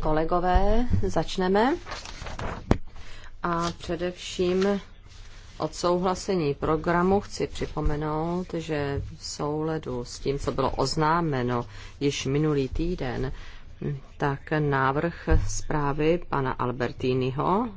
Kolegové, začneme. A především odsouhlasení programu chci připomenout, že v souledu s tím, co bylo oznámeno již minulý týden, tak návrh zprávy pana Albertiniho,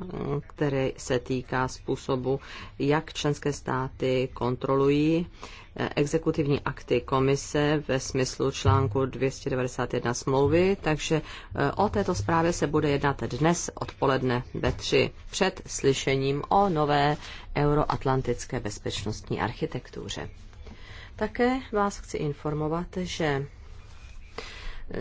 který se týká způsobu, jak členské státy kontrolují eh, exekutivní akty komise ve smyslu článku 291 smlouvy, takže eh, o této zprávě se bude jednat dnes odpoledne ve 3 před slyšením o nové euroatlantické bezpečnostní architektuře. Také vás chci informovat, že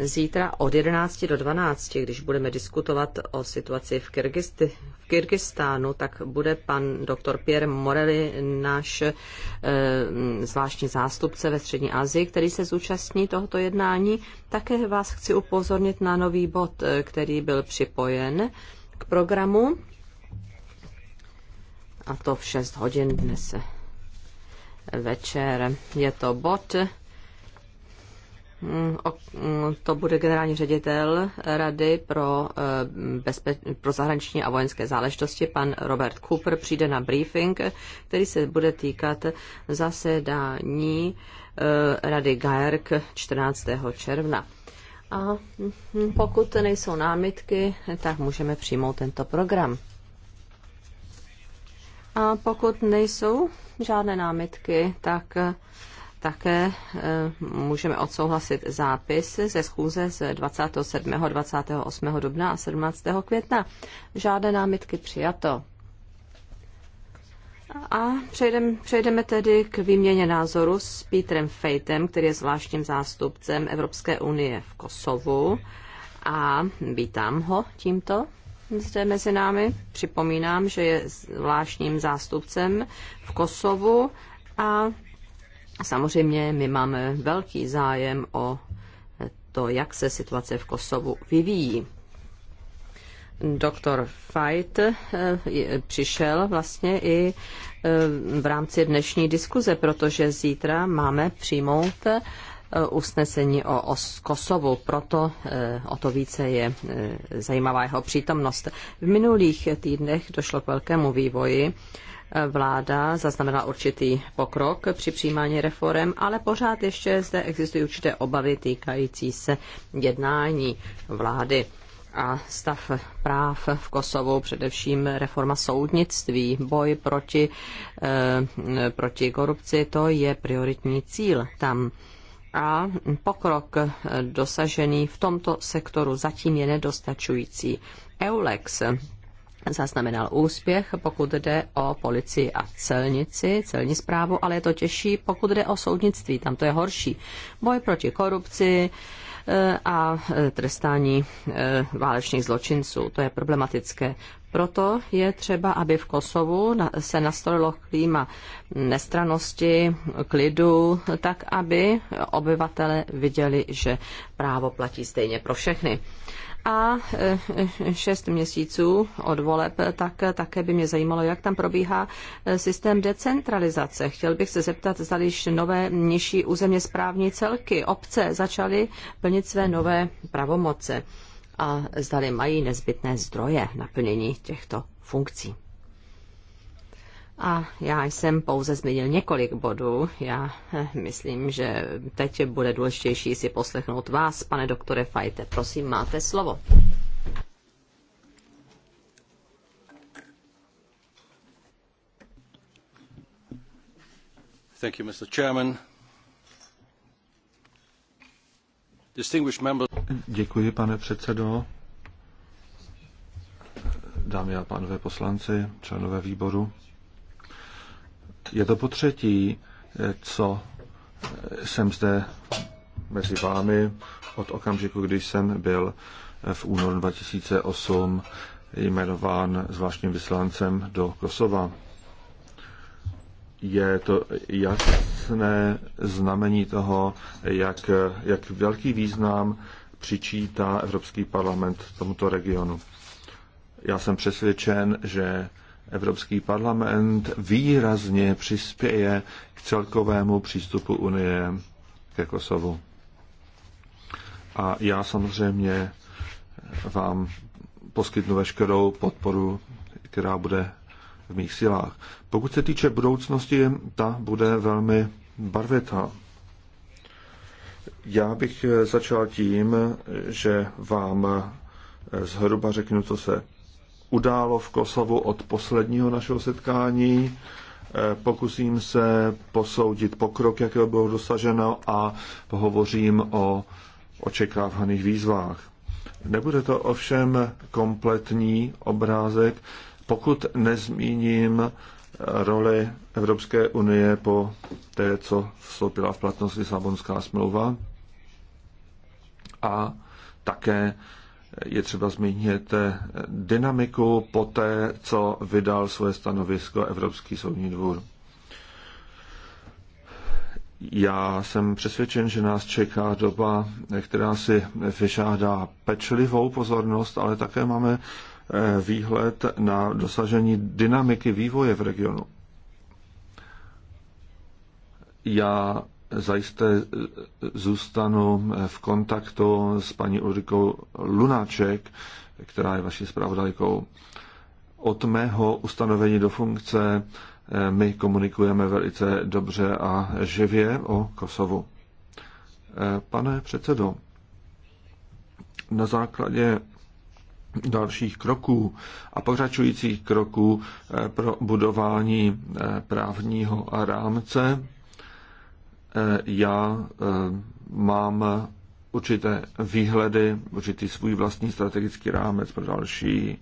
zítra od 11 do 12, když budeme diskutovat o situaci v, Kyrgyzsty, v Kyrgyzstánu, tak bude pan doktor Pierre Morelli náš e, zvláštní zástupce ve Střední Asii, který se zúčastní tohoto jednání. Také vás chci upozornit na nový bod, eh, který byl připojen k programu. A to v 6 hodin dnes večer. Je to bod to bude generální ředitel Rady pro, eh, bezpe- pro zahraniční a vojenské záležitosti, pan Robert Cooper, přijde na briefing, který se bude týkat zasedání eh, Rady GAERK 14. června. A pokud nejsou námitky, tak můžeme přijmout tento program. A pokud nejsou žádné námitky, tak také eh, můžeme odsouhlasit zápis ze schůze z 27. 28. dubna a 17. května. Žádné námitky přijato. A přejdeme, přejdeme tedy k výměně názoru s Petrem Fejtem, který je zvláštním zástupcem Evropské unie v Kosovu. A vítám ho tímto zde mezi námi. Připomínám, že je zvláštním zástupcem v Kosovu a Samozřejmě my máme velký zájem o to, jak se situace v Kosovu vyvíjí. Doktor Fajt eh, přišel vlastně i eh, v rámci dnešní diskuze, protože zítra máme přijmout eh, usnesení o, o Kosovu, proto o to více je zajímavá jeho přítomnost. V minulých týdnech došlo k velkému vývoji vláda zaznamenala určitý pokrok při přijímání reform, ale pořád ještě zde existují určité obavy týkající se jednání vlády a stav práv v Kosovu, především reforma soudnictví, boj proti, eh, proti korupci, to je prioritní cíl tam. A pokrok dosažený v tomto sektoru zatím je nedostačující. EULEX, zaznamenal úspěch, pokud jde o policii a celnici, celní zprávu, ale je to těžší, pokud jde o soudnictví, tam to je horší. Boj proti korupci e, a e, trestání e, válečných zločinců, to je problematické. Proto je třeba, aby v Kosovu se nastolilo klíma nestranosti, klidu, tak aby obyvatele viděli, že právo platí stejně pro všechny a eh, šest měsíců od voleb, tak také by mě zajímalo, jak tam probíhá eh, systém decentralizace. Chtěl bych se zeptat, zda již nové nižší územně správní celky, obce začaly plnit své nové pravomoce a zdali mají nezbytné zdroje na plnění těchto funkcí. A já jsem pouze zmínil několik bodů. Já eh, myslím, že teď bude důležitější si poslechnout vás, pane doktore Fajte. Prosím, máte slovo. Thank you, Mr. Chairman. Distinguished members. Děkuji, pane předsedo. Dámy a pánové poslanci, členové výboru. Je to po třetí, co jsem zde mezi vámi od okamžiku, když jsem byl v únoru 2008 jmenován zvláštním vyslancem do Kosova. Je to jasné znamení toho, jak, jak velký význam přičítá Evropský parlament tomuto regionu. Já jsem přesvědčen, že Evropský parlament výrazně přispěje k celkovému přístupu Unie ke Kosovu. A já samozřejmě vám poskytnu veškerou podporu, která bude v mých silách. Pokud se týče budoucnosti, ta bude velmi barvitá. Já bych začal tím, že vám zhruba řeknu, co se událo v Kosovu od posledního našeho setkání. E, pokusím se posoudit pokrok, jakého bylo dosaženo a pohovořím o očekávaných výzvách. Nebude to ovšem kompletní obrázek, pokud nezmíním roli Evropské unie po té, co vstoupila v platnost Lisabonská smlouva a také je třeba zmínit dynamiku poté, co vydal svoje stanovisko Evropský soudní dvůr. Já jsem přesvědčen, že nás čeká doba, která si vyžádá pečlivou pozornost, ale také máme eh, výhled na dosažení dynamiky vývoje v regionu. Já zajisté zůstanu v kontaktu s paní Ulrikou Lunáček, která je vaší zpravodajkou. Od mého ustanovení do funkce eh, my komunikujeme velice dobře a živě o Kosovu. Eh, pane předsedo, na základě dalších kroků a pokračujících kroků eh, pro budování právního rámce Eh, já eh, mám určité výhledy, určitý svůj vlastní strategický rámec pro další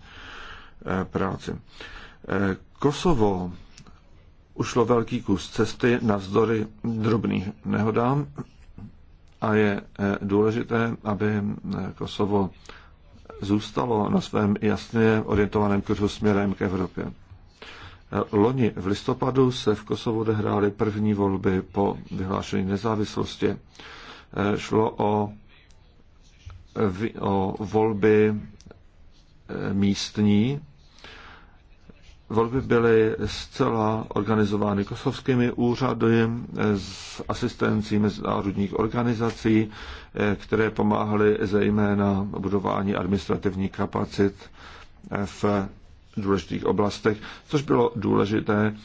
eh, práci. Kosovo ušlo velký kus cesty navzdory drobných nehodám a je důležité, aby Kosovo zůstalo na svém jasně orientovaném kruhu směrem k Evropě. Loni v listopadu se v Kosovu odehrály první volby po vyhlášení nezávislosti. Eh, šlo o, o volby eh, místní. Volby byly zcela organizovány kosovskými úřady eh, s asistencí mezinárodních organizací, které pomáhaly zejména budování administrativních kapacit v důležitých oblastech, což bylo důležité,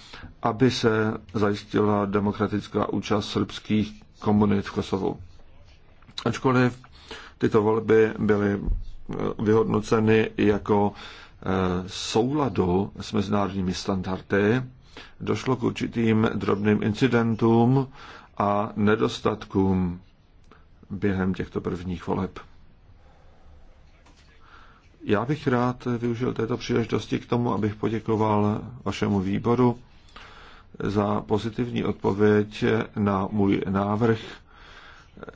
aby se zajistila demokratická účast srbských komunit v Kosovu. Ačkoliv tyto volby byly eh, vyhodnoceny jako eh, souladu s mezinárodními standardy, došlo k určitým drobným incidentům a nedostatkům během těchto prvních voleb. Já bych rád využil této příležitosti k tomu, abych poděkoval vašemu výboru za pozitivní odpověď na můj návrh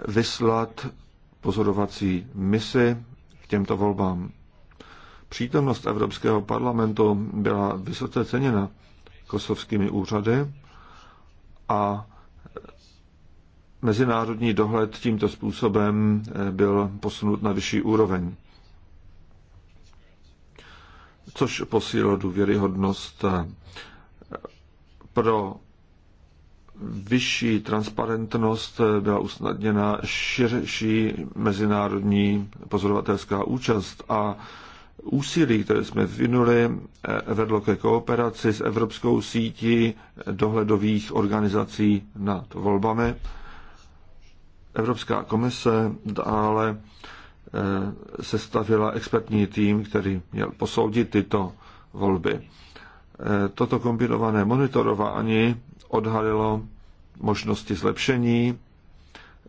vyslat pozorovací misi k těmto volbám. Přítomnost Evropského parlamentu byla vysoce ceněna kosovskými úřady a mezinárodní dohled tímto způsobem byl posunut na vyšší úroveň což posílilo důvěryhodnost eh, pro vyšší transparentnost eh, byla usnadněna širší mezinárodní pozorovatelská účast a úsilí, které jsme vynuli, eh, vedlo ke kooperaci s Evropskou sítí dohledových organizací nad volbami. Evropská komise dále Eh, sestavila expertní tým, který měl posoudit tyto volby. Eh, toto kombinované monitorování odhalilo možnosti zlepšení,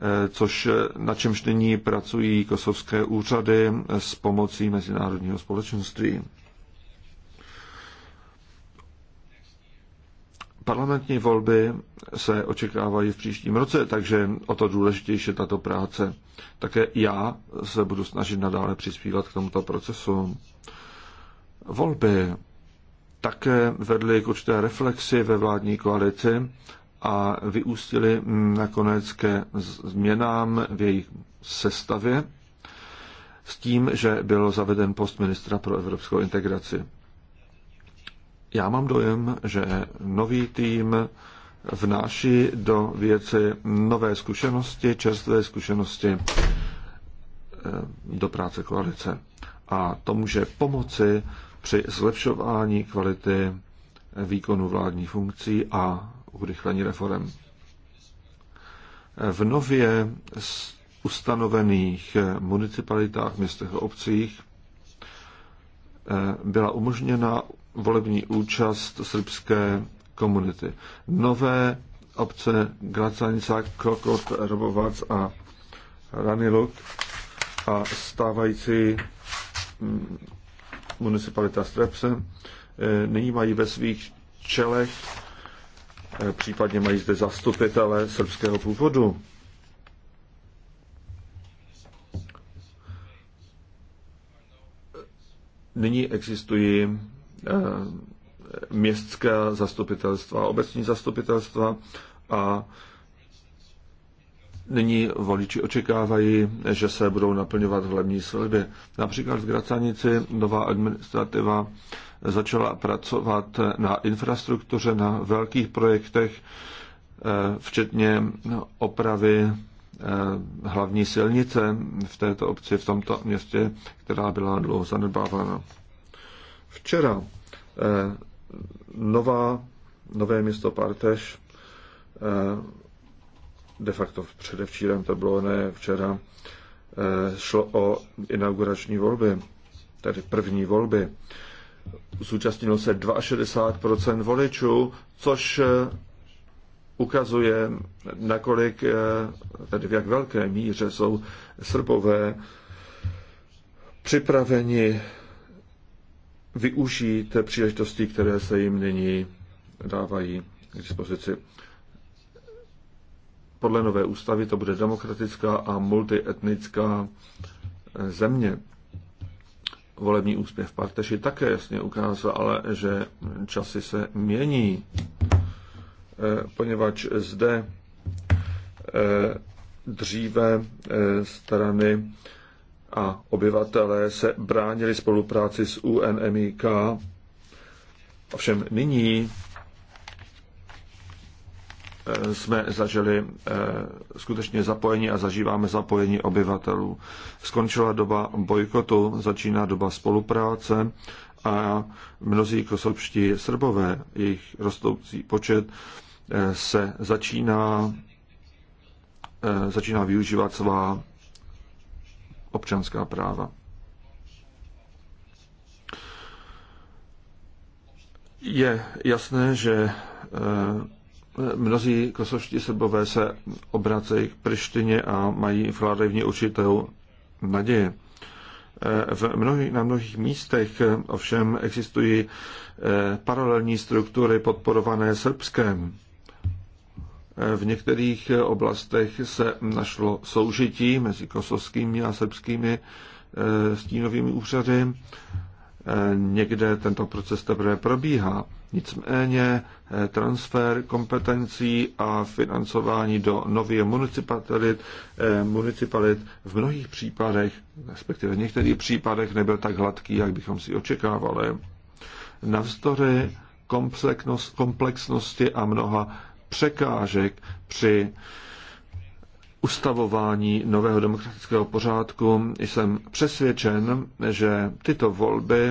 eh, což na čemž nyní pracují kosovské úřady s pomocí mezinárodního společenství. Parlamentní volby se očekávají v příštím roce, takže o to důležitější je tato práce. Také já se budu snažit nadále přispívat k tomuto procesu. Volby také vedly k určité reflexi ve vládní koalici a vyústily nakonec ke změnám v jejich sestavě s tím, že byl zaveden post ministra pro evropskou integraci já mám dojem, že nový tým vnáší do věci nové zkušenosti, čerstvé zkušenosti eh, do práce koalice. A to může pomoci při zlepšování kvality výkonu vládní funkcí a urychlení reform. V nově ustanovených municipalitách, městech a obcích eh, byla umožněna volební účast srbské komunity. Nové obce Gracanica, Krokot, Robovac a Raniluk a stávající mm, municipalita Strepse eh, nyní mají ve svých čelech, eh, případně mají zde zastupitele srbského původu. Nyní existují Eh, městské zastupitelstva, obecní zastupitelstva a Nyní voliči očekávají, že se budou naplňovat hlavní sliby. Například v Gracanici nová administrativa začala pracovat na infrastruktuře, na velkých projektech, eh, včetně opravy eh, hlavní silnice v této obci, v tomto městě, která byla dlouho zanedbávána. Včera Eh, nová, nové město Parteš, eh, de facto předevčírem to bylo, ne včera, eh, šlo o inaugurační volby, tedy první volby. Zúčastnilo se 62% voličů, což ukazuje, nakolik, tedy v jak velké míře jsou Srbové připraveni využít příležitosti, které se jim nyní dávají k dispozici. Podle nové ústavy to bude demokratická a multietnická země. Volební úspěch v Parteši také jasně ukázal, ale že časy se mění, eh, poněvadž zde eh, dříve eh, strany a obyvatelé se bránili spolupráci s UNMIK. Ovšem nyní eh, jsme zažili eh, skutečně zapojení a zažíváme zapojení obyvatelů. Skončila doba bojkotu, začíná doba spolupráce a mnozí kosovští srbové, jejich rostoucí počet, eh, se začíná, začíná využívat svá občanská práva. Je jasné, že eh, mnozí kosovští srbové se obracejí k Prištině a mají v určitou naděje. Eh, v mnohých, na mnohých místech eh, ovšem existují paralelní struktury podporované Srbském. V některých oblastech se našlo soužití mezi kosovskými a srbskými e, stínovými úřady. E, někde tento proces teprve probíhá. Nicméně e, transfer kompetencí a financování do nově municipalit, municipalit v mnohých případech, respektive v některých případech, nebyl tak hladký, jak bychom si očekávali. Navzdory komplexnosti a mnoha překážek při ustavování nového demokratického pořádku jsem přesvědčen, že tyto volby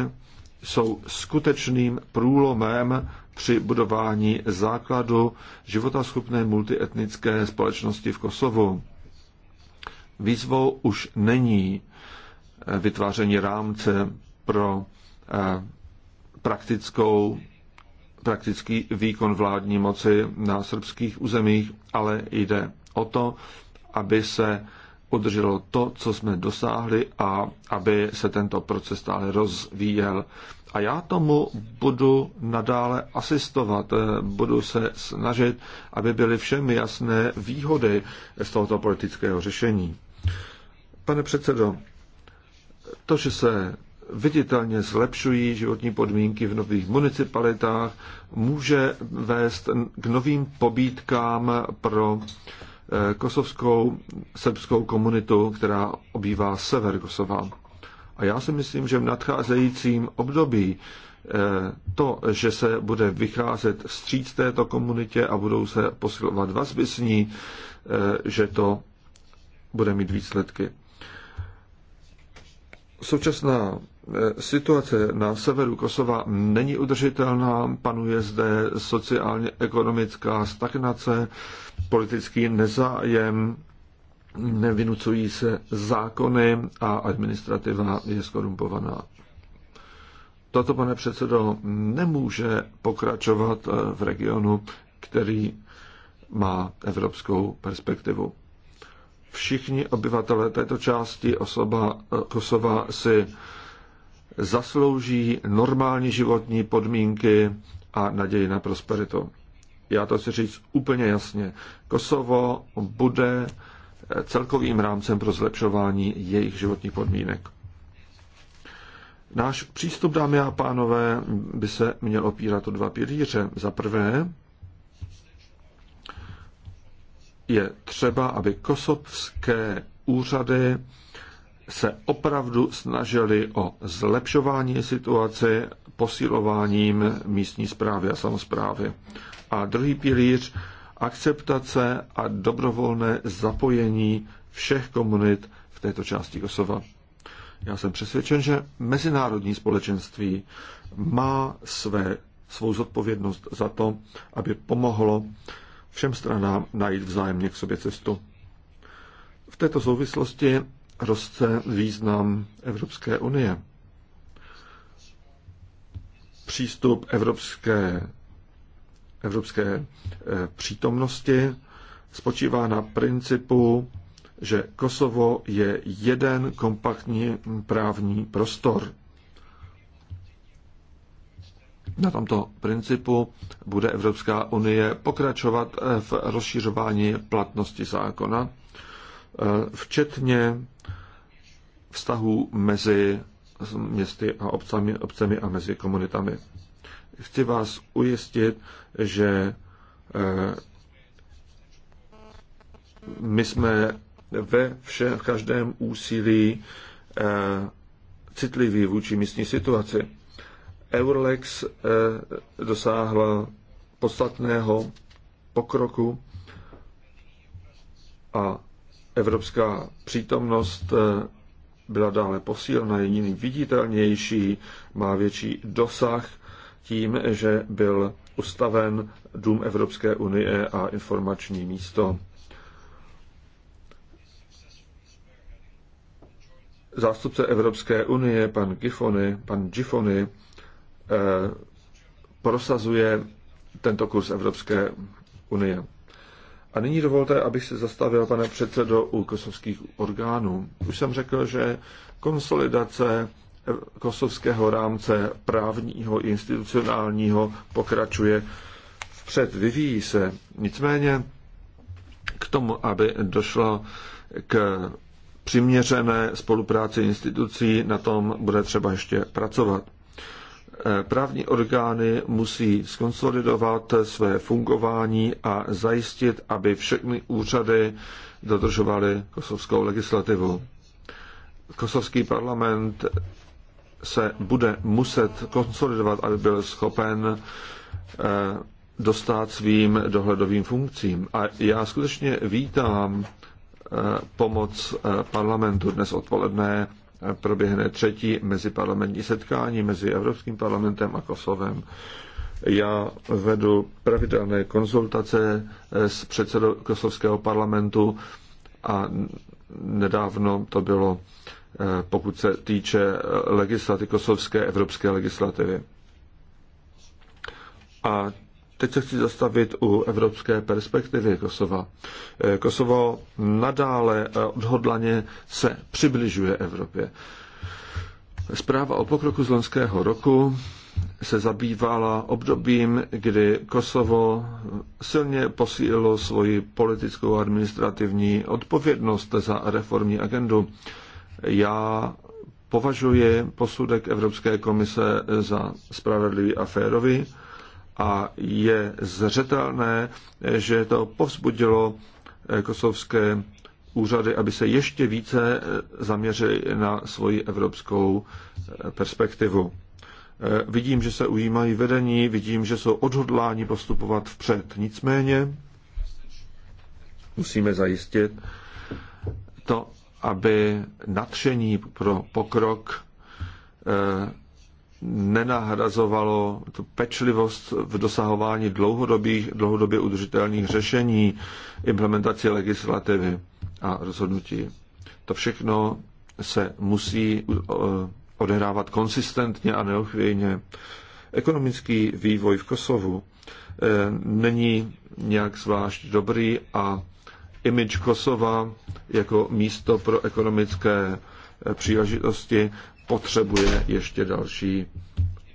jsou skutečným průlomem při budování základu životaschopné multietnické společnosti v Kosovu. Výzvou už není eh, vytváření rámce pro eh, praktickou praktický výkon vládní moci na srbských územích, ale jde o to, aby se udrželo to, co jsme dosáhli a aby se tento proces stále rozvíjel. A já tomu budu nadále asistovat, budu se snažit, aby byly všem jasné výhody z tohoto politického řešení. Pane předsedo, to, že se viditelně zlepšují životní podmínky v nových municipalitách, může vést k novým pobídkám pro eh, kosovskou srbskou komunitu, která obývá sever Kosova. A já si myslím, že v nadcházejícím období eh, to, že se bude vycházet vstříc této komunitě a budou se posilovat vazby s ní, eh, že to bude mít výsledky. Současná Eh, situace na severu Kosova není udržitelná, panuje zde sociálně-ekonomická stagnace, politický nezájem, nevinucují se zákony a administrativa je skorumpovaná. Toto, pane předsedo, nemůže pokračovat eh, v regionu, který má evropskou perspektivu. Všichni obyvatelé této části osoba eh, Kosova si zaslouží normální životní podmínky a naději na prosperitu. Já to chci říct úplně jasně. Kosovo bude celkovým rámcem pro zlepšování jejich životních podmínek. Náš přístup, dámy a pánové, by se měl opírat o dva pilíře. Za prvé je třeba, aby kosovské úřady se opravdu snažili o zlepšování situace posilováním místní zprávy a samozprávy. A druhý pilíř akceptace a dobrovolné zapojení všech komunit v této části Kosova. Já jsem přesvědčen, že mezinárodní společenství má své, svou zodpovědnost za to, aby pomohlo všem stranám najít vzájemně k sobě cestu. V této souvislosti roste význam Evropské unie. Přístup evropské, evropské eh, přítomnosti spočívá na principu, že Kosovo je jeden kompaktní právní prostor. Na tomto principu bude Evropská unie pokračovat eh, v rozšiřování platnosti zákona, eh, včetně vztahů mezi městy a obcami, obcemi a mezi komunitami. Chci vás ujistit, že eh, my jsme ve všem, v každém úsilí eh, citliví vůči místní situaci. Eurlex eh, dosáhla podstatného pokroku a evropská přítomnost byla dále posílena, je jiným viditelnější, má větší dosah tím, že byl ustaven Dům Evropské unie a informační místo. Zástupce Evropské unie, pan Gifony, pan Gifony, eh, prosazuje tento kurz Evropské unie. A nyní dovolte, abych se zastavil, pane předsedo, u kosovských orgánů. Už jsem řekl, že konsolidace kosovského rámce právního i institucionálního pokračuje vpřed, vyvíjí se. Nicméně k tomu, aby došlo k přiměřené spolupráci institucí, na tom bude třeba ještě pracovat. Eh, právní orgány musí skonsolidovat své fungování a zajistit, aby všechny úřady dodržovaly kosovskou legislativu. Kosovský parlament se bude muset konsolidovat, aby byl schopen eh, dostat svým dohledovým funkcím. A já skutečně vítám eh, pomoc parlamentu dnes odpoledne proběhne třetí meziparlamentní setkání mezi Evropským parlamentem a Kosovem. Já vedu pravidelné konzultace eh, s předsedou kosovského parlamentu a nedávno to bylo, eh, pokud se týče eh, legislativy kosovské evropské legislativy. A Teď se chci zastavit u evropské perspektivy Kosova. Eh, Kosovo nadále eh, odhodlaně se přibližuje Evropě. Zpráva o pokroku z loňského roku se zabývala obdobím, kdy Kosovo silně posílilo svoji politickou a administrativní odpovědnost za reformní agendu. Já považuji posudek Evropské komise za spravedlivý a férový a je zřetelné, že to povzbudilo eh, kosovské úřady, aby se ještě více eh, zaměřili na svoji evropskou eh, perspektivu. Vidím, že se ujímají vedení, vidím, že jsou odhodláni postupovat vpřed. Nicméně musíme zajistit to, aby nadšení pro pokrok nenahrazovalo tu pečlivost v dosahování dlouhodobých, dlouhodobě udržitelných řešení, implementaci legislativy a rozhodnutí. To všechno se musí eh, odehrávat konsistentně a neochvějně. Ekonomický vývoj v Kosovu eh, není nějak zvlášť dobrý a image Kosova jako místo pro ekonomické eh, příležitosti potřebuje ještě další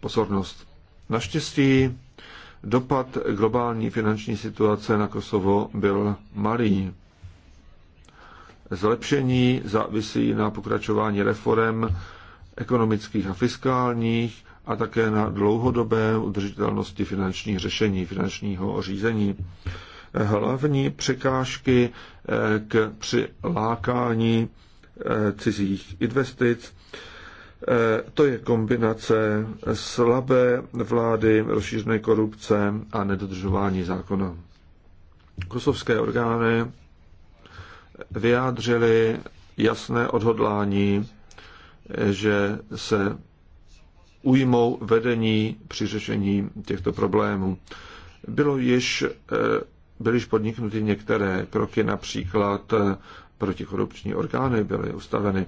pozornost. Naštěstí dopad globální finanční situace na Kosovo byl malý. Zlepšení závisí na pokračování reform ekonomických a fiskálních a také na dlouhodobé udržitelnosti finančních řešení, finančního řízení. Hlavní překážky eh, k přilákání eh, cizích investic Eh, to je kombinace slabé vlády, rozšířené korupce a nedodržování zákona. Kosovské orgány vyjádřili jasné odhodlání, eh, že se ujmou vedení při řešení těchto problémů. Bylo již, eh, byly již podniknuty některé kroky, například protikorupční orgány byly ustaveny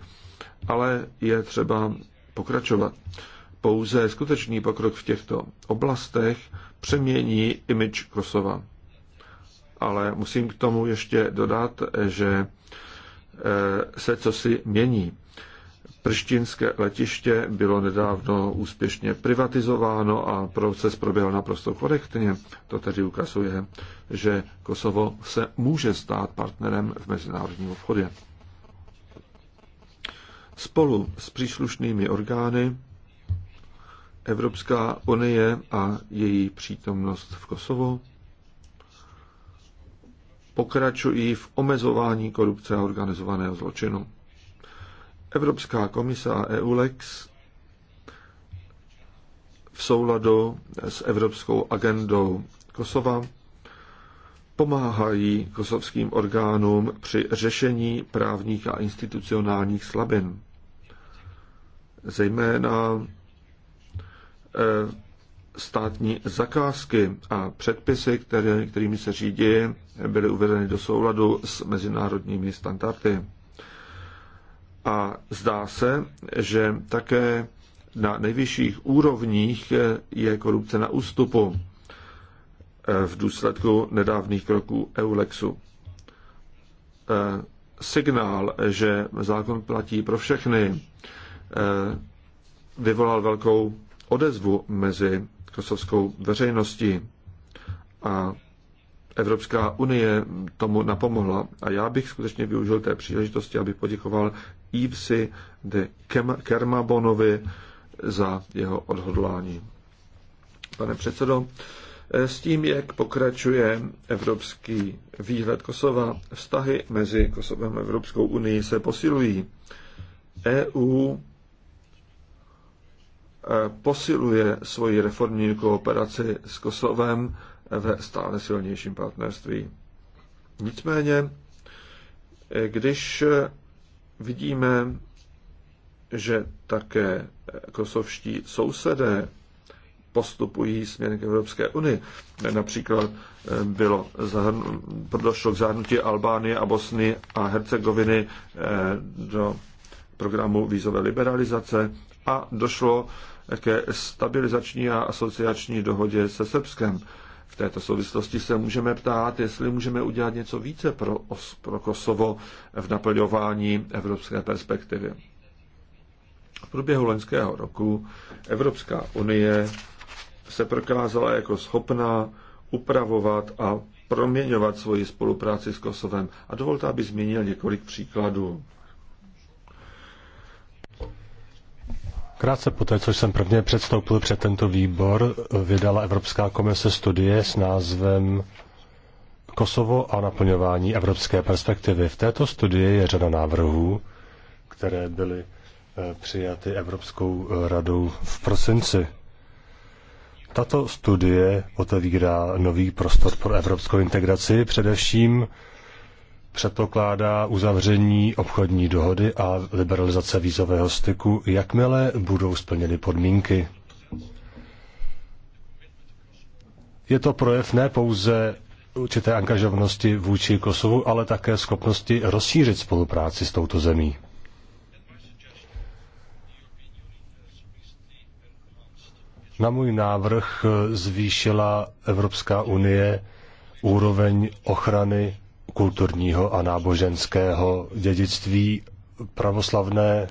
ale je třeba pokračovat. Pouze skutečný pokrok v těchto oblastech přemění image Kosova. Ale musím k tomu ještě dodat, že e, se co si mění. Prštinské letiště bylo nedávno úspěšně privatizováno a proces proběhl naprosto korektně. To tedy ukazuje, že Kosovo se může stát partnerem v mezinárodním obchodě. Spolu s příslušnými orgány Evropská unie a její přítomnost v Kosovu pokračují v omezování korupce a organizovaného zločinu. Evropská komise a EULEX v souladu s evropskou agendou Kosova pomáhají kosovským orgánům při řešení právních a institucionálních slabin. Zejména eh, státní zakázky a předpisy, které, kterými se řídí, byly uvedeny do souladu s mezinárodními standardy. A zdá se, že také na nejvyšších úrovních eh, je korupce na ústupu. Eh, v důsledku nedávných kroků EULEXu. Eh, signál, že zákon platí pro všechny, eh, vyvolal velkou odezvu mezi kosovskou veřejností a Evropská unie tomu napomohla. A já bych skutečně využil té příležitosti, abych poděkoval Ivsi de Kermabonovi za jeho odhodlání. Pane předsedo, Eh, s tím, jak pokračuje evropský výhled Kosova. Vztahy mezi Kosovem a Evropskou unii se posilují. EU eh, posiluje svoji reformní kooperaci s Kosovem ve stále silnějším partnerství. Nicméně, eh, když vidíme, že také kosovští sousedé postupují směrem k Evropské unii. Například eh, bylo došlo k zahrnutí Albánie a Bosny a Hercegoviny eh, do programu vízové liberalizace a došlo eh, ke stabilizační a asociační dohodě se Srbskem. V této souvislosti se můžeme ptát, jestli můžeme udělat něco více pro, os, pro Kosovo v naplňování evropské perspektivy. V průběhu loňského roku Evropská unie se prokázala jako schopná upravovat a proměňovat svoji spolupráci s Kosovem. A dovolte, aby zmínil několik příkladů. Krátce po té, co jsem prvně předstoupil před tento výbor, vydala Evropská komise studie s názvem Kosovo a naplňování evropské perspektivy. V této studii je řada návrhů, které byly eh, přijaty Evropskou radou v prosinci. Tato studie otevírá nový prostor pro evropskou integraci, především předpokládá uzavření obchodní dohody a liberalizace vízového styku, jakmile budou splněny podmínky. Je to projev ne pouze určité angažovanosti vůči Kosovu, ale také schopnosti rozšířit spolupráci s touto zemí. Na můj návrh eh, zvýšila Evropská unie úroveň ochrany kulturního a náboženského dědictví pravoslavné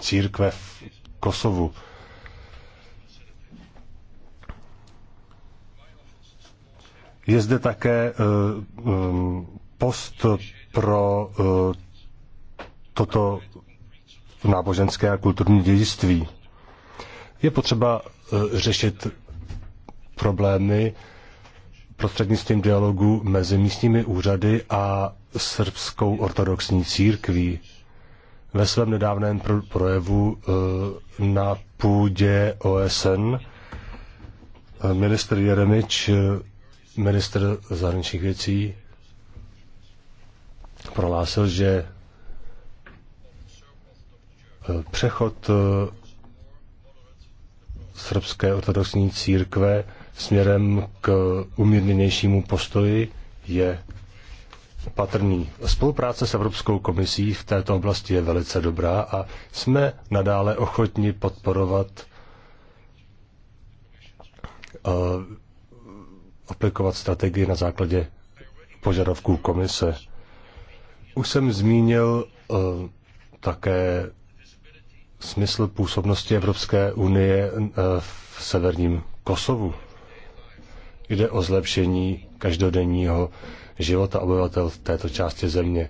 církve v Kosovu. Je zde také eh, mm, post pro eh, toto náboženské a kulturní dědictví. Je potřeba Eh, řešit problémy prostřednictvím dialogu mezi místními úřady a srbskou ortodoxní církví. Ve svém nedávném projevu eh, na půdě OSN eh, minister Jeremič, minister zahraničních věcí, prohlásil, že přechod srbské ortodoxní církve směrem k umírněnějšímu postoji je patrný. Spolupráce s Evropskou komisí v této oblasti je velice dobrá a jsme nadále ochotni podporovat a eh, aplikovat strategii na základě požadavků komise. Už jsem zmínil uh, také smysl působnosti Evropské unie eh, v severním Kosovu. Jde o zlepšení každodenního života obyvatel v této části země.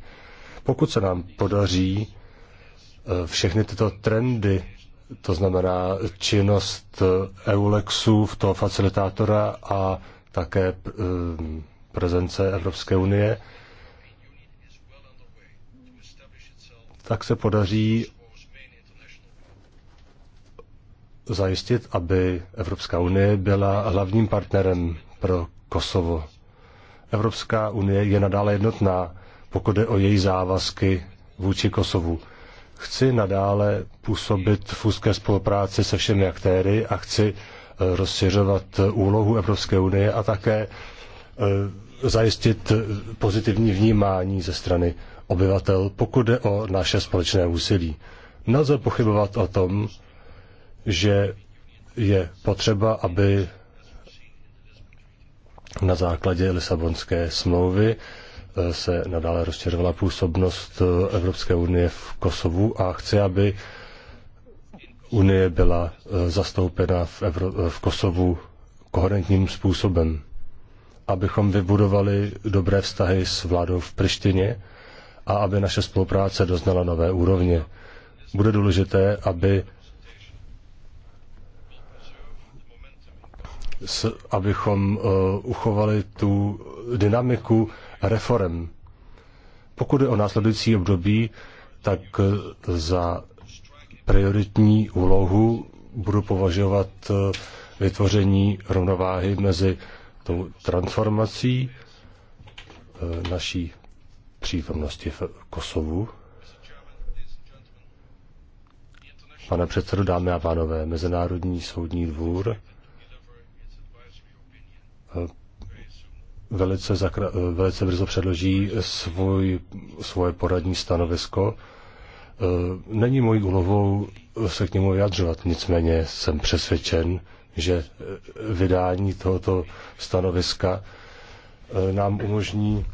Pokud se nám podaří eh, všechny tyto trendy, to znamená činnost eh, EULEXu, v toho facilitátora a také prezence Evropské unie, tak se podaří zajistit, aby Evropská unie byla hlavním partnerem pro Kosovo. Evropská unie je nadále jednotná, pokud je o její závazky vůči Kosovu. Chci nadále působit v úzké spolupráci se všemi aktéry a chci eh, rozšiřovat eh, úlohu Evropské unie a také eh, zajistit pozitivní vnímání ze strany obyvatel, pokud je o naše společné úsilí. Nelze pochybovat o tom, že je potřeba, aby na základě Lisabonské smlouvy eh, se nadále rozšiřovala působnost eh, Evropské unie v Kosovu a chci, aby unie byla eh, zastoupena v, Evro- v Kosovu koherentním způsobem. Abychom vybudovali dobré vztahy s vládou v Prištině a aby naše spolupráce doznala nové úrovně. Bude důležité, aby abychom eh, uchovali tu dynamiku reform. Pokud je o následující období, tak eh, za prioritní úlohu budu považovat eh, vytvoření rovnováhy mezi tou transformací naší přítomnosti v Kosovu. Pane předsedo, dámy a pánové, Mezinárodní soudní dvůr velice, zakra, velice brzo předloží svůj, svoje poradní stanovisko. E, není mojí úlohou se k němu vyjadřovat, nicméně jsem přesvědčen, že vydání tohoto stanoviska e, nám umožní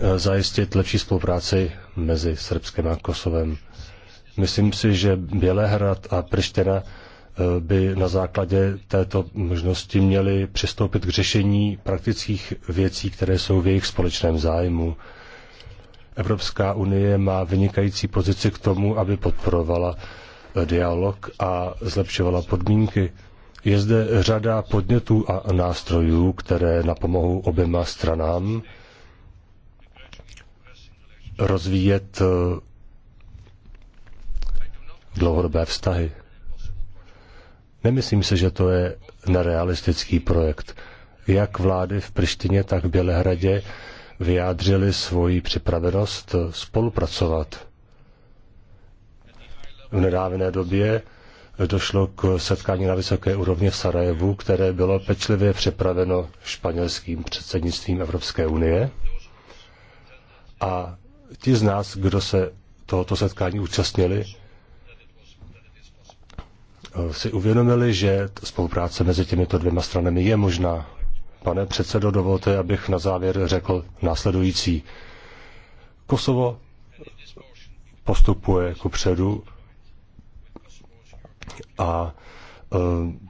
e, zajistit lepší spolupráci mezi Srbskem a Kosovem. Myslím si, že Bělehrad a Priština by na základě této možnosti měli přistoupit k řešení praktických věcí, které jsou v jejich společném zájmu. Evropská unie má vynikající pozici k tomu, aby podporovala eh, dialog a zlepšovala podmínky. Je zde řada podnětů a nástrojů, které napomohou oběma stranám rozvíjet eh, dlouhodobé vztahy. Nemyslím si, že to je nerealistický projekt. Jak vlády v Prištině, tak v Bělehradě vyjádřili svoji připravenost spolupracovat. V nedávné době došlo k setkání na vysoké úrovni v Sarajevu, které bylo pečlivě připraveno španělským předsednictvím Evropské unie. A ti z nás, kdo se tohoto setkání účastnili, Eh, si uvědomili, že spolupráce mezi těmito dvěma stranami je možná. Pane předsedo, dovolte, abych na závěr řekl následující. Kosovo postupuje ku předu a eh,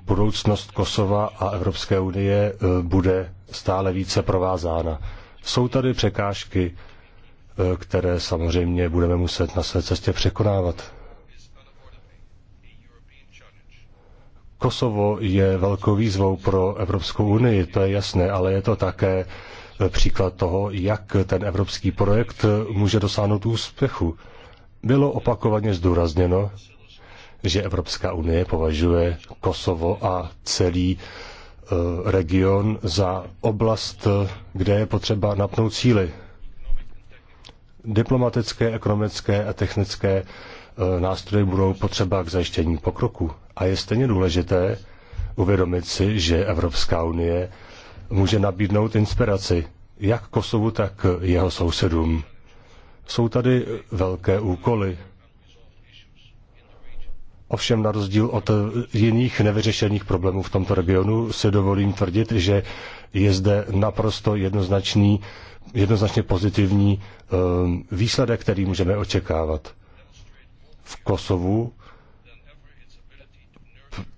budoucnost Kosova a Evropské unie eh, bude stále více provázána. Jsou tady překážky, které samozřejmě budeme muset na své cestě překonávat. Kosovo je velkou výzvou pro Evropskou unii, to je jasné, ale je to také příklad toho, jak ten evropský projekt může dosáhnout úspěchu. Bylo opakovaně zdůrazněno, že Evropská unie považuje Kosovo a celý e, region za oblast, kde je potřeba napnout síly. Diplomatické, ekonomické a technické e, nástroje budou potřeba k zajištění pokroku. A je stejně důležité uvědomit si, že Evropská unie může nabídnout inspiraci jak Kosovu, tak jeho sousedům. Jsou tady velké úkoly. Ovšem na rozdíl od jiných nevyřešených problémů v tomto regionu se dovolím tvrdit, že je zde naprosto jednoznačný, jednoznačně pozitivní ehm, výsledek, který můžeme očekávat. V Kosovu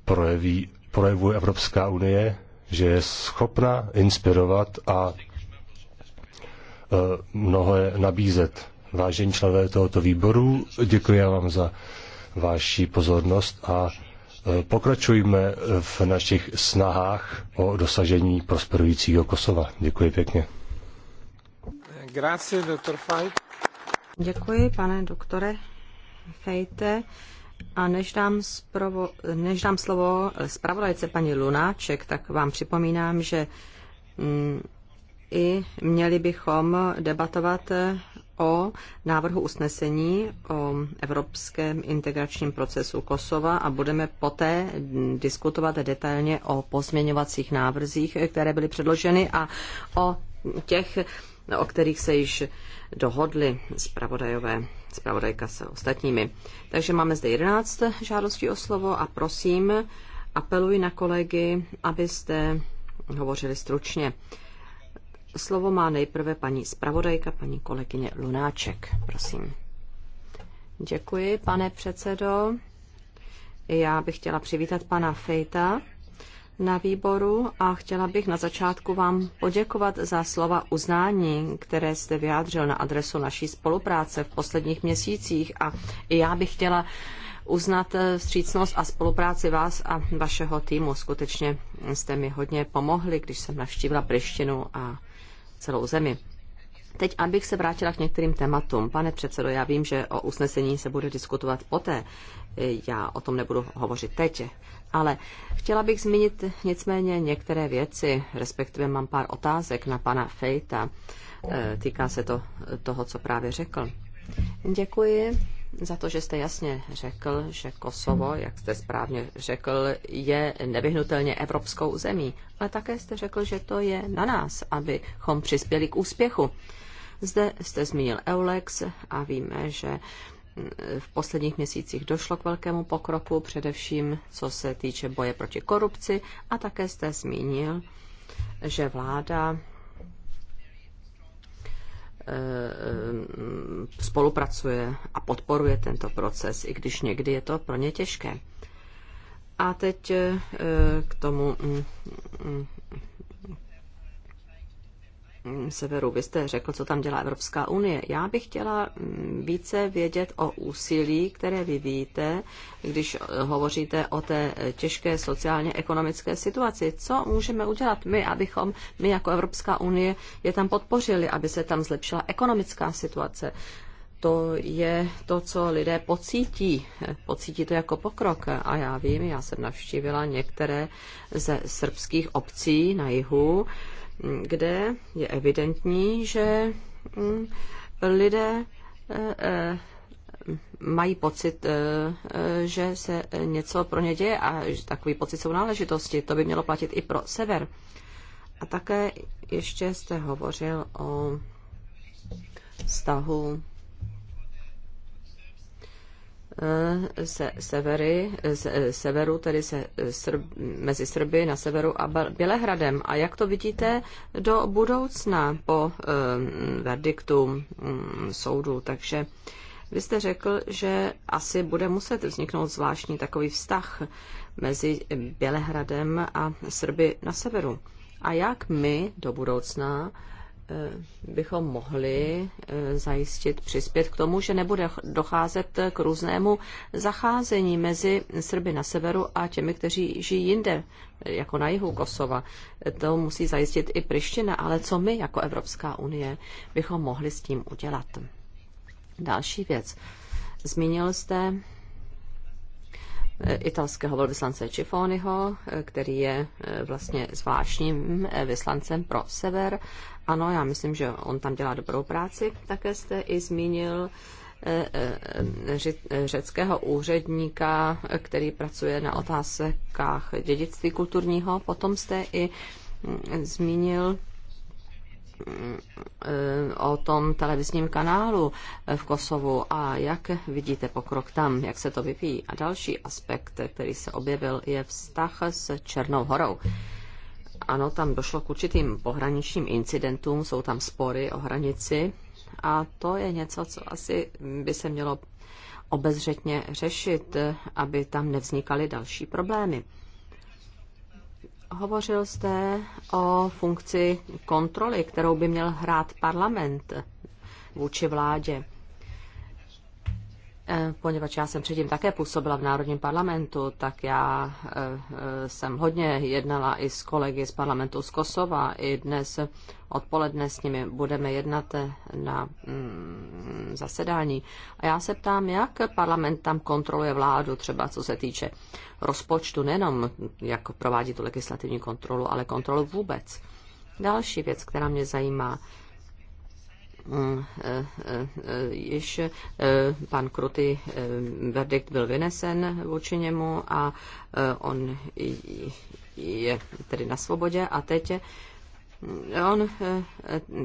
projeví, projevuje Evropská unie, že je schopna inspirovat a e, mnohé nabízet. Vážení členové tohoto výboru, děkuji vám za vaši pozornost a e, pokračujme v našich snahách o dosažení prosperujícího Kosova. Děkuji pěkně. Grazie, doktor Fajt. Děkuji, pane doktore Fejte. A než dám, sprovo, než dám slovo zpravodajce paní Lunáček, tak vám připomínám, že mm, i měli bychom debatovat eh, o návrhu usnesení o evropském integračním procesu Kosova a budeme poté mm, diskutovat detailně o pozměňovacích návrzích, eh, které byly předloženy a o těch, o kterých se již dohodli zpravodajové, zpravodajka se ostatními. Takže máme zde 11 žádostí o slovo a prosím, apeluji na kolegy, abyste hovořili stručně. Slovo má nejprve paní zpravodajka, paní kolegyně Lunáček. Prosím. Děkuji, pane předsedo. Já bych chtěla přivítat pana Fejta na výboru a chtěla bych na začátku vám poděkovat za slova uznání, které jste vyjádřil na adresu naší spolupráce v posledních měsících a i já bych chtěla uznat eh, vstřícnost a spolupráci vás a vašeho týmu. Skutečně jste mi hodně pomohli, když jsem navštívila Prištinu a celou zemi. Teď, abych se vrátila k některým tématům. Pane předsedo, já vím, že o usnesení se bude diskutovat poté. Eh, já o tom nebudu hovořit teď. Ale chtěla bych zmínit nicméně některé věci, respektive mám pár otázek na pana Fejta. E, týká se to toho, co právě řekl. Děkuji za to, že jste jasně řekl, že Kosovo, jak jste správně řekl, je nevyhnutelně evropskou zemí. Ale také jste řekl, že to je na nás, abychom přispěli k úspěchu. Zde jste zmínil Eulex a víme, že v posledních měsících došlo k velkému pokroku, především co se týče boje proti korupci a také jste zmínil, že vláda eh, spolupracuje a podporuje tento proces, i když někdy je to pro ně těžké. A teď eh, k tomu mm, mm, Mm, severu. Vy jste řekl, co tam dělá Evropská unie. Já bych chtěla mm, více vědět o úsilí, které vyvíjíte, když hovoříte o té těžké sociálně-ekonomické situaci. Co můžeme udělat my, abychom my jako Evropská unie je tam podpořili, aby se tam zlepšila ekonomická situace? To je to, co lidé pocítí. Pocítí to jako pokrok. A já vím, já jsem navštívila některé ze srbských obcí na jihu, kde je evidentní, že mm, lidé eh, eh, mají pocit, eh, že se něco pro ně děje a že takový pocit jsou náležitosti. To by mělo platit i pro sever. A také ještě jste hovořil o vztahu Eh, se severy, se, severu, tedy se, srb, mezi Srby na severu a Bělehradem. A jak to vidíte do budoucna po um, verdiktu um, soudu? Takže vy jste řekl, že asi bude muset vzniknout zvláštní takový vztah mezi Bělehradem a Srby na severu. A jak my do budoucna uh, Eh, bychom mohli eh, zajistit, přispět k tomu, že nebude docházet k různému zacházení mezi Srby na severu a těmi, kteří žijí jinde, jako na jihu Kosova. To musí zajistit i Priština, ale co my jako Evropská unie bychom mohli s tím udělat? Další věc. Zmínil jste eh, italského velvyslance Čifoniho, který je vlastně zvláštním vyslancem pro sever ano, já myslím, že on tam dělá dobrou práci. Také jste i zmínil eh, eh, eh, řeckého úředníka, který pracuje na otázkách dědictví kulturního. Potom jste i mm, zmínil o tom televizním kanálu v Kosovu a jak vidíte pokrok tam, jak se to vyvíjí. A další aspekt, který se objevil, je vztah s Černou horou ano, tam došlo k určitým pohraničním incidentům, jsou tam spory o hranici a to je něco, co asi by se mělo obezřetně řešit, aby tam nevznikaly další problémy. Hovořil jste o funkci kontroly, kterou by měl hrát parlament vůči vládě. Eh, poněvadž já jsem předtím také působila v Národním parlamentu, tak já eh, eh, jsem hodně jednala i s kolegy z parlamentu z Kosova. I dnes odpoledne s nimi budeme jednat na mm, zasedání. A já se ptám, jak parlament tam kontroluje vládu, třeba co se týče rozpočtu, nejenom jak provádí tu legislativní kontrolu, ale kontrolu vůbec. Další věc, která mě zajímá, Mm, eh, eh, eh, již pan Kruty verdikt byl vynesen vůči němu a on je tedy na svobodě a teď on,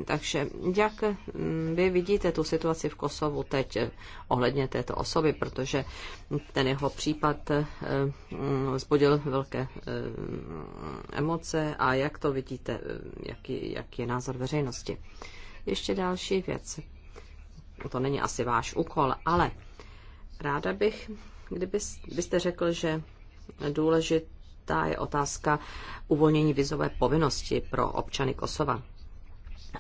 takže jak mm, vy vidíte tu situaci v Kosovu teď ohledně této osoby, protože ten jeho případ mm, vzbudil velké emoce a jak to vidíte, jaký, jaký je názor veřejnosti? ještě další věci. To není asi váš úkol, ale ráda bych, kdybyste řekl, že důležitá je otázka uvolnění vizové povinnosti pro občany Kosova.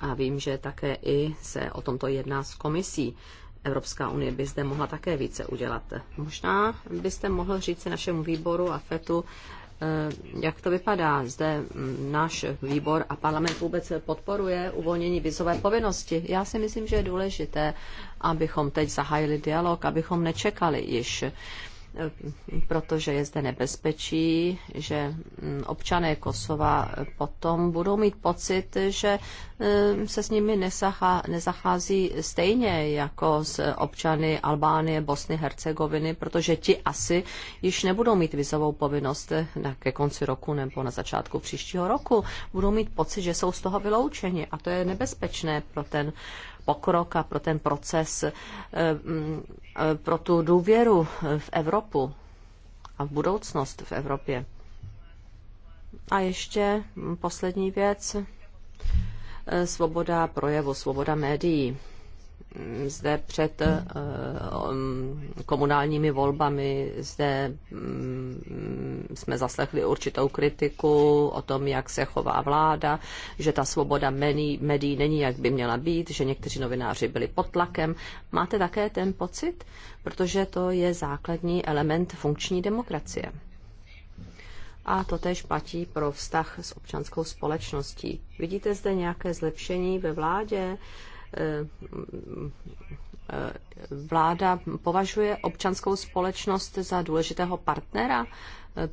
A vím, že také i se o tomto jedná s komisí. Evropská unie by zde mohla také více udělat. Možná byste mohl říct našemu výboru a FETu, Eh, jak to vypadá. Zde mm, náš výbor a parlament vůbec podporuje uvolnění vizové povinnosti. Já si myslím, že je důležité, abychom teď zahájili dialog, abychom nečekali již protože je zde nebezpečí, že mm, občané Kosova eh, potom budou mít pocit, že eh, se s nimi nesachá, nezachází stejně jako s občany Albánie, Bosny, Hercegoviny, protože ti asi již nebudou mít vizovou povinnost eh, na, ke konci roku nebo na začátku příštího roku. Budou mít pocit, že jsou z toho vyloučeni a to je nebezpečné pro ten pokrok a pro ten proces, eh, eh, pro tu důvěru v Evropu a v budoucnost v Evropě. A ještě poslední věc. Eh, svoboda projevu, svoboda médií zde před eh, um, komunálními volbami zde mm, jsme zaslechli určitou kritiku o tom, jak se chová vláda, že ta svoboda médií není, jak by měla být, že někteří novináři byli pod tlakem. Máte také ten pocit? Protože to je základní element funkční demokracie. A to tež platí pro vztah s občanskou společností. Vidíte zde nějaké zlepšení ve vládě? vláda považuje občanskou společnost za důležitého partnera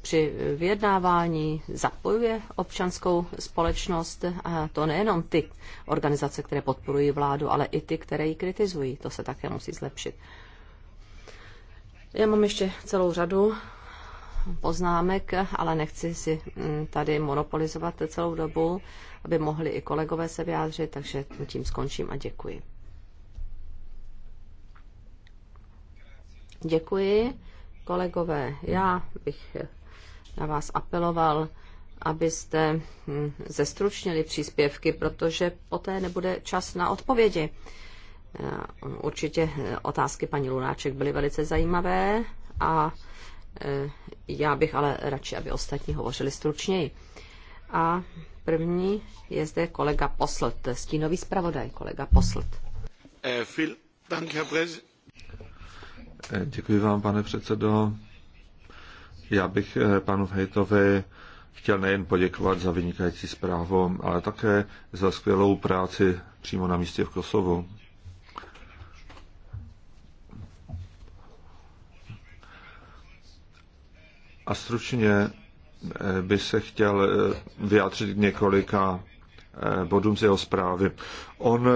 při vyjednávání, zapojuje občanskou společnost a to nejenom ty organizace, které podporují vládu, ale i ty, které ji kritizují. To se také musí zlepšit. Já mám ještě celou řadu poznámek, ale nechci si mm, tady monopolizovat celou dobu, aby mohli i kolegové se vyjádřit, takže tím skončím a děkuji. Děkuji. Kolegové, já bych na vás apeloval, abyste mm, zestručnili příspěvky, protože poté nebude čas na odpovědi. E, určitě e, otázky paní Lunáček byly velice zajímavé a Eh, já bych ale radši, aby ostatní hovořili stručněji. A první je zde kolega Poslt, stínový zpravodaj, kolega Poslt. Eh, eh, děkuji vám, pane předsedo. Já bych panu Hejtovi chtěl nejen poděkovat za vynikající zprávu, ale také za skvělou práci přímo na místě v Kosovu. a stručně eh, by se chtěl eh, vyjádřit k několika eh, bodům z jeho zprávy. On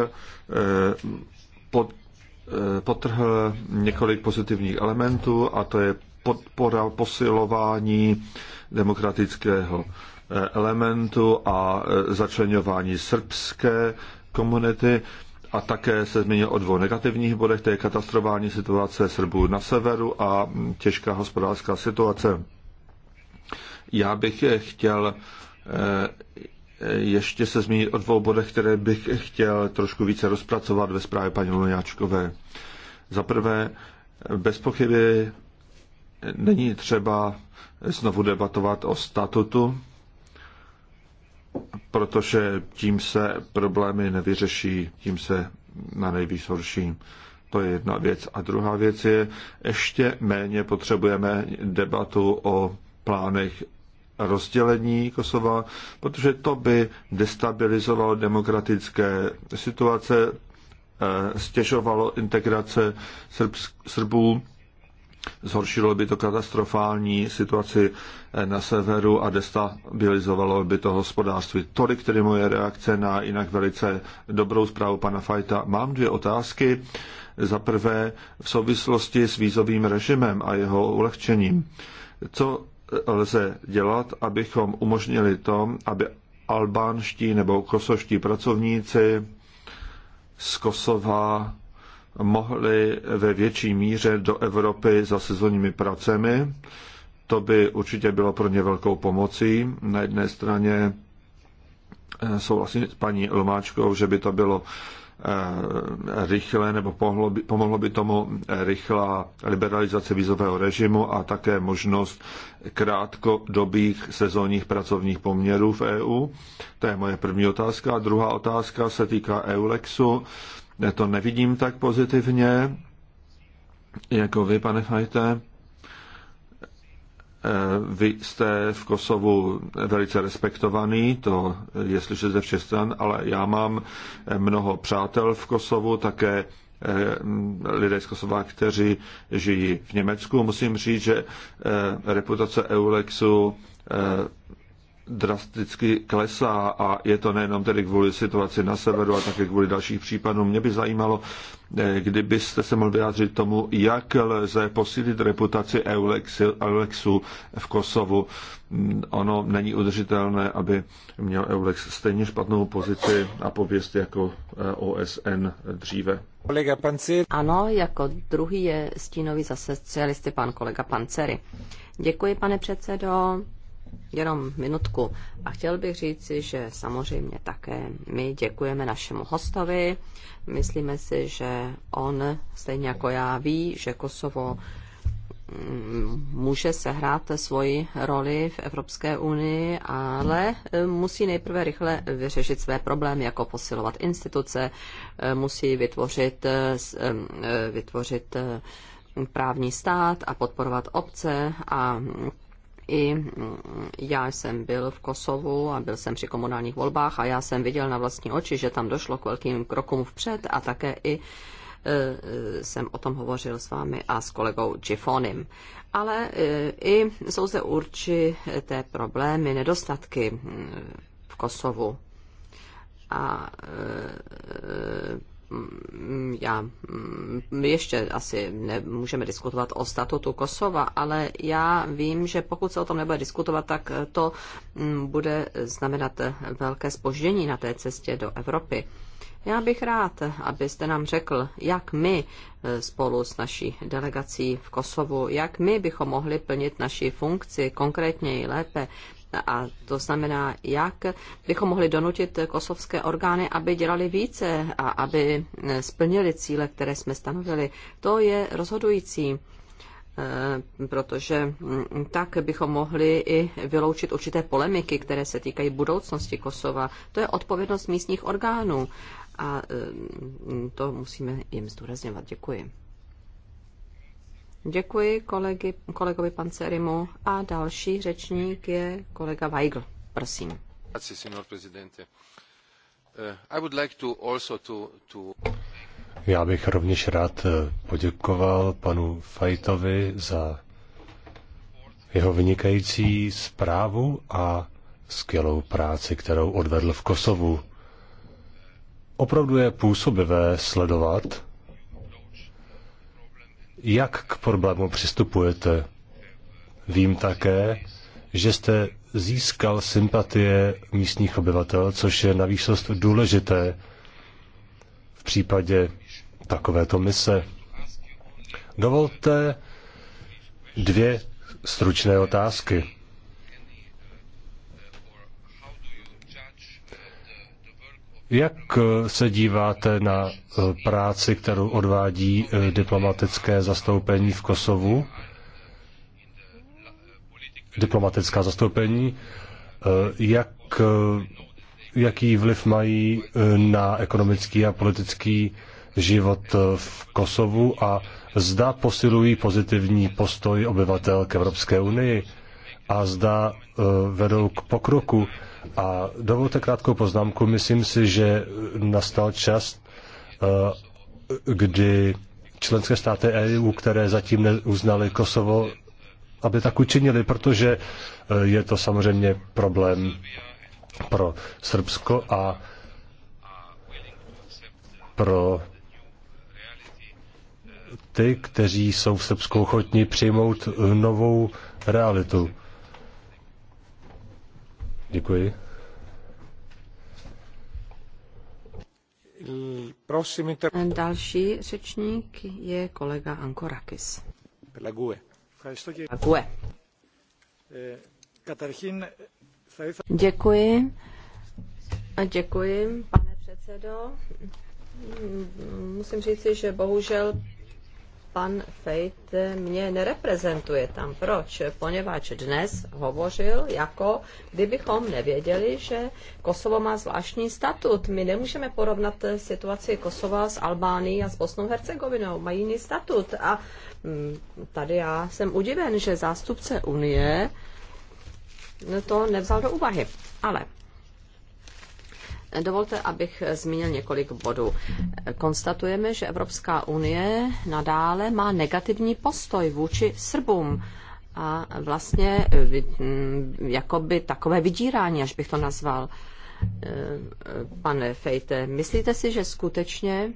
pod, potrhl několik pozitivních elementů a to je podpora posilování demokratického elementu a začlenování srbské komunity a také se zmínil o dvou negativních bodech, to je katastrofální situace Srbů na severu a hm, těžká hospodářská situace. Já bych chtěl eh, ještě se zmínit o dvou bodech, které bych chtěl trošku více rozpracovat ve zprávě paní Lunáčkové. Za prvé, bez pochyby není třeba znovu debatovat o statutu, protože tím se problémy nevyřeší, tím se na nejvíc horší. To je jedna věc. A druhá věc je, ještě méně potřebujeme debatu o plánech rozdělení Kosova, protože to by destabilizovalo demokratické situace, eh, stěžovalo integrace Srbů, zhoršilo by to katastrofální situaci eh, na severu a destabilizovalo by to hospodářství. Tolik tedy moje reakce na jinak velice dobrou zprávu pana Fajta. Mám dvě otázky. Za prvé v souvislosti s vízovým režimem a jeho ulehčením. Co lze dělat, abychom umožnili to, aby albánští nebo kosovští pracovníci z Kosova mohli ve větší míře do Evropy za sezónními pracemi. To by určitě bylo pro ně velkou pomocí. Na jedné straně eh, souhlasím s paní Lomáčkou, že by to bylo Eh, rychle nebo pomohlo by, pomohlo by tomu rychlá liberalizace vízového režimu a také možnost krátkodobých sezónních pracovních poměrů v EU. To je moje první otázka. A druhá otázka se týká EULEXu. To nevidím tak pozitivně jako vy, pane Fajte. Eh, vy jste v Kosovu velice respektovaný, to je slyšet ze všech stran, ale já mám eh, mnoho přátel v Kosovu, také eh, lidé z Kosova, kteří žijí v Německu. Musím říct, že reputace Eulexu drasticky klesá a je to nejenom tedy kvůli situaci na severu a také kvůli dalších případům. Mě by zajímalo, eh, kdybyste se mohl vyjádřit tomu, jak lze posílit reputaci Eulexu v Kosovu. Mm, ono není udržitelné, aby měl Eulex stejně špatnou pozici a pověst jako eh, OSN dříve. Kolega Panceri. Ano, jako druhý je stínový zase socialisty pan kolega Panceri. Děkuji, pane předsedo jenom minutku. A chtěl bych říci, že samozřejmě také my děkujeme našemu hostovi. Myslíme si, že on, stejně jako já, ví, že Kosovo mm, může sehrát svoji roli v Evropské unii, ale e, musí nejprve rychle vyřešit své problémy, jako posilovat instituce, e, musí vytvořit, e, vytvořit právní stát a podporovat obce a i já jsem byl v Kosovu a byl jsem při komunálních volbách a já jsem viděl na vlastní oči, že tam došlo k velkým krokům vpřed a také i e, jsem o tom hovořil s vámi a s kolegou Gifonim. Ale e, i jsou zde určité problémy, nedostatky mm, v Kosovu. A e, Mm, já mm, ještě asi nemůžeme diskutovat o statutu Kosova, ale já vím, že pokud se o tom nebude diskutovat, tak to mm, bude znamenat velké spoždění na té cestě do Evropy. Já bych rád, abyste nám řekl, jak my e, spolu s naší delegací v Kosovu, jak my bychom mohli plnit naši funkci konkrétně i lépe, a to znamená, jak bychom mohli donutit kosovské orgány, aby dělali více a aby splnili cíle, které jsme stanovili. To je rozhodující eh, protože hm, tak bychom mohli i vyloučit určité polemiky, které se týkají budoucnosti Kosova. To je odpovědnost místních orgánů a hm, to musíme jim zdůrazněvat. Děkuji. Děkuji kolegy, kolegovi Pancerimu a další řečník je kolega Weigl. Prosím. Eh, Já bych rovněž rád eh, poděkoval panu Fajtovi za jeho vynikající zprávu a skvělou práci, kterou odvedl v Kosovu. Opravdu je působivé sledovat, jak k problému přistupujete. Vím také, že jste získal sympatie místních obyvatel, což je navýšost důležité v případě takovéto mise. Dovolte dvě stručné otázky. Jak eh, se díváte na eh, práci, kterou odvádí eh, diplomatické zastoupení v Kosovu? Diplomatická zastoupení. Jak, jaký vliv mají na ekonomický a politický život v Kosovu a zda posilují pozitivní postoj obyvatel k Evropské unii a zda vedou k pokroku a dovolte krátkou poznámku. Myslím si, že nastal čas, eh, kdy členské státy EU, které zatím neuznaly Kosovo, aby tak učinili, protože eh, je to samozřejmě problém pro Srbsko a pro ty, kteří jsou v Srbsku ochotní přijmout novou realitu. Děkuji. Další řečník je kolega Ankorakis. Děkuji. Děkuji, pane předsedo. Musím říci, že bohužel pan Fejt mě nereprezentuje tam. Proč? Poněvadž dnes hovořil, jako kdybychom nevěděli, že Kosovo má zvláštní statut. My nemůžeme porovnat situaci Kosova s Albánií a s Bosnou Hercegovinou. Mají jiný statut. A mm, tady já jsem udiven, že zástupce Unie to nevzal do úvahy. Ale Dovolte, abych zmínil několik bodů. Konstatujeme, že Evropská unie nadále má negativní postoj vůči Srbům a vlastně jakoby takové vydírání, až bych to nazval. E, pane Fejte, myslíte si, že skutečně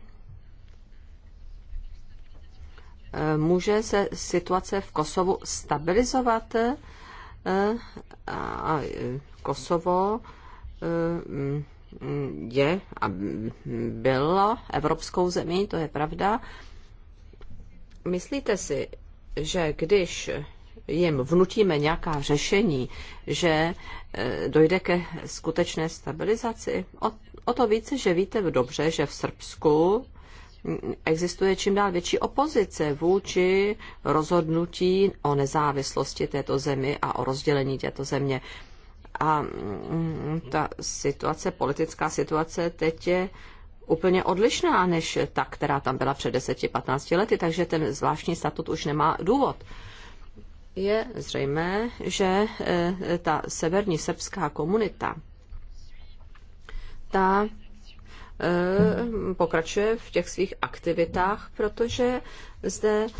e, může se situace v Kosovu stabilizovat e, a Kosovo je a bylo evropskou zemí, to je pravda. Myslíte si, že když jim vnutíme nějaká řešení, že e, dojde ke skutečné stabilizaci? O, o to více, že víte dobře, že v Srbsku existuje čím dál větší opozice vůči rozhodnutí o nezávislosti této zemi a o rozdělení této země. A mm, ta situace, politická situace teď je úplně odlišná než ta, která tam byla před 10-15 lety, takže ten zvláštní statut už nemá důvod. Je zřejmé, že e, ta severní srbská komunita, ta e, pokračuje v těch svých aktivitách, protože zde e,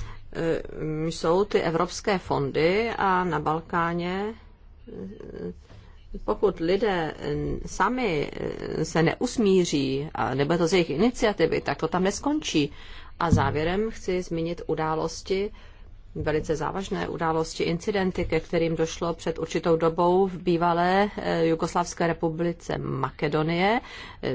jsou ty evropské fondy a na Balkáně pokud lidé eh, sami eh, se neusmíří, a nebude to z jejich iniciativy, tak to tam neskončí. A závěrem chci zmínit události, velice závažné události, incidenty, ke kterým došlo před určitou dobou v bývalé eh, Jugoslavské republice Makedonie.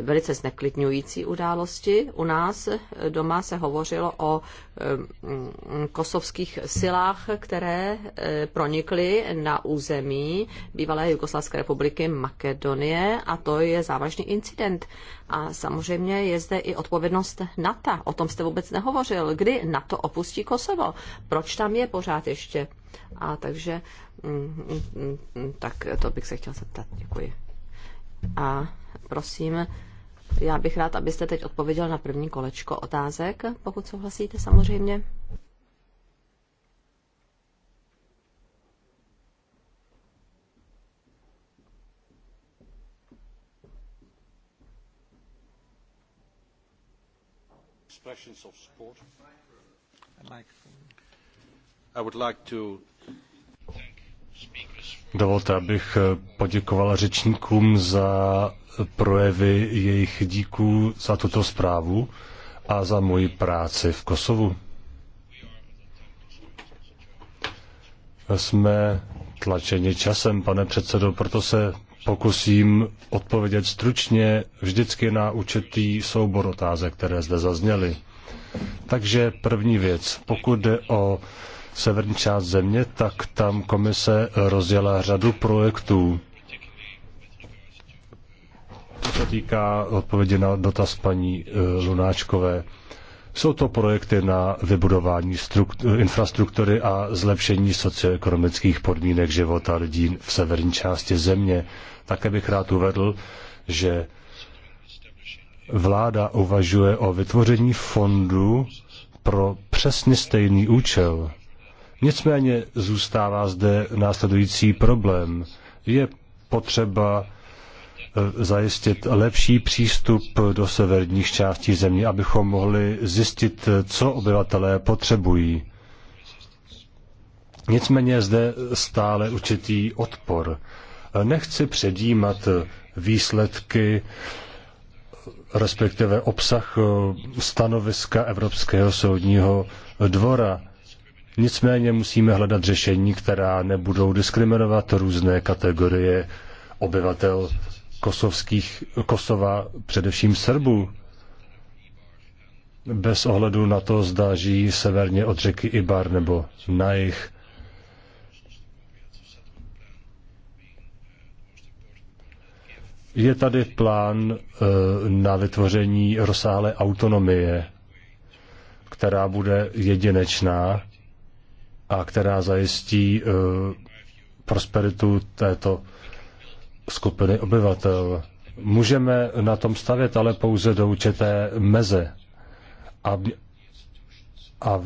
Velice zneklidňující události. U nás doma se hovořilo o Eh, kosovských silách, které eh, pronikly na území bývalé Jugoslavské republiky Makedonie a to je závažný incident. A samozřejmě je zde i odpovědnost NATO. O tom jste vůbec nehovořil. Kdy NATO opustí Kosovo? Proč tam je pořád ještě? A takže mm, mm, mm, tak to bych se chtěl zeptat. Děkuji. A prosím, já bych rád, abyste teď odpověděl na první kolečko otázek, pokud souhlasíte samozřejmě. Dovolte, abych poděkoval řečníkům za projevy jejich díků za tuto zprávu a za moji práci v Kosovu. Jsme tlačeni časem, pane předsedo, proto se pokusím odpovědět stručně vždycky na určitý soubor otázek, které zde zazněly. Takže první věc, pokud jde o severní část země, tak tam komise rozjela řadu projektů. Co se týká odpovědi na dotaz paní eh, Lunáčkové, jsou to projekty na vybudování infrastruktury a zlepšení socioekonomických podmínek života lidí v severní části země. Také bych rád uvedl, že vláda uvažuje o vytvoření fondu pro přesně stejný účel. Nicméně zůstává zde následující problém. Je potřeba zajistit lepší přístup do severních částí země, abychom mohli zjistit, co obyvatelé potřebují. Nicméně je zde stále určitý odpor. Nechci předjímat výsledky, respektive obsah stanoviska Evropského soudního dvora. Nicméně musíme hledat řešení, která nebudou diskriminovat různé kategorie obyvatel kosovských, Kosova, především Srbů, bez ohledu na to, zda žijí severně od řeky Ibar nebo na jich. Je tady plán eh, na vytvoření rozsáhlé autonomie, která bude jedinečná a která zajistí eh, prosperitu této skupiny obyvatel. Můžeme na tom stavět, ale pouze do určité meze. A, a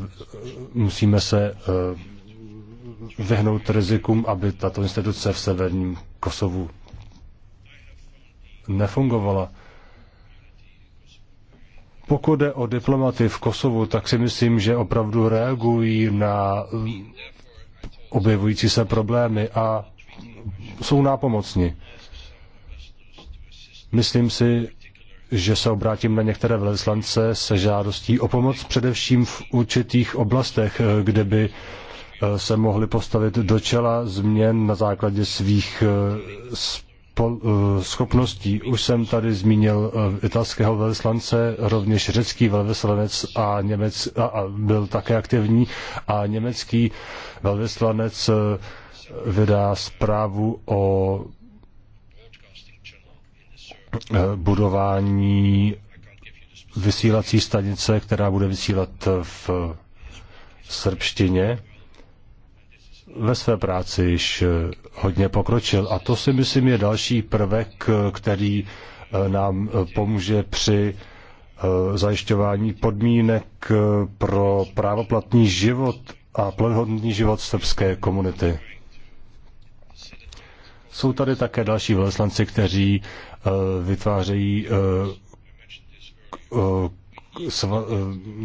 musíme se eh, vyhnout rizikům, aby tato instituce v severním Kosovu nefungovala. Pokud jde o diplomaty v Kosovu, tak si myslím, že opravdu reagují na eh, objevující se problémy a jsou nápomocni. Myslím si, že se obrátím na některé velvyslance se žádostí o pomoc především v určitých oblastech, eh, kde by eh, se mohli postavit do čela změn na základě svých eh, schopností. Už jsem tady zmínil italského velvyslance, rovněž řecký velvyslanec a, Němec, a, a byl také aktivní a německý velvyslanec vydá zprávu o eh, budování vysílací stanice, která bude vysílat v srbštině. Ve své práci již eh, hodně pokročil a to si myslím je další prvek, eh, který nám pomůže při zajišťování podmínek pro právoplatný život a plnohodnotný život srbské komunity. Jsou tady také další veleslanci, kteří eh, vytvářejí eh, eh,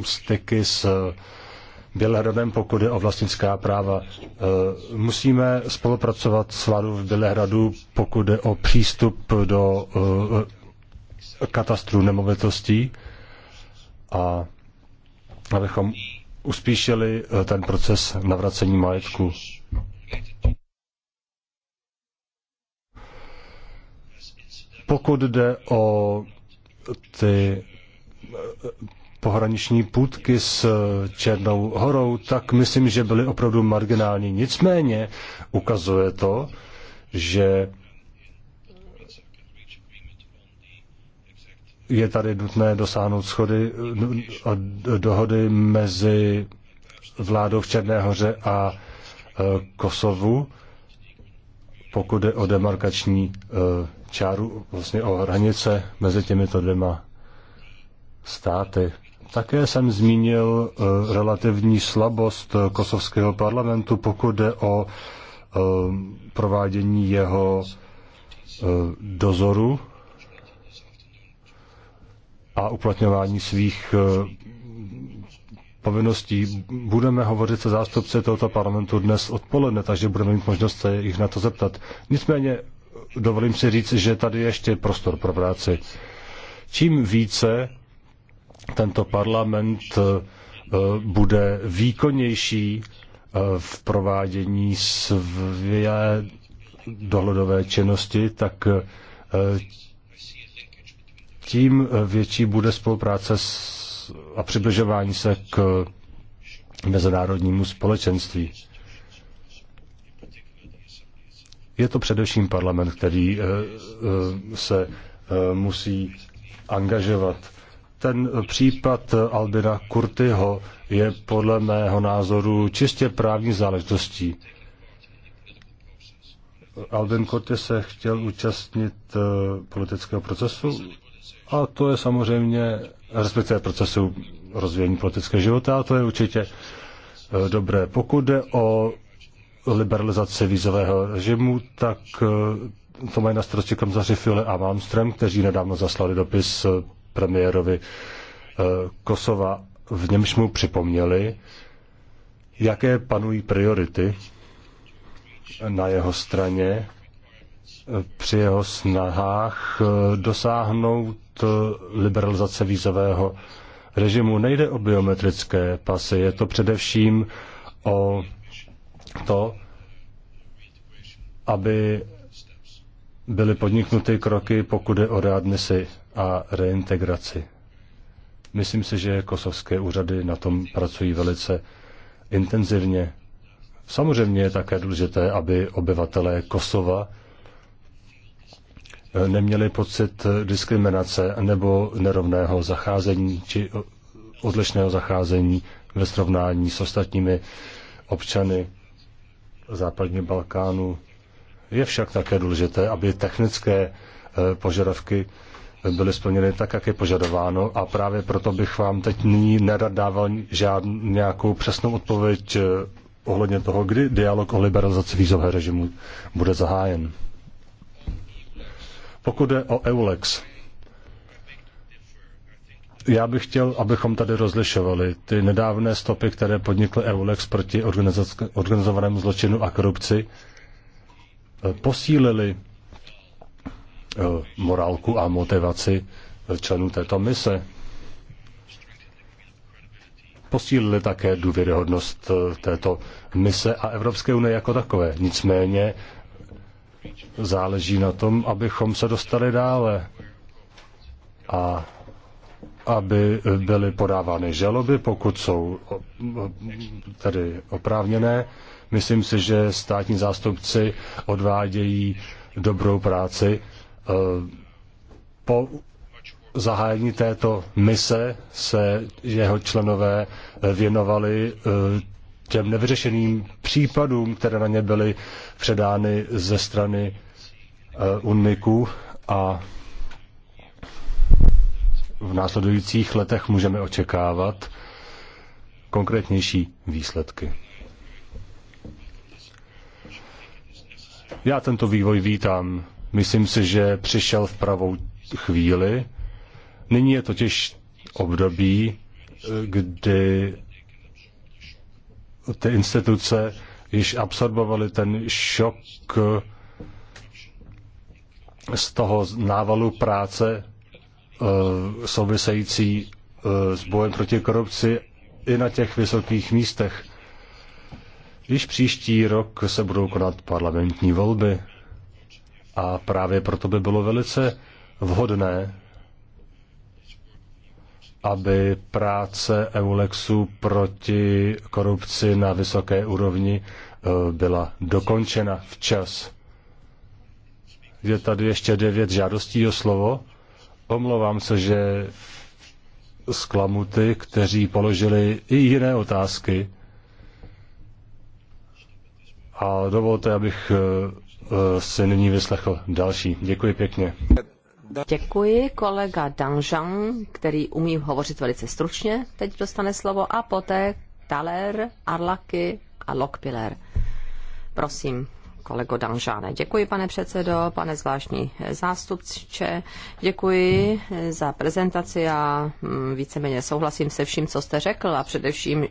styky s Bělehradem, pokud je o vlastnická práva. Musíme spolupracovat s vládou v Bělehradu, pokud je o přístup do katastru nemovitostí a abychom uspíšili ten proces navracení majetku. Pokud jde o ty eh, pohraniční půdky s eh, Černou horou, tak myslím, že byly opravdu marginální. Nicméně ukazuje to, že je tady nutné dosáhnout schody eh, a dohody mezi vládou v Černé hoře a Kosovu, pokud je o demarkační čáru, vlastně o hranice mezi těmito dvěma státy. Také jsem zmínil eh, relativní slabost eh, kosovského parlamentu, pokud jde o eh, provádění jeho dozoru a uplatňování svých povinností. Budeme hovořit se zástupci tohoto parlamentu dnes odpoledne, takže budeme mít možnost se jich na to zeptat. Nicméně dovolím si říct, že tady ještě prostor pro práci. Čím více tento parlament eh, bude výkonnější eh, v provádění své dohledové činnosti, tak eh, tím větší bude spolupráce a přibližování se k mezinárodnímu společenství. Je to především parlament, který eh, eh, se eh, musí angažovat. Ten případ Albina Kurtyho je podle mého názoru čistě právní záležitostí. Albin Kurty se chtěl účastnit politického procesu a to je samozřejmě respektive procesu rozvíjení politického života a to je určitě dobré. Pokud jde o liberalizaci vízového režimu, tak eh, to mají na starosti komisaři Fiole a Malmström, kteří nedávno zaslali dopis eh, premiérovi eh, Kosova, v němž mu připomněli, jaké panují priority na jeho straně při jeho snahách dosáhnout liberalizace vízového režimu. Nejde o biometrické pasy, je to především o to, aby byly podniknuty kroky, pokud je o readmisi a reintegraci. Myslím si, že kosovské úřady na tom pracují velice intenzivně. Samozřejmě je také důležité, aby obyvatelé Kosova eh, neměli pocit diskriminace nebo nerovného zacházení či odlišného zacházení ve srovnání s ostatními občany západní Balkánu. Je však také důležité, aby technické eh, požadavky byly splněny tak, jak je požadováno a právě proto bych vám teď nyní nerad dával žádnou nějakou přesnou odpověď eh, ohledně toho, kdy dialog o liberalizaci vízového režimu bude zahájen. Pokud jde o EULEX, já bych chtěl, abychom tady rozlišovali ty nedávné stopy, které podnikl EULEX proti organizovanému zločinu a korupci, eh, posílili eh, morálku a motivaci eh, členů této mise. Posílili také důvěryhodnost této mise a Evropské unie jako takové. Nicméně záleží na tom, abychom se dostali dále. A aby byly podávány žaloby, pokud jsou tedy oprávněné. Myslím si, že státní zástupci odvádějí dobrou práci. Eh, po zahájení této mise se jeho členové věnovali eh, těm nevyřešeným případům, které na ně byly předány ze strany eh, UNMIKu a v následujících letech můžeme očekávat konkrétnější výsledky. Já tento vývoj vítám. Myslím si, že přišel v pravou chvíli. Nyní je totiž období, kdy ty instituce již absorbovaly ten šok z toho návalu práce Eh, související eh, s bojem proti korupci i na těch vysokých místech. Již příští rok se budou konat parlamentní volby a právě proto by bylo velice vhodné, aby práce Eulexu proti korupci na vysoké úrovni eh, byla dokončena včas. Je tady ještě devět žádostí o slovo. Omlouvám se, že zklamu ty, kteří položili i jiné otázky. A dovolte, abych eh, si nyní vyslechl další. Děkuji pěkně. Děkuji. Kolega Danžan, který umí hovořit velice stručně, teď dostane slovo a poté Taler, Arlaky a Lokpiller. Prosím kolego Danžáne. Děkuji, pane předsedo, pane zvláštní zástupče. Děkuji za prezentaci. a mm, víceméně souhlasím se vším, co jste řekl a především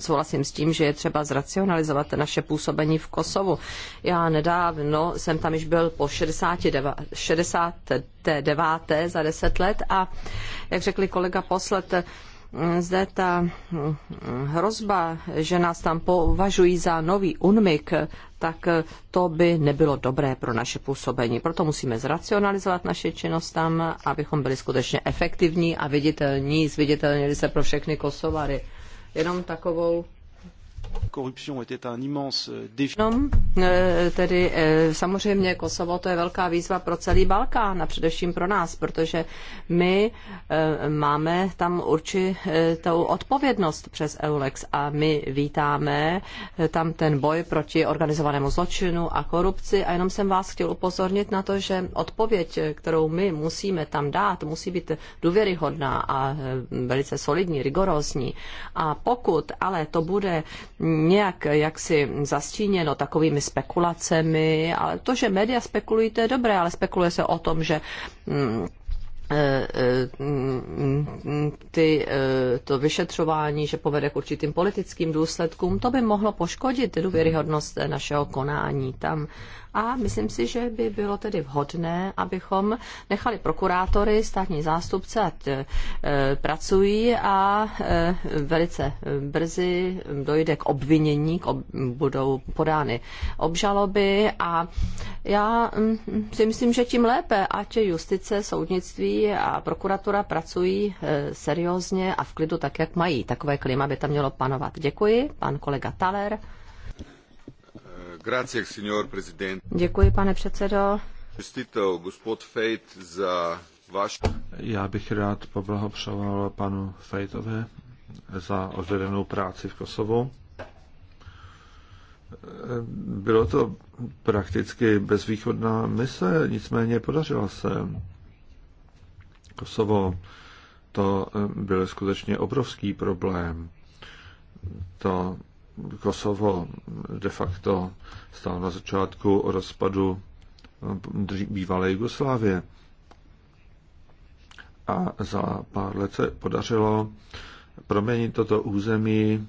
souhlasím s tím, že je třeba zracionalizovat naše působení v Kosovu. Já nedávno jsem tam již byl po 69, 69. za 10 let a, jak řekli kolega Poslet, Eh, zde ta eh, hrozba, že nás tam považují za nový UNMIK, tak eh, to by nebylo dobré pro naše působení. Proto musíme zracionalizovat naše činnost tam, abychom byli skutečně efektivní a viditelní, zviditelnili se pro všechny Kosovary. Jenom takovou Euh, eh, tedy eh, samozřejmě Kosovo to je velká výzva pro celý Balkán a především pro nás, protože my eh, máme tam určitou odpovědnost přes EULEX a my vítáme tam ten boj proti organizovanému zločinu a korupci a jenom jsem vás chtěl upozornit na to, že odpověď, kterou my musíme tam dát, musí být důvěryhodná a velice solidní, rigorózní. A pokud ale to bude nějak jaksi zastíněno takovými spekulacemi, ale to, že média spekulují, to je dobré, ale spekuluje se o tom, že mm, e, e, mm, ty, e, to vyšetřování, že povede k určitým politickým důsledkům, to by mohlo poškodit důvěryhodnost našeho konání tam. A myslím si, že by bylo tedy vhodné, abychom nechali prokurátory, státní zástupce, ať e, pracují a e, velice brzy dojde k obvinění, k ob, budou podány obžaloby a já mm, si myslím, že tím lépe, ať justice, soudnictví a prokuratura pracují e, seriózně a v klidu tak, jak mají. Takové klima by tam mělo panovat. Děkuji, pan kolega Taler. Děkuji, pane předsedo. za Já bych rád poblahopřoval panu Fejtovi za odvedenou práci v Kosovu. Bylo to prakticky bezvýchodná mise, nicméně podařilo se. Kosovo to byl skutečně obrovský problém. To Kosovo de facto stalo na začátku rozpadu bývalé Jugoslávie. A za pár let se podařilo proměnit toto území,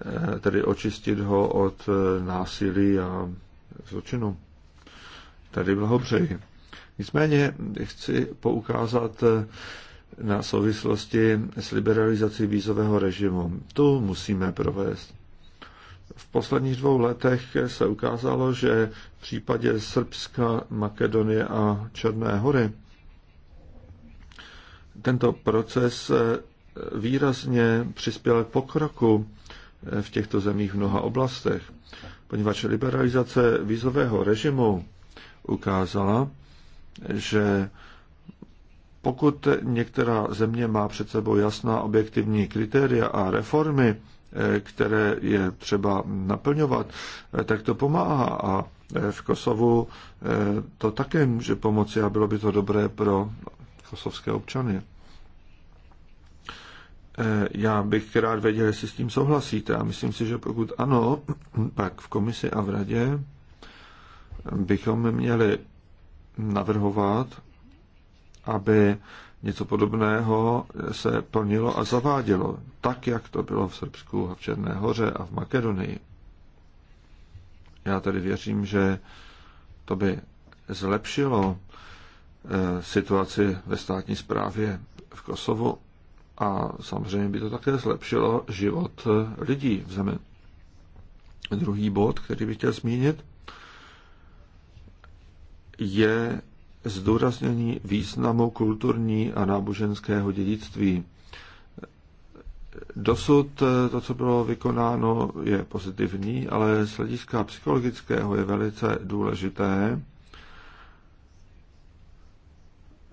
eh, tedy očistit ho od eh, násilí a zločinu. Tady blahopřeji. Nicméně chci poukázat eh, na souvislosti s liberalizací vízového režimu. Tu musíme provést. V posledních dvou letech se ukázalo, že v případě Srbska, Makedonie a Černé hory tento proces výrazně přispěl k pokroku v těchto zemích v mnoha oblastech, poněvadž liberalizace vízového režimu ukázala, že pokud některá země má před sebou jasná objektivní kritéria a reformy, které je třeba naplňovat, tak to pomáhá. A v Kosovu eh, to také může pomoci a bylo by to dobré pro kosovské občany. Eh, já bych rád věděl, jestli s tím souhlasíte. A myslím si, že pokud ano, pak v komisi a v radě bychom měli navrhovat, aby Něco podobného se plnilo a zavádělo, tak jak to bylo v Srbsku a v Černé hoře a v Makedonii. Já tedy věřím, že to by zlepšilo eh, situaci ve státní správě v Kosovu a samozřejmě by to také zlepšilo život eh, lidí v zemi. Druhý bod, který bych chtěl zmínit, je zdůraznění významu kulturní a náboženského dědictví. Dosud to, co bylo vykonáno, je pozitivní, ale z hlediska psychologického je velice důležité.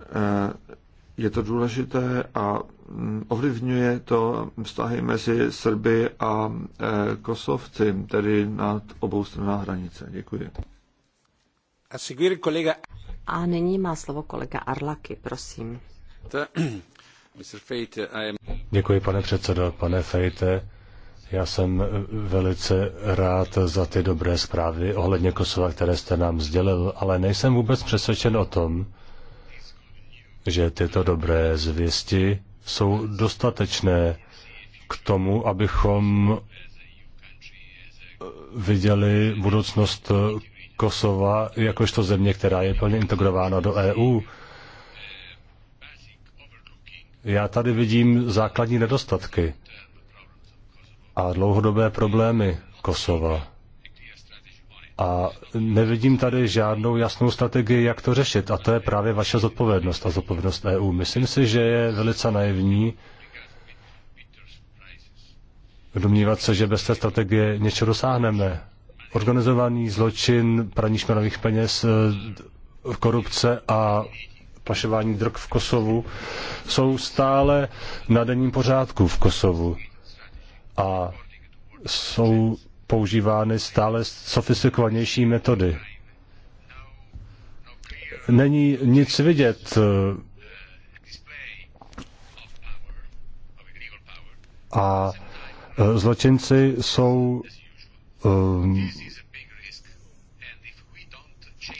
Eh, je to důležité a mm, ovlivňuje to vztahy mezi Srby a eh, Kosovci, tedy na obou stranách hranice. Děkuji. A nyní má slovo kolega Arlaky, prosím. Děkuji, pane předsedo. Pane Fejte, já jsem velice rád za ty dobré zprávy ohledně Kosova, které jste nám sdělil, ale nejsem vůbec přesvědčen o tom, že tyto dobré zvěsti jsou dostatečné k tomu, abychom viděli budoucnost Kosova jakožto země, která je plně integrována do EU. Já tady vidím základní nedostatky a dlouhodobé problémy Kosova. A nevidím tady žádnou jasnou strategii, jak to řešit. A to je právě vaše zodpovědnost a zodpovědnost EU. Myslím si, že je velice naivní domnívat se, že bez té strategie něco dosáhneme organizovaný zločin, praní špinavých peněz, eh, korupce a pašování drog v Kosovu jsou stále na denním pořádku v Kosovu a jsou používány stále sofistikovanější metody. Není nic vidět eh, a eh, zločinci jsou Um,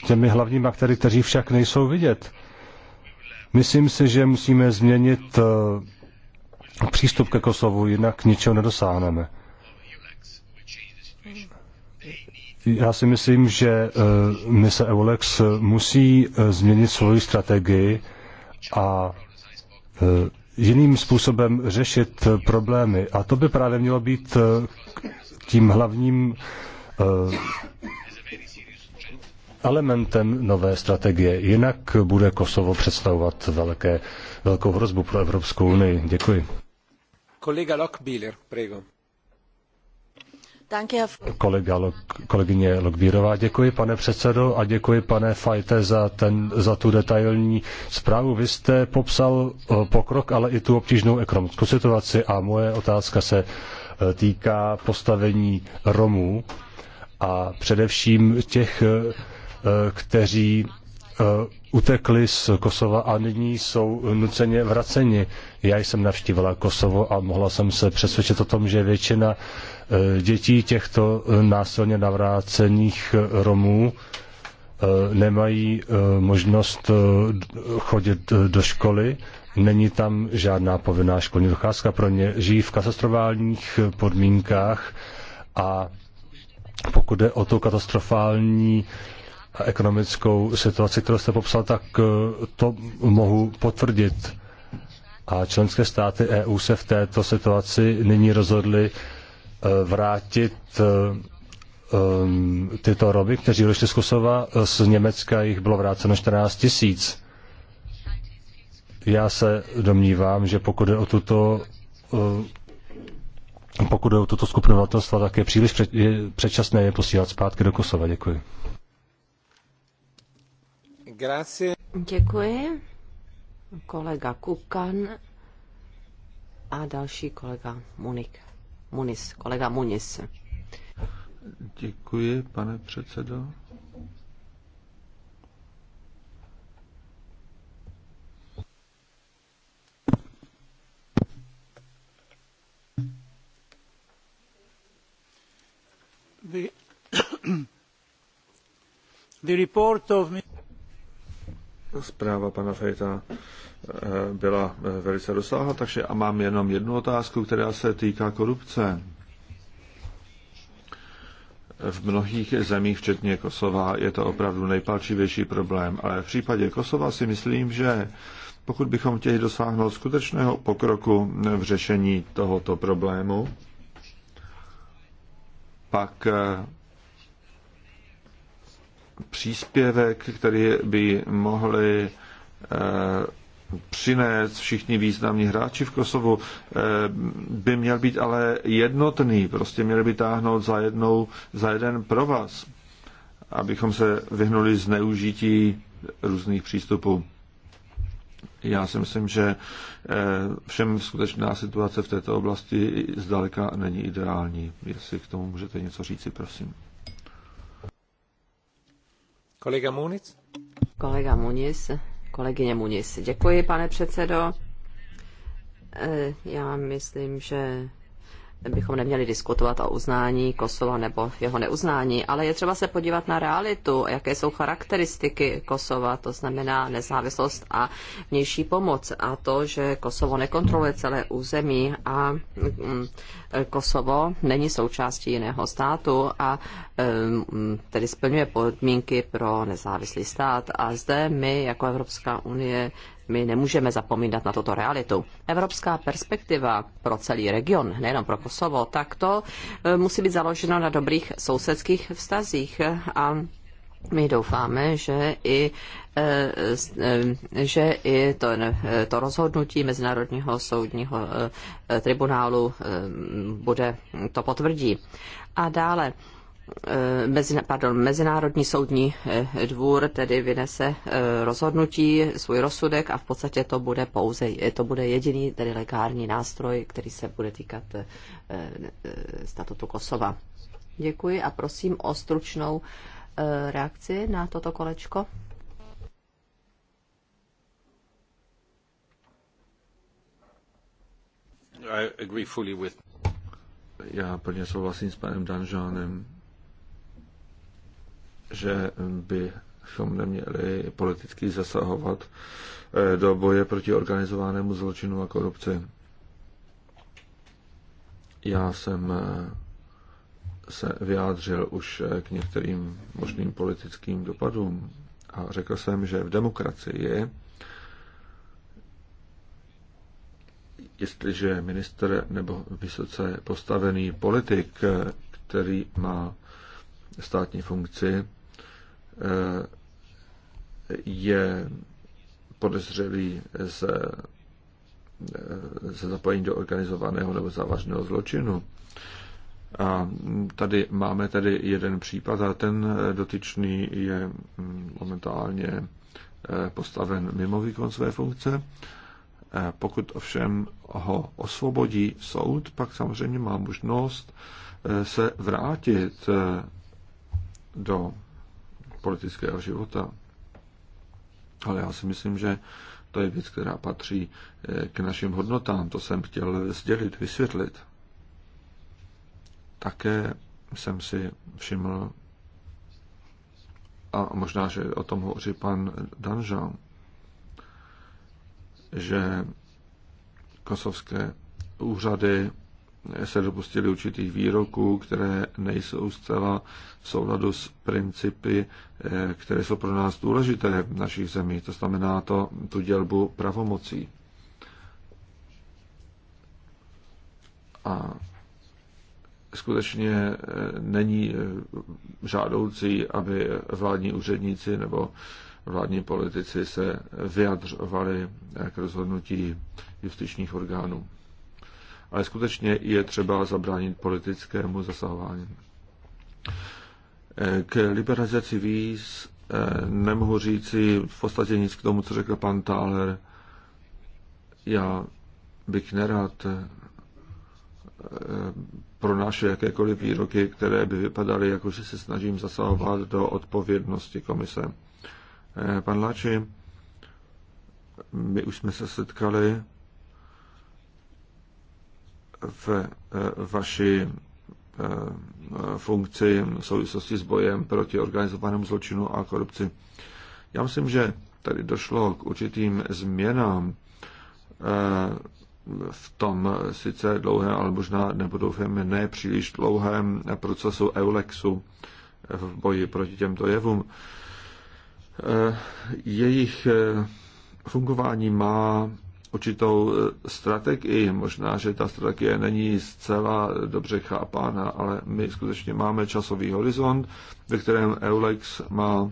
těmi hlavními aktéry, kteří však nejsou vidět. Myslím si, že musíme změnit uh, přístup ke Kosovu, jinak ničeho nedosáhneme. Já si myslím, že uh, mise EULEX musí uh, změnit svoji strategii a jiným způsobem řešit problémy. A to by právě mělo být tím hlavním eh, elementem nové strategie. Jinak bude Kosovo představovat velké, velkou hrozbu pro Evropskou unii. Děkuji. Kolega Lockbiller, prego. Kolega, kolegyně Logbírová, děkuji pane předsedo a děkuji pane Fajte za, ten, za tu detailní zprávu. Vy jste popsal eh, pokrok, ale i tu obtížnou ekonomickou situaci a moje otázka se Eh, týká postavení Romů a především těch, eh, kteří eh, utekli z Kosova a nyní jsou nuceně vraceni. Já jsem navštívila Kosovo a mohla jsem se přesvědčit o tom, že většina dětí těchto násilně navrácených Romů nemají možnost chodit do školy Není tam žádná povinná školní docházka pro ně. Žijí v katastrofálních podmínkách a pokud jde o tu katastrofální ekonomickou situaci, kterou jste popsal, tak eh, to mohu potvrdit. A členské státy EU se v této situaci nyní rozhodly eh, vrátit eh, tyto roby, kteří odešli z Kosova, z Německa jich bylo vráceno 14 tisíc. Já se domnívám, že pokud je o tuto eh, pokud je o tuto skupinu obyvatelstva, tak je příliš předčasné je posílat zpátky do Kosova. Děkuji. Grazie. Děkuji. Kolega Kukan a další kolega Munik. Munis, kolega Munis. Děkuji, pane předsedo. Zpráva pana Fejta eh, byla eh, velice rozsáhlá, takže a mám jenom jednu otázku, která se týká korupce. V mnohých zemích, včetně Kosova, je to opravdu nejpalčivější problém, ale v případě Kosova si myslím, že pokud bychom chtěli dosáhnout skutečného pokroku v řešení tohoto problému, pak eh, příspěvek, který by mohli eh, přinést všichni významní hráči v Kosovu, eh, by měl být ale jednotný, prostě měl by táhnout za, jednou, za jeden provaz, abychom se vyhnuli zneužití různých přístupů. Já si myslím, že eh, všem skutečná situace v této oblasti zdaleka není ideální. Jestli k tomu můžete něco říci, prosím. Kolega Muniz? Kolega Muniz, kolegyně Muniz. Děkuji, pane předsedo. E, já myslím, že bychom neměli diskutovat o uznání Kosova nebo jeho neuznání, ale je třeba se podívat na realitu, jaké jsou charakteristiky Kosova, to znamená nezávislost a vnější pomoc a to, že Kosovo nekontroluje celé území a mm, Kosovo není součástí jiného státu a mm, tedy splňuje podmínky pro nezávislý stát. A zde my jako Evropská unie my nemůžeme zapomínat na toto realitu. Evropská perspektiva pro celý region, nejenom pro Kosovo, tak to e, musí být založeno na dobrých sousedských vztazích a my doufáme, že i, e, e, že i to, to rozhodnutí Mezinárodního soudního tribunálu bude to potvrdí. A dále Eh, pardon, Mezinárodní soudní eh, dvůr tedy vynese eh, rozhodnutí, svůj rozsudek a v podstatě to bude pouze, to bude jediný tedy legální nástroj, který se bude týkat statutu Kosova. Děkuji a prosím o stručnou reakci na toto kolečko. I agree fully with... Já plně souhlasím s panem Danžánem že bychom neměli politicky zasahovat eh, do boje proti organizovanému zločinu a korupci. Já jsem eh, se vyjádřil už eh, k některým možným politickým dopadům a řekl jsem, že v demokracii, jestliže minister nebo vysoce postavený politik, který má státní funkci eh, je podezřelý se, eh, se zapojení do organizovaného nebo závažného zločinu. A tady máme tady jeden případ a ten dotyčný je mm, momentálně eh, postaven mimo výkon své funkce. Pokud ovšem ho osvobodí soud, pak samozřejmě má možnost se vrátit do politického života. Ale já si myslím, že to je věc, která patří eh, k našim hodnotám. To jsem chtěl sdělit, vysvětlit. Také jsem si všiml, a možná, že o tom hovoří pan Danžan, že kosovské úřady se dopustili určitých výroků, které nejsou zcela v souladu s principy, eh, které jsou pro nás důležité v našich zemích. To znamená to, tu dělbu pravomocí. A skutečně eh, není eh, žádoucí, aby vládní úředníci nebo vládní politici se vyjadřovali k rozhodnutí justičních orgánů ale skutečně je třeba zabránit politickému zasahování. Eh, k liberalizaci víz eh, nemohu říci v podstatě nic k tomu, co řekl pan Thaler. Já bych nerad eh, naše jakékoliv výroky, které by vypadaly, jako že se snažím zasahovat do odpovědnosti komise. Pan Lači, my už jsme se setkali v eh, vaši eh, funkci v souvislosti s bojem proti organizovanému zločinu a korupci. Já myslím, že tady došlo k určitým změnám eh, v tom sice dlouhém, ale možná nebo doufám ne příliš dlouhém procesu Eulexu v boji proti těmto jevům. Jejich fungování má určitou e, strategii. Možná, že ta strategie není zcela dobře chápána, ale my skutečně máme časový horizont, ve kterém EULEX má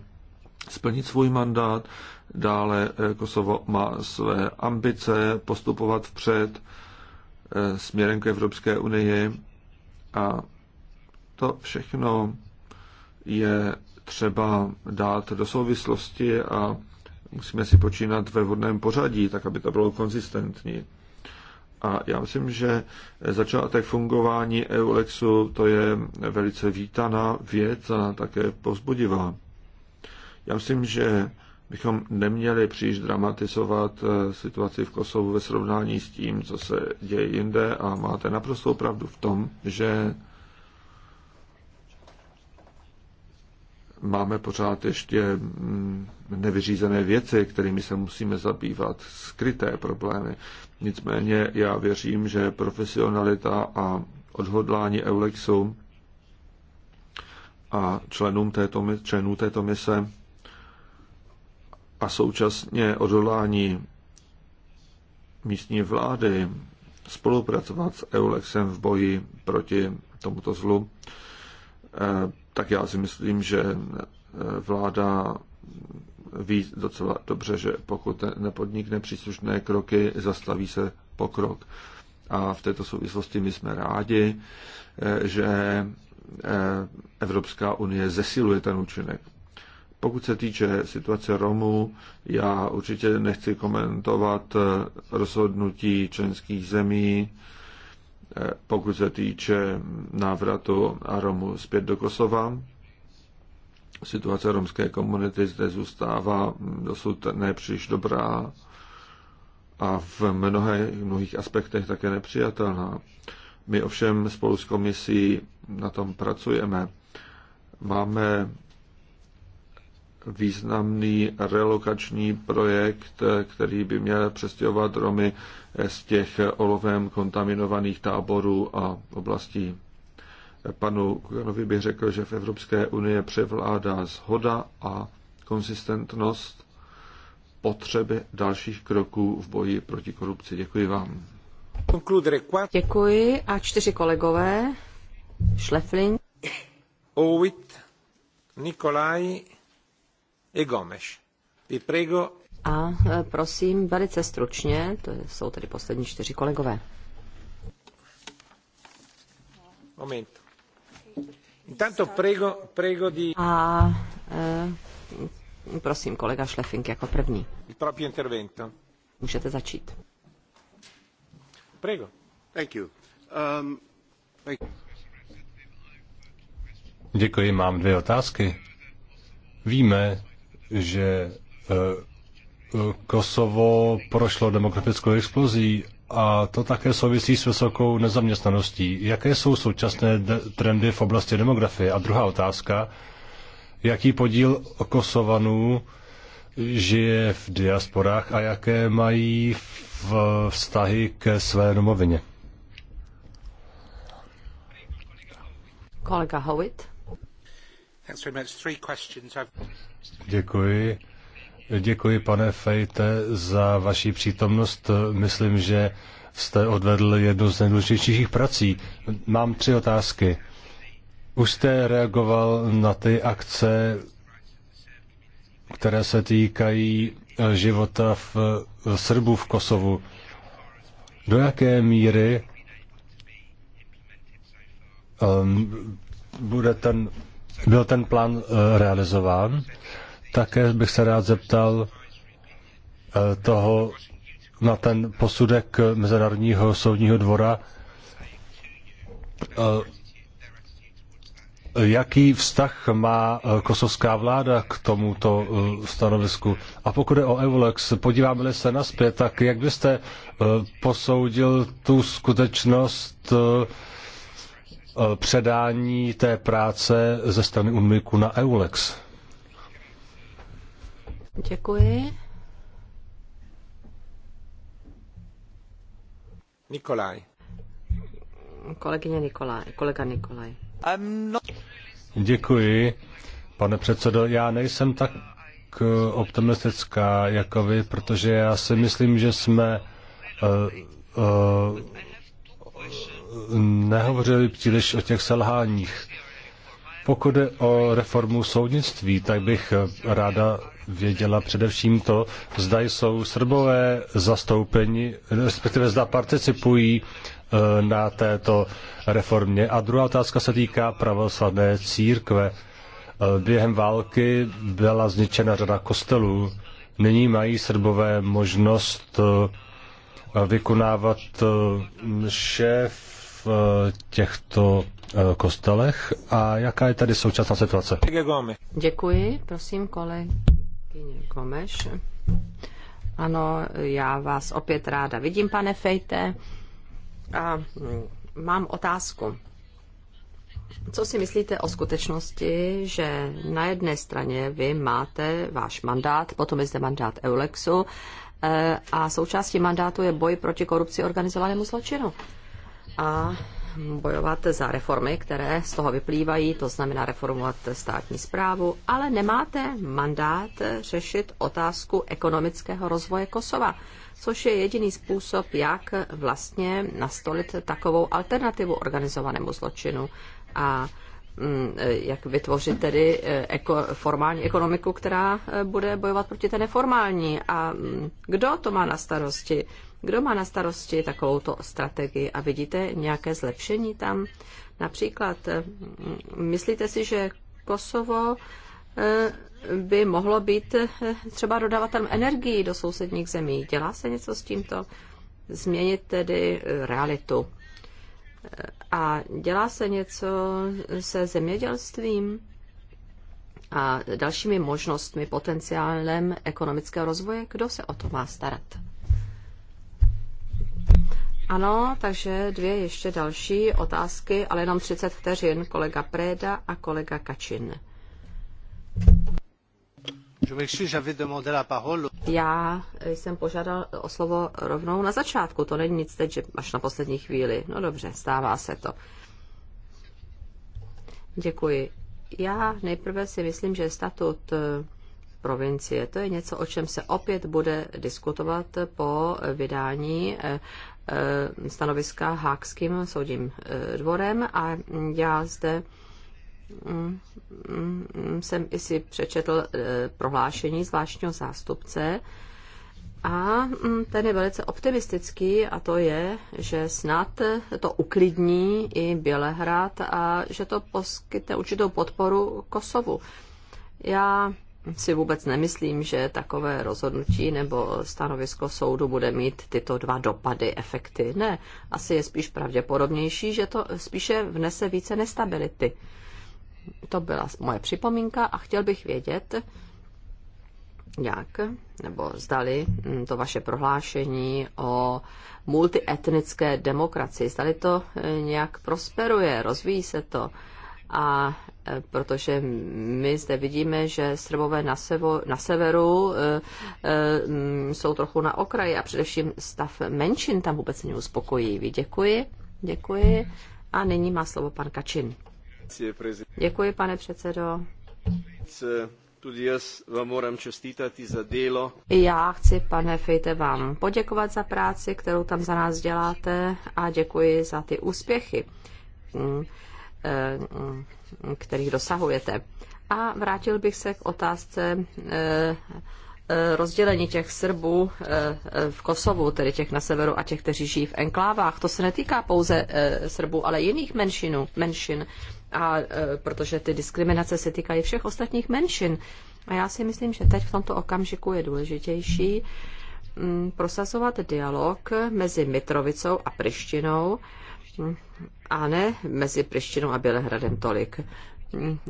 splnit svůj mandát, dále e, Kosovo má své ambice postupovat vpřed e, směrem k Evropské unii a to všechno je třeba dát do souvislosti a musíme si počínat ve vodném pořadí, tak aby to bylo konzistentní. A já myslím, že začátek fungování EULEXu to je velice vítaná věc a také povzbudivá. Já myslím, že bychom neměli příliš dramatizovat eh, situaci v Kosovu ve srovnání s tím, co se děje jinde a máte naprostou pravdu v tom, že máme pořád ještě mm, nevyřízené věci, kterými se musíme zabývat, skryté problémy. Nicméně já věřím, že profesionalita a odhodlání Eulexu a členům této, členů této mise a současně odhodlání místní vlády spolupracovat s Eulexem v boji proti tomuto zlu tak já si myslím, že vláda ví docela dobře, že pokud nepodnikne příslušné kroky, zastaví se pokrok. A v této souvislosti my jsme rádi, že Evropská unie zesiluje ten účinek. Pokud se týče situace Romů, já určitě nechci komentovat rozhodnutí členských zemí, pokud se týče návratu Romů zpět do Kosova. Situace romské komunity zde zůstává dosud nepříliš dobrá a v mnohé, mnohých aspektech také nepřijatelná. My ovšem spolu s komisí na tom pracujeme. Máme významný relokační projekt, který by měl přestěhovat Romy z těch olovem kontaminovaných táborů a oblastí. Panu Kukanovi bych řekl, že v Evropské unii převládá zhoda a konsistentnost potřeby dalších kroků v boji proti korupci. Děkuji vám. Děkuji a čtyři kolegové. Šleflin. Owit, Nikolaj, Gomes. prego. A e, prosím, velice stručně, to jsou tedy poslední čtyři kolegové. Moment. Intanto prego, prego di... A e, prosím, kolega Šlefink jako první. Il proprio intervento. Můžete začít. Prego. Thank you. Um, thank you. Děkuji, mám dvě otázky. Víme, že e, e, Kosovo prošlo demokratickou explozí a to také souvisí s vysokou nezaměstnaností. Jaké jsou současné trendy v oblasti demografie? A druhá otázka, jaký podíl Kosovanů žije v diasporách a jaké mají v vztahy ke své domovině? Kolega Howitt. Děkuji. Děkuji, pane Fejte, za vaši přítomnost. Myslím, že jste odvedl jednu z nejdůležitějších prací. Mám tři otázky. Už jste reagoval na ty akce, které se týkají života v Srbu v Kosovu. Do jaké míry um, bude ten, byl ten plán uh, realizován? Také bych se rád zeptal eh, toho na ten posudek Mezinárodního soudního dvora. Eh, jaký vztah má eh, kosovská vláda k tomuto stanovisku? A pokud je o Evolex, podíváme-li se naspět, tak jak byste posoudil tu skutečnost předání té práce ze strany UNMIKu na Eulex? Děkuji. Nikolaj. Kolegyně Nikolaj, kolega Nikolaj. Děkuji, pane předsedo. Já nejsem tak eh, optimistická jako vy, protože já si myslím, že jsme uh, uh, nehovořili příliš o těch selháních. Pokud je o reformu soudnictví, tak bych ráda věděla především to, zda jsou Srbové zastoupeni, respektive zda participují e, na této reformě. A druhá otázka se týká pravoslavné církve. E, během války byla zničena řada kostelů. Nyní mají Srbové možnost e, vykonávat mše v těchto kostelech. A jaká je tady současná situace? Děkuji, prosím, kolegy. Kyně Gomeš. Ano, já vás opět ráda vidím, pane Fejte. A mm, mám otázku. Co si myslíte o skutečnosti, že na jedné straně vy máte váš mandát, potom je zde mandát Eulexu e, a součástí mandátu je boj proti korupci organizovanému zločinu? A bojovat za reformy, které z toho vyplývají, to znamená reformovat státní zprávu, ale nemáte mandát řešit otázku ekonomického rozvoje Kosova, což je jediný způsob, jak vlastně nastolit takovou alternativu organizovanému zločinu a mm, jak vytvořit tedy eh, eko, formální ekonomiku, která eh, bude bojovat proti té neformální. A mm, kdo to má na starosti? Kdo má na starosti takovouto strategii a vidíte nějaké zlepšení tam? Například, mm, myslíte si, že Kosovo eh, by mohlo být eh, třeba dodavatelem energii do sousedních zemí? Dělá se něco s tímto? Změnit tedy eh, realitu. A dělá se něco se zemědělstvím a dalšími možnostmi, potenciálem ekonomického rozvoje? Kdo se o to má starat? Ano, takže dvě ještě další otázky, ale jenom 30 vteřin. Kolega Preda a kolega Kačin. Já jsem požádal o slovo rovnou na začátku. To není nic teď, že až na poslední chvíli. No dobře, stává se to. Děkuji. Já nejprve si myslím, že statut eh, provincie. To je něco, o čem se opět bude diskutovat po vydání eh, Eh, stanoviska Hákským soudním eh, dvorem a já zde mm, mm, jsem i si přečetl eh, prohlášení zvláštního zástupce a mm, ten je velice optimistický a to je, že snad to uklidní i Bělehrad a že to poskytne určitou podporu Kosovu. Já si vůbec nemyslím, že takové rozhodnutí nebo stanovisko soudu bude mít tyto dva dopady, efekty. Ne, asi je spíš pravděpodobnější, že to spíše vnese více nestability. To byla moje připomínka a chtěl bych vědět, jak, nebo zdali mm, to vaše prohlášení o multietnické demokracii, zdali to eh, nějak prosperuje, rozvíjí se to a e, protože my zde vidíme, že Srbové na, sevo, na severu e, e, jsou trochu na okraji a především stav menšin tam vůbec není uspokojivý. Děkuji, děkuji. A nyní má slovo pan Kačin. Děkuji, pane předsedo. vám za Já chci, pane Fejte, vám poděkovat za práci, kterou tam za nás děláte a děkuji za ty úspěchy mm. Eh, kterých dosahujete. A vrátil bych se k otázce eh, eh, rozdělení těch Srbů v Kosovu, tedy těch na severu a těch, kteří žijí v enklávách. To se netýká pouze Srbů, ale jiných menšinů, menšin, a, protože ty diskriminace se týkají všech ostatních menšin. A já si myslím, že teď v tomto okamžiku je důležitější mm, prosazovat dialog mezi Mitrovicou a Prištinou a ne mezi Prištinou a Bělehradem tolik.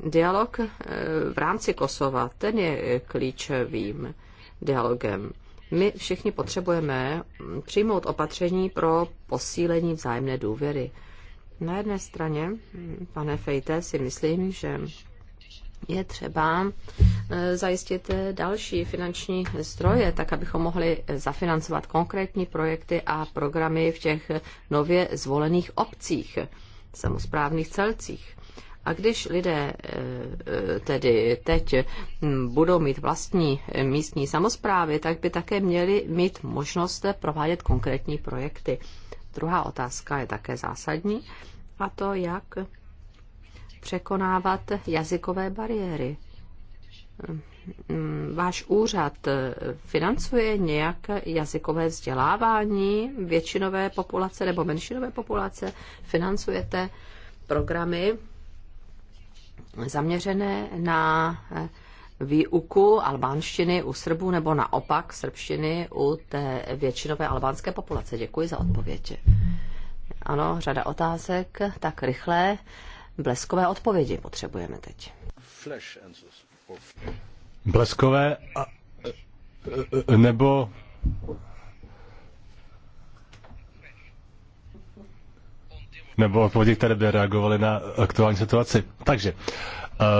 Dialog eh, v rámci Kosova, ten je klíčovým dialogem. My všichni potřebujeme přijmout opatření pro posílení vzájemné důvěry. Na jedné straně, pane Fejte, si myslím, že je třeba eh, zajistit eh, další finanční zdroje, tak abychom mohli eh, zafinancovat konkrétní projekty a programy v těch nově zvolených obcích, samozprávných celcích. A když lidé tedy teď hm, budou mít vlastní místní samozprávy, tak by také měli mít možnost provádět konkrétní projekty. Druhá otázka je také zásadní, a to jak překonávat jazykové bariéry. Váš úřad financuje nějak jazykové vzdělávání většinové populace nebo menšinové populace? Financujete programy zaměřené na výuku albánštiny u Srbů nebo naopak srbštiny u té většinové albánské populace? Děkuji za odpověď. Ano, řada otázek, tak rychle bleskové odpovědi potřebujeme teď. Bleskové a, e, e, nebo nebo odpovědi, které by reagovaly na aktuální situaci. Takže e,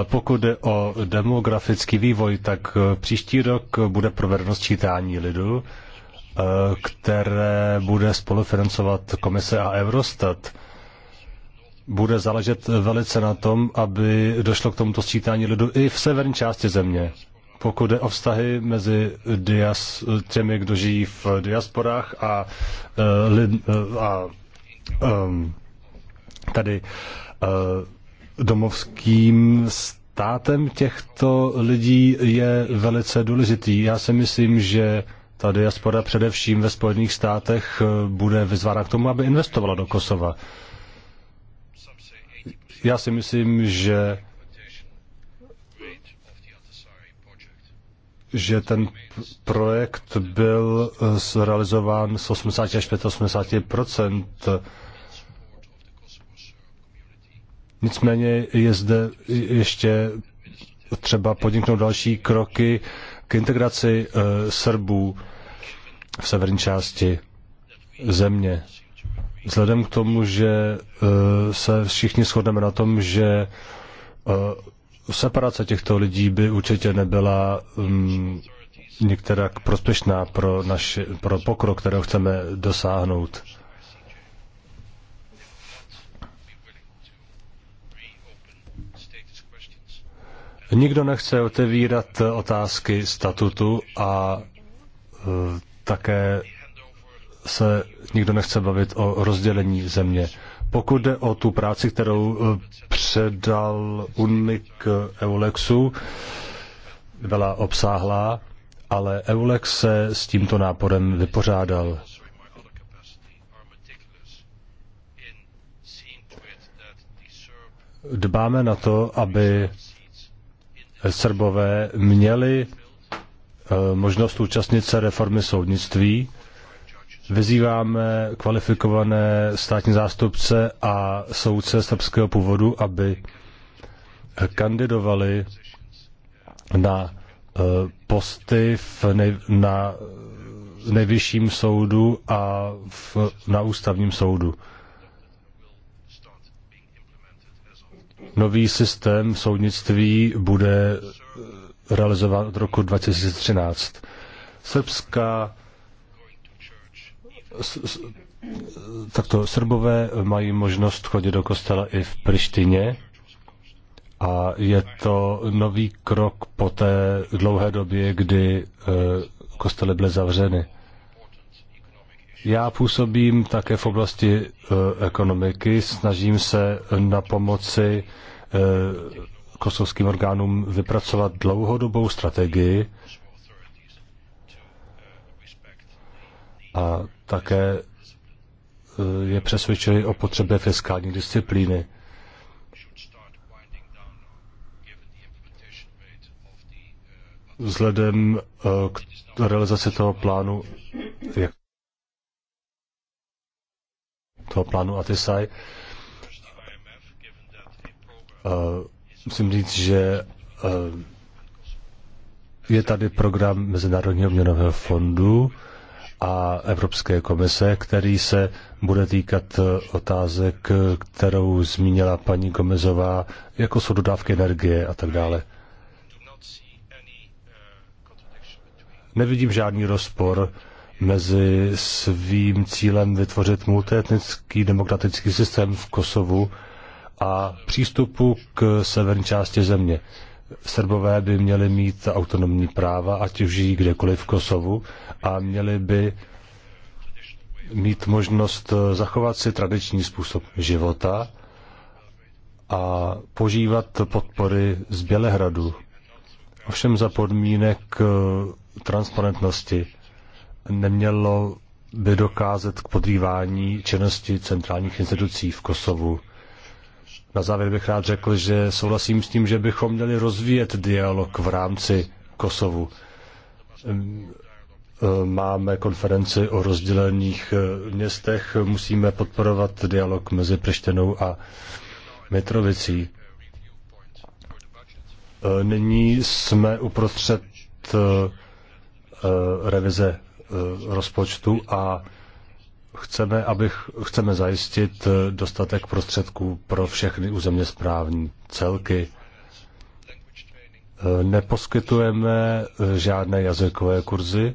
pokud jde o demografický vývoj, tak příští rok bude provedeno sčítání lidu, které bude spolufinancovat komise a Eurostat bude záležet velice na tom, aby došlo k tomuto sčítání lidu i v severní části země. Pokud jde o vztahy mezi dias, těmi, kdo žijí v diasporách a, eh, lid, eh, a um, tady uh, domovským státem těchto lidí je velice důležitý. Já si myslím, že ta diaspora především ve Spojených státech bude vyzvána k tomu, aby investovala do Kosova. Já si myslím, že že ten projekt byl eh, realizován z 80 až 85 Nicméně je zde ještě třeba podniknout další kroky k integraci eh, Srbů v severní části země. Vzhledem k tomu, že e, se všichni shodneme na tom, že e, separace těchto lidí by určitě nebyla mm, některak prospěšná pro, naši, pro pokrok, kterého chceme dosáhnout. Nikdo nechce otevírat otázky statutu a e, také se nikdo nechce bavit o rozdělení země. Pokud jde o tu práci, kterou eh, předal Unik eh, Eulexu, byla obsáhlá, ale Eulex se s tímto náporem vypořádal. Dbáme na to, aby Srbové měli eh, možnost účastnit se reformy soudnictví, Vyzýváme kvalifikované státní zástupce a soudce srbského původu, aby kandidovali na eh, posty v nej, na nejvyšším soudu a v, na ústavním soudu. Nový systém soudnictví bude realizován od roku 2013. Srbská takto Srbové mají možnost chodit do kostela i v Prištině a je to nový krok po té dlouhé době, kdy eh, kostely byly zavřeny. Já působím také v oblasti eh, ekonomiky, snažím se na pomoci eh, kosovským orgánům vypracovat dlouhodobou strategii a také eh, je přesvědčený o potřebě fiskální disciplíny. Vzhledem eh, k realizaci toho plánu, jak toho plánu Atisai, eh, musím říct, že je tady program Mezinárodního měnového fondu, a Evropské komise, který se bude týkat eh, otázek, kterou zmínila paní Gomezová, jako jsou dodávky energie a tak dále. Nevidím žádný rozpor mezi svým cílem vytvořit multietnický demokratický systém v Kosovu a přístupu k severní části země. Srbové by měli mít autonomní práva, ať už žijí kdekoliv v Kosovu, a měli by mít možnost eh, zachovat si tradiční způsob života a požívat podpory z Bělehradu. Ovšem za podmínek eh, transparentnosti nemělo by dokázat k podrývání činnosti centrálních institucí v Kosovu. Na závěr bych rád řekl, že souhlasím s tím, že bychom měli rozvíjet dialog v rámci Kosovu. Ehm, ehm, máme konferenci o rozdělených e, městech, musíme podporovat dialog mezi Prištěnou a Mitrovicí. E, nyní jsme uprostřed e, revize rozpočtu a chceme, abych, chceme zajistit eh, dostatek prostředků pro všechny územně správní celky. Eh, neposkytujeme eh, žádné jazykové kurzy,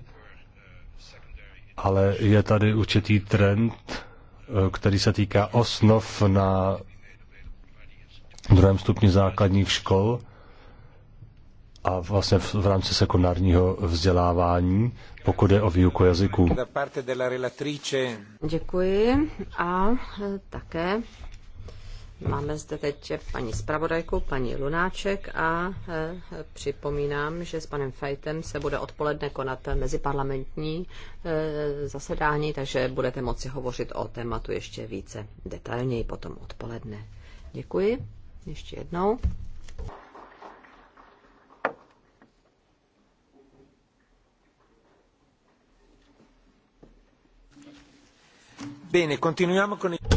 ale je tady určitý trend, který se týká osnov na druhém stupni základních škol a vlastně v, v rámci sekundárního vzdělávání, pokud je o výuku jazyků. Děkuji a eh, také máme zde teď paní zpravodajku, paní Lunáček a eh, připomínám, že s panem Fejtem se bude odpoledne konat meziparlamentní eh, zasedání, takže budete moci hovořit o tématu ještě více detailněji potom odpoledne. Děkuji ještě jednou.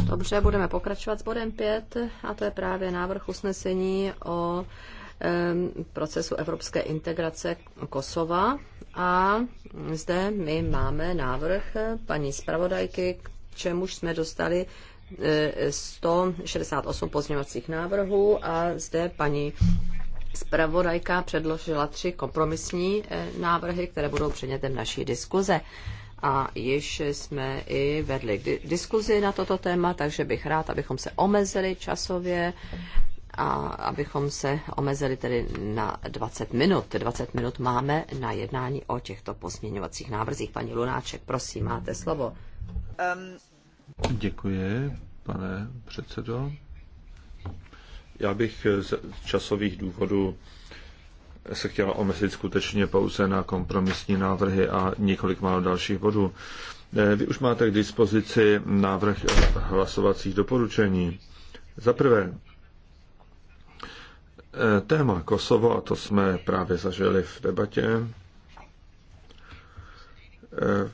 Dobře, budeme pokračovat s bodem 5 a to je právě návrh usnesení o procesu evropské integrace Kosova. A zde my máme návrh paní zpravodajky, k čemuž jsme dostali 168 eh, pozměňovacích návrhů a zde paní zpravodajka předložila tři kompromisní eh, návrhy, které budou předmětem naší diskuze a již jsme i vedli diskuzi na toto téma, takže bych rád, abychom se omezili časově a abychom se omezili tedy na 20 minut. 20 minut máme na jednání o těchto pozměňovacích návrzích. Paní Lunáček, prosím, máte slovo. Um... Děkuji, pane předsedo. Já bych z časových důvodů se chtěla omezit skutečně pouze na kompromisní návrhy a několik málo dalších bodů. Eh, vy už máte k dispozici návrh hlasovacích doporučení. Za prvé, eh, téma Kosovo, a to jsme právě zažili v debatě, eh,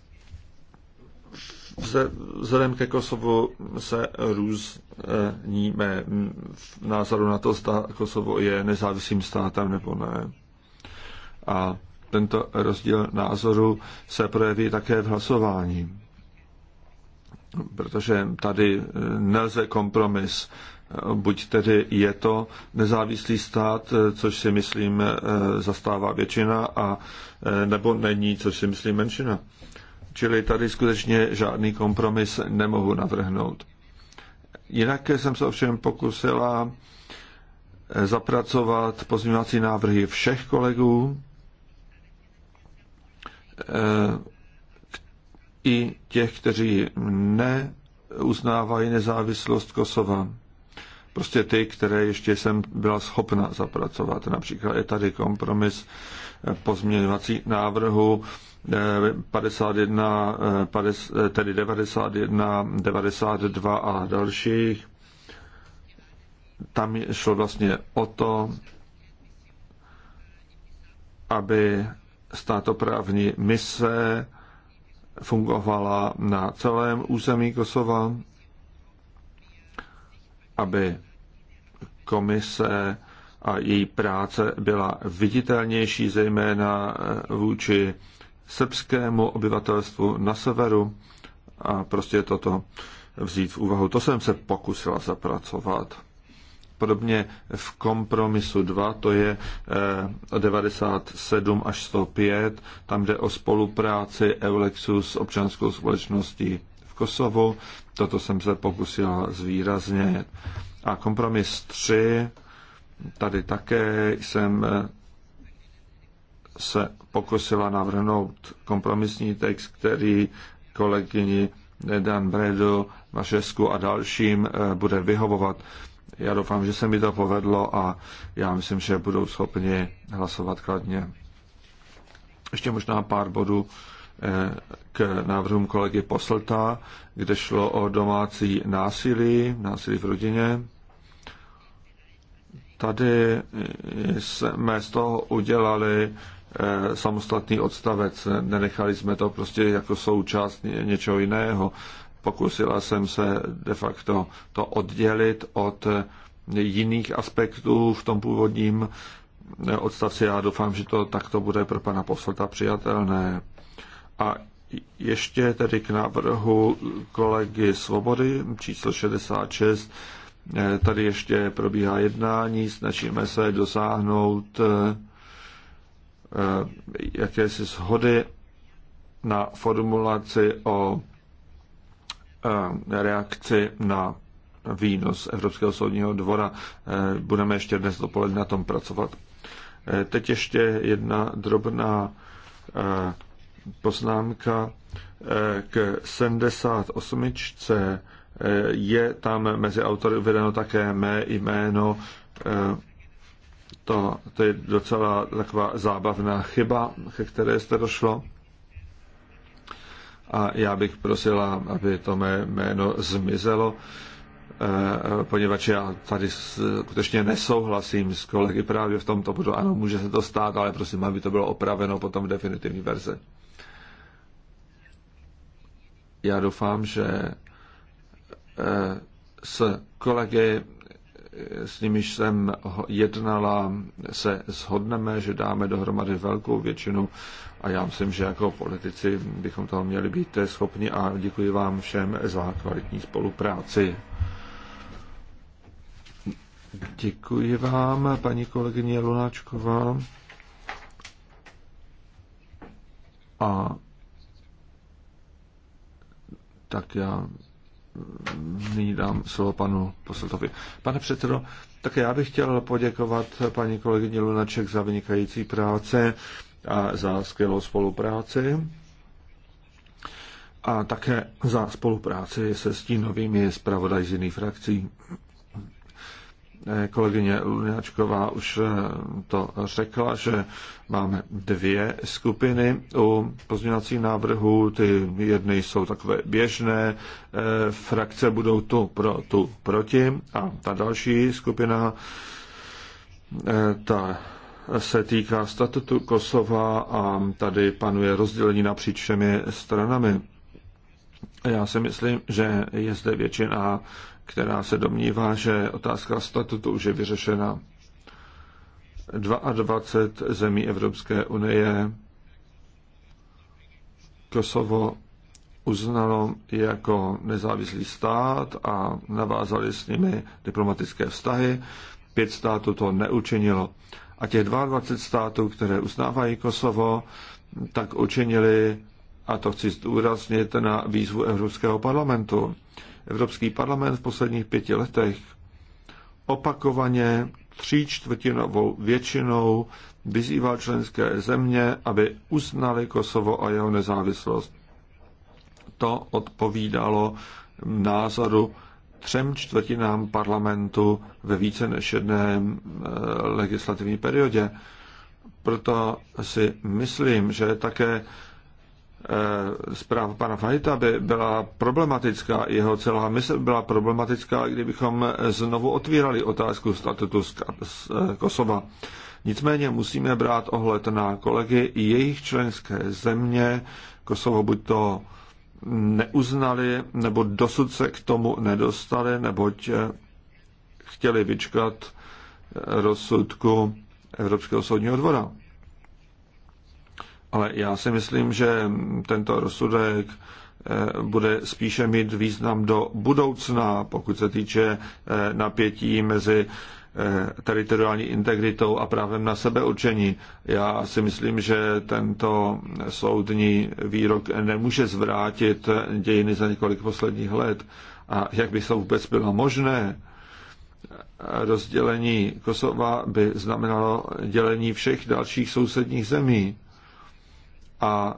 vzhledem ke Kosovu se různíme v názoru na to, zda Kosovo je nezávislým státem nebo ne a tento rozdíl názoru se projeví také v hlasování. Protože tady e, nelze kompromis. E, buď tedy je to nezávislý stát, e, což si myslím zastává většina, a nebo není, což si myslí menšina. Čili tady skutečně žádný kompromis nemohu navrhnout. Jinak jsem se ovšem pokusila zapracovat pozměňovací návrhy všech kolegů, Eh, i těch, kteří neuznávají nezávislost Kosova. Prostě ty, které ještě jsem byla schopna zapracovat. Například je tady kompromis eh, pozměňovací návrhu 51, eh, tedy 91, 92 a dalších. Tam šlo vlastně o to, aby státoprávní mise fungovala na celém území Kosova, aby komise a její práce byla viditelnější, zejména eh, vůči srbskému obyvatelstvu na severu a prostě toto vzít v úvahu. To jsem se pokusila zapracovat. Podobně v kompromisu 2, to je 97 eh, až 105, tam jde o spolupráci Eulexu s občanskou společností v Kosovu. Toto jsem se pokusil zvýraznit. A kompromis 3, tady také jsem eh, se pokusila navrhnout kompromisní text, který kolegyni Dan Bredu, Vašesku a dalším eh, bude vyhovovat. Já doufám, že se mi to povedlo a já myslím, že budou schopni hlasovat kladně. Ještě možná pár bodů eh, k návrhům kolegy Poslta, kde šlo o domácí násilí, násilí v rodině. Tady jsme z toho udělali eh, samostatný odstavec, nenechali jsme to prostě jako součást něčeho jiného. Pokusila jsem se de facto to oddělit od jiných aspektů v tom původním odstavci. Já doufám, že to takto bude pro pana poslata přijatelné. A ještě tedy k návrhu kolegy Svobody číslo 66. Tady ještě probíhá jednání, snažíme se dosáhnout eh, jakési shody na formulaci o reakci na výnos Evropského soudního dvora. E, budeme ještě dnes dopoledne na tom pracovat. E, teď ještě jedna drobná e, poznámka k 78. Je tam mezi autory uvedeno také mé jméno. To, to je docela taková zábavná chyba, ke které jste došlo a já bych prosila, aby to mé jméno zmizelo, eh, poněvadž já tady skutečně nesouhlasím s kolegy právě v tomto bodu. Ano, může se to stát, ale prosím, aby to bylo opraveno potom v definitivní verze. Já doufám, že eh, s kolegy s nimiž jsem jednala, se shodneme, že dáme dohromady velkou většinu a já myslím, že jako politici bychom toho měli být schopni a děkuji vám všem za kvalitní spolupráci. Děkuji vám, paní kolegyně Lunáčková. A tak já nyní dám slovo panu poslatovi. Pane předsedo, také já bych chtěl poděkovat paní kolegyni Lunaček za vynikající práce a za skvělou spolupráci a také za spolupráci se stínovými zpravodaj z jiných frakcí. Kolegyně Lunáčková už eh, to řekla, že máme dvě skupiny u pozměňovacích návrhů. Ty jedny jsou takové běžné, eh, frakce budou tu pro, tu proti a ta další skupina eh, ta se týká statutu Kosova a tady panuje rozdělení napříč všemi stranami. Já si myslím, že je zde většina která se domnívá, že otázka statutu už je vyřešena. 22 zemí Evropské unie Kosovo uznalo jako nezávislý stát a navázali s nimi diplomatické vztahy. Pět států to neučinilo. A těch 22 států, které uznávají Kosovo, tak učinili, a to chci zdůraznit, na výzvu Evropského parlamentu. Evropský parlament v posledních pěti letech opakovaně tříčtvrtinovou většinou vyzýval členské země, aby uznali Kosovo a jeho nezávislost. To odpovídalo názoru třem čtvrtinám parlamentu ve více než jedné eh, legislativní periodě. Proto si myslím, že také Eh, zpráva pana Fahita by byla problematická, jeho celá mysl byla problematická, kdybychom znovu otvírali otázku statutu z eh, Kosova. Nicméně musíme brát ohled na kolegy i jejich členské země. Kosovo buď to neuznali, nebo dosud se k tomu nedostali, neboť eh, chtěli vyčkat rozsudku Evropského soudního dvora. Ale já si myslím, že tento rozsudek eh, bude spíše mít význam do budoucna, pokud se týče eh, napětí mezi eh, teritoriální integritou a právem na sebeurčení. Já si myslím, že tento soudní výrok nemůže zvrátit dějiny za několik posledních let. A jak by to vůbec bylo možné? Rozdělení Kosova by znamenalo dělení všech dalších sousedních zemí a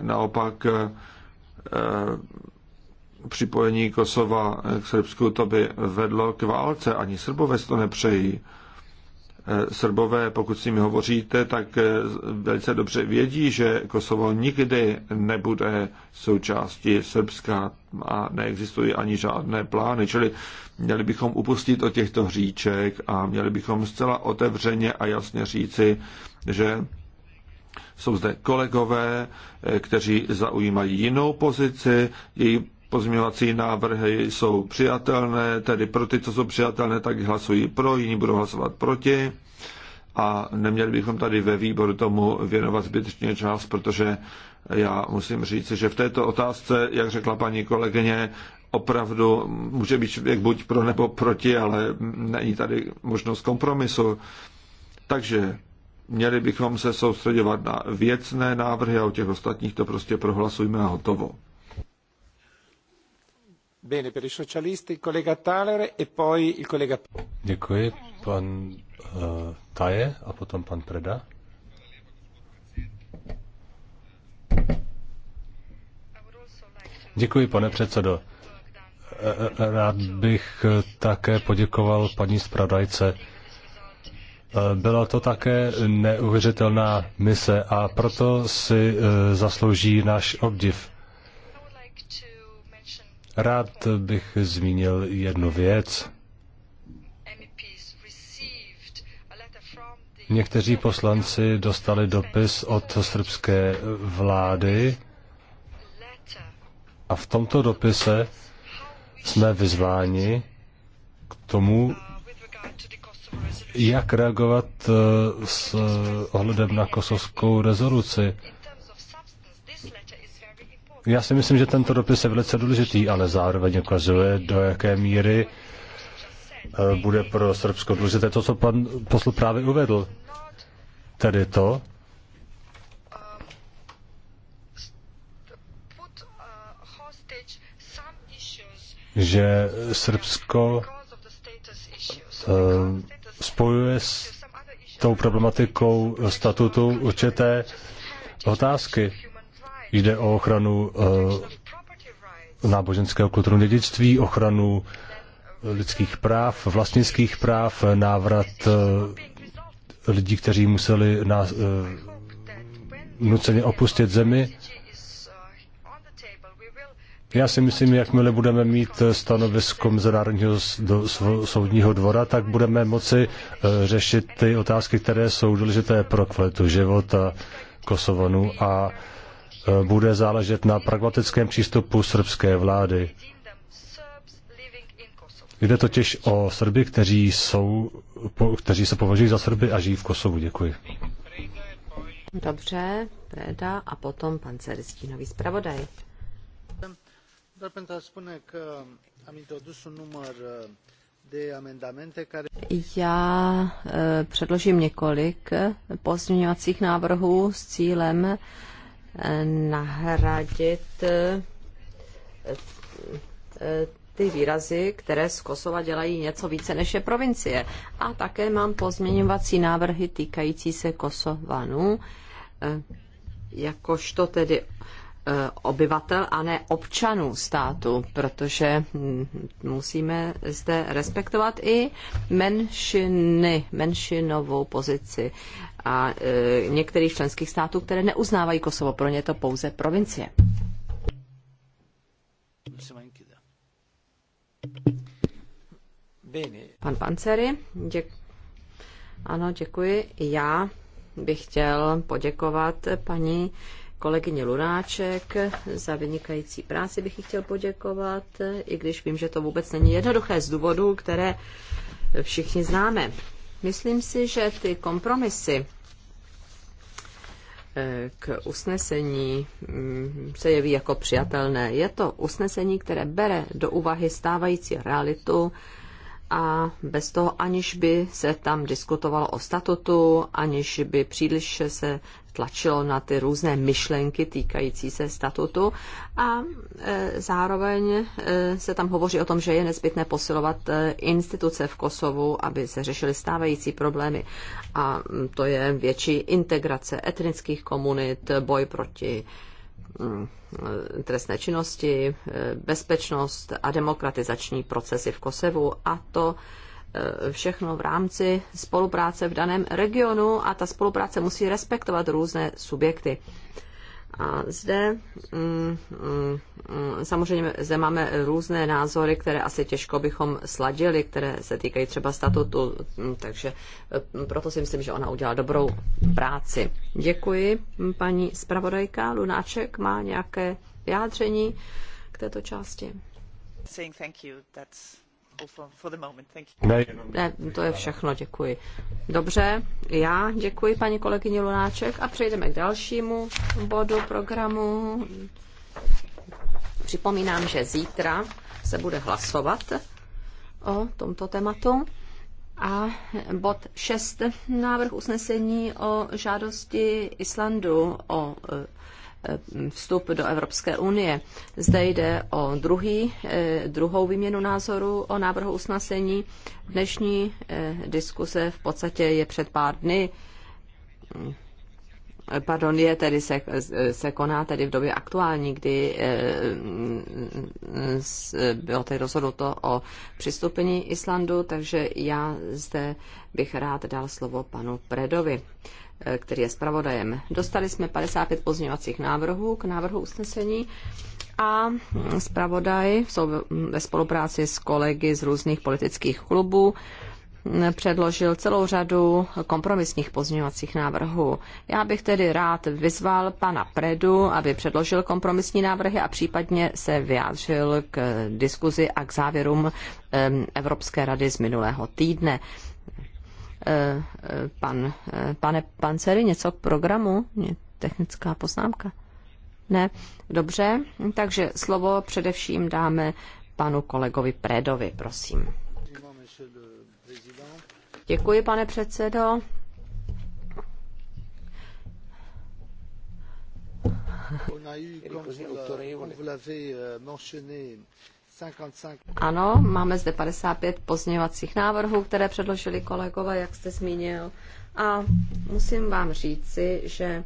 naopak eh, připojení Kosova k Srbsku to by vedlo k válce. Ani Srbové si to nepřejí. Eh, Srbové, pokud s nimi hovoříte, tak eh, velice dobře vědí, že Kosovo nikdy nebude součástí Srbska a neexistují ani žádné plány. Čili měli bychom upustit od těchto hříček a měli bychom zcela otevřeně a jasně říci, že jsou zde kolegové, eh, kteří zaujímají jinou pozici, její pozměňovací návrhy jsou přijatelné, tedy pro ty, co jsou přijatelné, tak hlasují pro, jiní budou hlasovat proti. A neměli bychom tady ve výboru tomu věnovat zbytečně čas, protože já musím říct, že v této otázce, jak řekla paní kolegyně, opravdu může být člověk buď pro nebo proti, ale není tady možnost kompromisu. Takže Měli bychom se soustředovat na věcné návrhy a o těch ostatních to prostě prohlasujme a hotovo. Bene, per i socialisti kolega Thaler e poi il kolega... Děkuji, pan uh, Taje a potom pan Preda. Děkuji, pane předsedo. Eh, eh, rád bych také poděkoval paní zpravodajce. Eh, byla to také neuvěřitelná mise a proto si eh, zaslouží náš obdiv. Rád bych zmínil jednu věc. Někteří poslanci dostali dopis od srbské vlády a v tomto dopise jsme vyzváni k tomu, jak reagovat eh, s ohledem na kosovskou rezoluci. Já si myslím, že tento dopis je velice důležitý, ale zároveň ukazuje, do jaké míry eh, bude pro Srbsko důležité to, co pan posl právě uvedl. Tedy to, že Srbsko eh, spojuje s tou problematikou statutu určité otázky. Jde o ochranu eh, náboženského kulturního dědictví, ochranu eh, lidských práv, vlastnických práv, návrat eh, lidí, kteří museli nás, nuceně opustit zemi. Já si myslím, jakmile budeme mít eh, stanovisko Mezinárodního soudního dvora, tak budeme moci eh, řešit ty otázky, které jsou důležité pro kvalitu života Kosovanů a eh, bude záležet na pragmatickém přístupu srbské vlády. Jde totiž o Srby, kteří, jsou, kteří se považují za Srby a žijí v Kosovu. Děkuji. Dobře, Preda a potom pan Ceristínový zpravodaj doar pentru a spune că am introdus un număr uh, de amendamente care... Já uh, předložím několik pozměňovacích návrhů s cílem uh, nahradit ty výrazy, které z Kosova dělají něco více než je provincie. A také mám pozměňovací návrhy týkající se Kosovanů, jakožto tedy Eh, obyvatel a ne občanů státu, protože hm, musíme zde respektovat i menšiny, menšinovou pozici a eh, některých členských států, které neuznávají Kosovo, pro ně to pouze provincie. Pan Panzeri, děk... ano, děkuji. Já bych chtěl poděkovat paní kolegyně Lunáček za vynikající práci bych jí chtěl poděkovat, i když vím, že to vůbec není jednoduché z důvodů, které všichni známe. Myslím si, že ty kompromisy eh, k usnesení mm, se jeví jako přijatelné. Je to usnesení, které bere do úvahy stávající realitu, a bez toho, aniž by se tam diskutovalo o statutu, aniž by příliš se tlačilo na ty různé myšlenky týkající se statutu a e, zároveň e, se tam hovoří o tom, že je nezbytné posilovat e, instituce v Kosovu, aby se řešily stávající problémy a to je větší integrace etnických komunit, boj proti Eh, trestné činnosti, eh, bezpečnost a demokratizační procesy v Kosovu a to eh, všechno v rámci spolupráce v daném regionu a ta spolupráce musí respektovat různé subjekty zde mm, mm, mm, samozřejmě zde máme různé názory, které asi těžko bychom sladili, které se týkají třeba statutu, mm, takže mm, proto si myslím, že ona udělala dobrou práci. Děkuji, paní zpravodajka. Lunáček má nějaké vyjádření k této části? Saying thank you, that's ne, to je všechno, děkuji. Dobře, já děkuji paní kolegyni Lunáček a přejdeme k dalšímu bodu programu. Připomínám, že zítra se bude hlasovat o tomto tématu. A bod 6, návrh usnesení o žádosti Islandu o vstup do Evropské unie. Zde jde o druhý, eh, druhou výměnu názoru o návrhu usnesení. Dnešní eh, diskuse v podstatě je před pár dny pardon, je tedy se, se koná tedy v době aktuální, kdy eh, bylo tedy rozhodnuto o přistoupení Islandu, takže já zde bych rád dal slovo panu Predovi, eh, který je zpravodajem. Dostali jsme 55 pozměňovacích návrhů k návrhu usnesení a zpravodaj ve spolupráci s kolegy z různých politických klubů předložil celou řadu kompromisních pozměňovacích návrhů. Já bych tedy rád vyzval pana Predu, aby předložil kompromisní návrhy a případně se vyjádřil k diskuzi a k závěrům Evropské rady z minulého týdne. E, e, pan, e, pane Panceri, něco k programu? Technická poznámka? Ne? Dobře, takže slovo především dáme panu kolegovi Predovi, prosím. Děkuji, pane předsedo. Ano, máme zde 55 pozměňovacích návrhů, které předložili kolegové, jak jste zmínil. A musím vám říci, že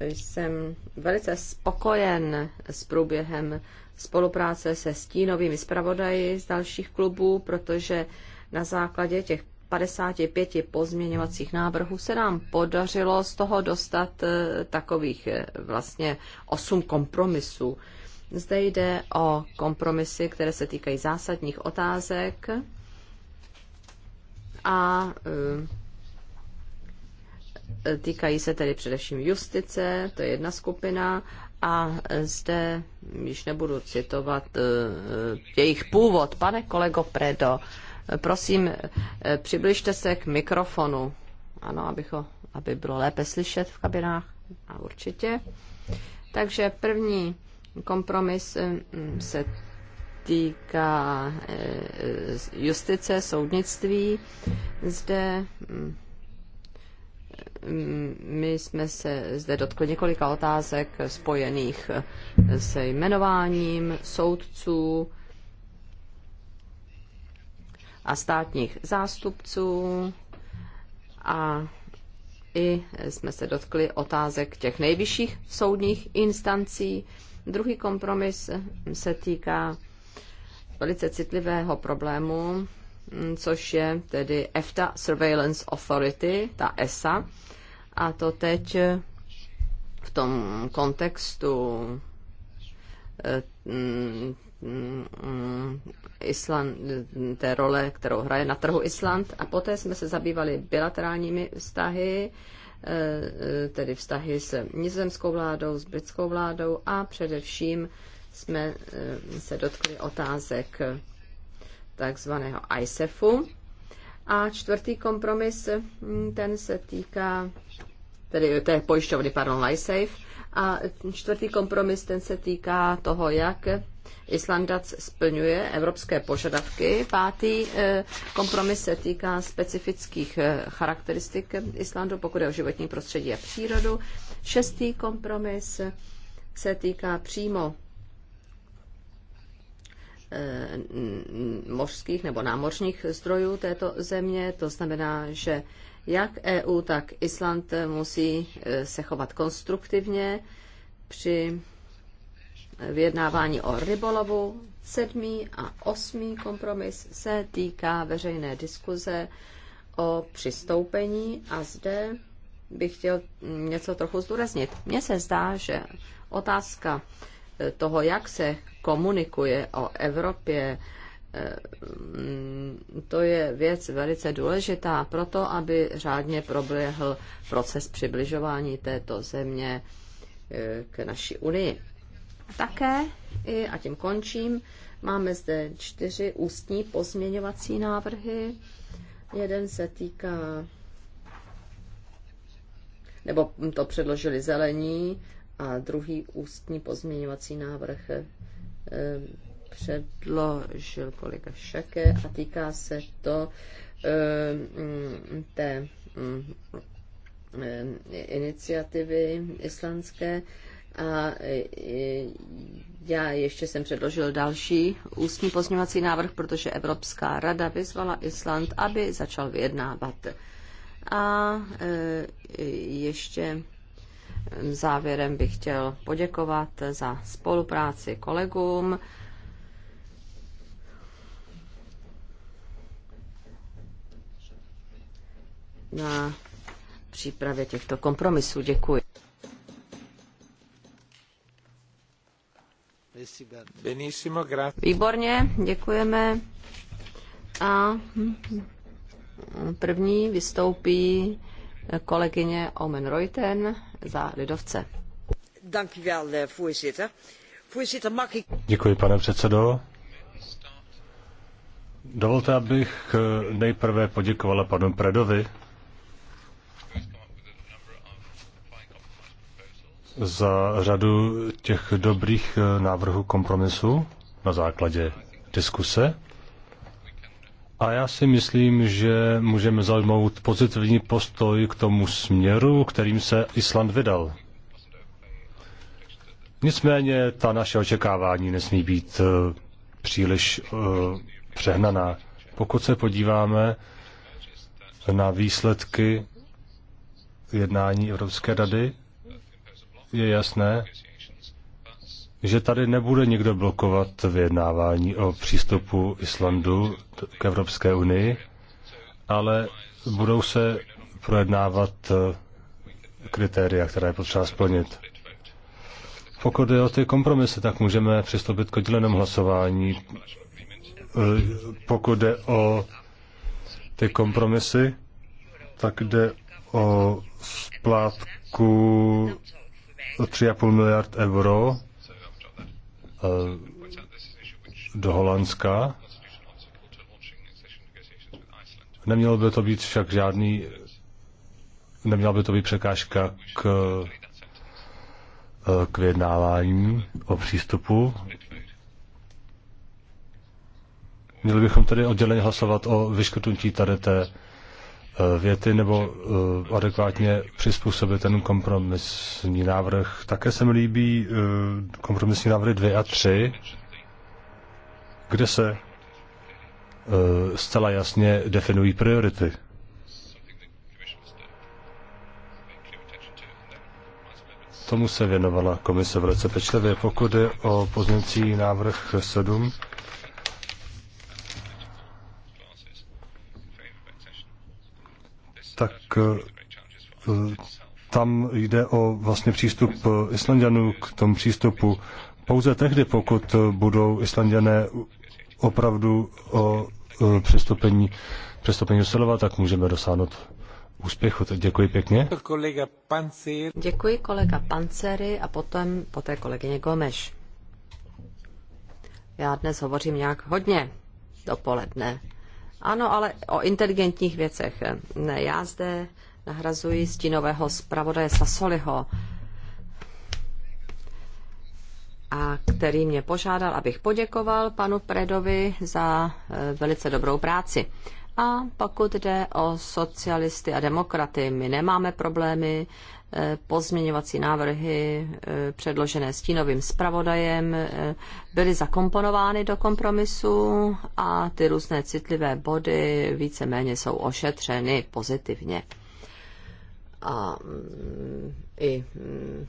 jsem velice spokojen s průběhem spolupráce se stínovými zpravodaji z dalších klubů, protože na základě těch 55 pozměňovacích návrhů se nám podařilo z toho dostat eh, takových eh, vlastně 8 kompromisů. Zde jde o kompromisy, které se týkají zásadních otázek a eh, týkají se tedy především justice, to je jedna skupina, a zde již nebudu citovat jejich původ. Pane kolego Predo, Prosím, eh, přibližte se k mikrofonu. Ano, abych ho, aby bylo lépe slyšet v kabinách. A určitě. Takže první kompromis eh, mm, se týká eh, justice, soudnictví. Zde mm, mm, my jsme se zde dotkli několika otázek spojených se jmenováním soudců, a státních zástupců a i jsme se dotkli otázek těch nejvyšších soudních instancí. Druhý kompromis se týká velice citlivého problému, což je tedy EFTA Surveillance Authority, ta ESA. A to teď v tom kontextu eh, mm, mm, Island, té role, kterou hraje na trhu Island. A poté jsme se zabývali bilaterálními vztahy, e, e, tedy vztahy s nizozemskou vládou, s britskou vládou a především jsme e, se dotkli otázek takzvaného ISEFu. A čtvrtý kompromis, ten se týká, tedy té pojišťovny, pardon, LifeSafe, a čtvrtý kompromis, ten se týká toho, jak Islandac splňuje evropské požadavky. Pátý eh, kompromis se týká specifických eh, charakteristik Islandu, pokud je o životní prostředí a přírodu. Šestý kompromis se týká přímo eh, mořských nebo námořních zdrojů této země. To znamená, že jak EU, tak Island musí e, se chovat konstruktivně při vyjednávání o rybolovu. Sedmý a osmý kompromis se týká veřejné diskuze o přistoupení a zde bych chtěl něco trochu zdůraznit. Mně se zdá, že otázka e, toho, jak se komunikuje o Evropě, Eh, to je věc velice důležitá proto, aby řádně proběhl proces přibližování této země eh, k naší unii. Také, a tím končím, máme zde čtyři ústní pozměňovací návrhy. Jeden se týká, nebo to předložili zelení, a druhý ústní pozměňovací návrh eh, předložil kolega Šaké a týká se to eh, té eh, iniciativy islandské. A eh, já ještě jsem předložil další ústní pozměňovací návrh, protože Evropská rada vyzvala Island, aby začal vyjednávat. A ještě závěrem bych chtěl poděkovat za spolupráci kolegům na přípravě těchto kompromisů. Děkuji. Výborně, děkujeme. A první vystoupí kolegyně Omen Reuten za Lidovce. Děkuji, pane předsedo. Dovolte, abych nejprve poděkovala panu Predovi za řadu těch dobrých eh, návrhů kompromisu na základě diskuse. A já si myslím, že můžeme zaujmout pozitivní postoj k tomu směru, kterým se Island vydal. Nicméně ta naše očekávání nesmí být eh, příliš uh, přehnaná. Pokud se podíváme na výsledky jednání Evropské rady, je jasné, že tady nebude nikdo blokovat vyjednávání o přístupu Islandu k Evropské unii, ale budou se projednávat eh, kritéria, která je potřeba splnit. Pokud je o ty kompromisy, tak můžeme přistoupit k oddělenému hlasování. Eh, pokud je o ty kompromisy, tak jde o splátku 3,5 miliard euro eh, do Holandska. Nemělo by to být však žádný, neměla by to být překážka k, eh, k vyjednávání o přístupu. Měli bychom tedy odděleně hlasovat o vyškrtnutí tady té Eh, věty nebo eh, adekvátně přizpůsobit ten kompromisní návrh. Také se mi líbí eh, kompromisní návrhy 2 a 3, kde se zcela jasně definují priority. Tomu se věnovala komise velice pečlivě. Pokud je o pozměnící návrh 7, tak eh, tam jde o vlastně přístup eh, Islandianů k tomu přístupu. Pouze tehdy, pokud eh, budou Islandiané opravdu o přestoupení, přestoupení usilovat, tak můžeme dosáhnout úspěchu. Děkuji pěkně. Děkuji kolega Pancery a potom poté kolegyně Gomeš. Já dnes hovořím nějak hodně dopoledne. Ano, ale o inteligentních věcech. Ne, já zde nahrazuji stínového zpravodaje Sasoliho, a který mě požádal, abych poděkoval panu Predovi za eh, velice dobrou práci. A pokud jde o socialisty a demokraty, my nemáme problémy Eh, pozměňovací návrhy eh, předložené stínovým zpravodajem eh, byly zakomponovány do kompromisu a ty různé citlivé body víceméně jsou ošetřeny pozitivně. A mm, i mm,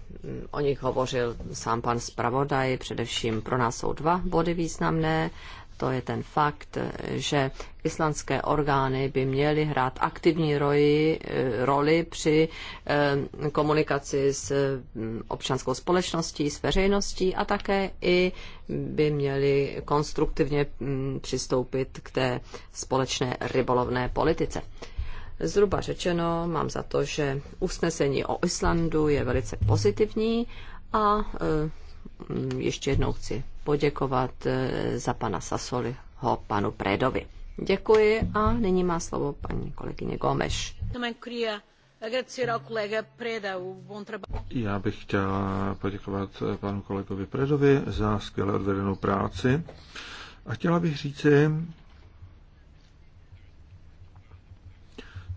o nich hovořil sám pan zpravodaj, především pro nás jsou dva body významné to je ten fakt, že islandské orgány by měly hrát aktivní roli, eh, roli při eh, komunikaci s mm, občanskou společností, s veřejností a také i by měly konstruktivně mm, přistoupit k té společné rybolovné politice. Zhruba řečeno, mám za to, že usnesení o Islandu je velice pozitivní a eh, mm, ještě jednou chci poděkovat eh, za pana Sasoliho panu Predovi. Děkuji a nyní má slovo paní kolegyně Gomeš. Já bych chtěla poděkovat panu kolegovi Predovi za skvěle odvedenou práci a chtěla bych říci,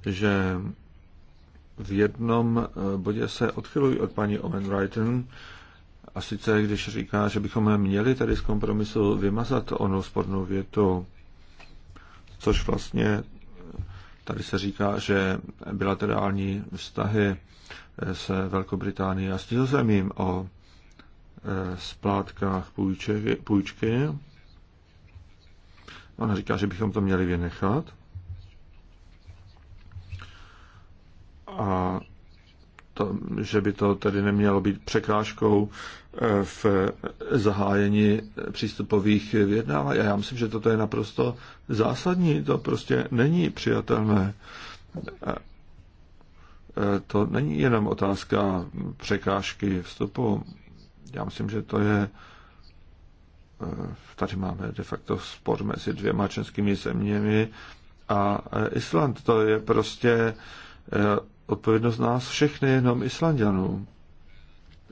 že v jednom eh, bodě se odchyluji od paní Owen Wrighton, a sice, když říká, že bychom měli tady z kompromisu vymazat onu spornou větu, což vlastně tady se říká, že bilaterální vztahy se Velkou Británií a s zemím o e, splátkách půjčky, půjčky. Ona říká, že bychom to měli vynechat. A to, že by to tedy nemělo být překážkou v zahájení přístupových vyjednávání. A já myslím, že toto je naprosto zásadní. To prostě není přijatelné. To není jenom otázka překážky vstupu. Já myslím, že to je tady máme de facto spor mezi dvěma českými zeměmi a Island. To je prostě eh, odpovědnost nás všechny, jenom Islandianů.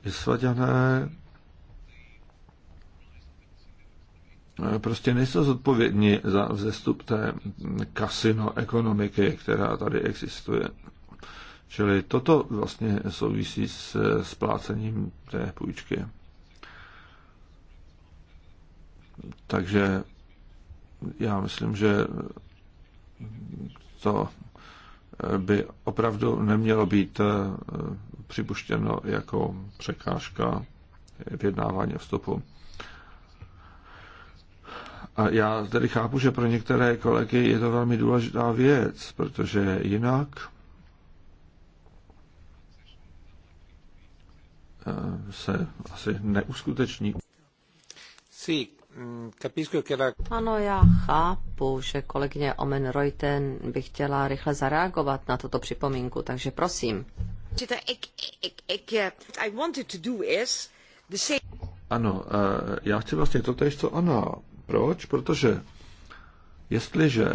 Vysvaděné eh, prostě nejsou zodpovědní za vzestup té kasino ekonomiky, která tady existuje. Čili toto vlastně souvisí s eh, splácením té půjčky. Takže já myslím, že to eh, by opravdu nemělo být připuštěno jako překážka vyjednávání vstupu. A já tedy chápu, že pro některé kolegy je to velmi důležitá věc, protože jinak eh, se asi neuskuteční. Sí, mm, ano, já chápu, že kolegyně Omen Reuten by chtěla rychle zareagovat na tuto připomínku, takže prosím. Ano, já chci vlastně to tež, co Ana. Proč? Protože jestliže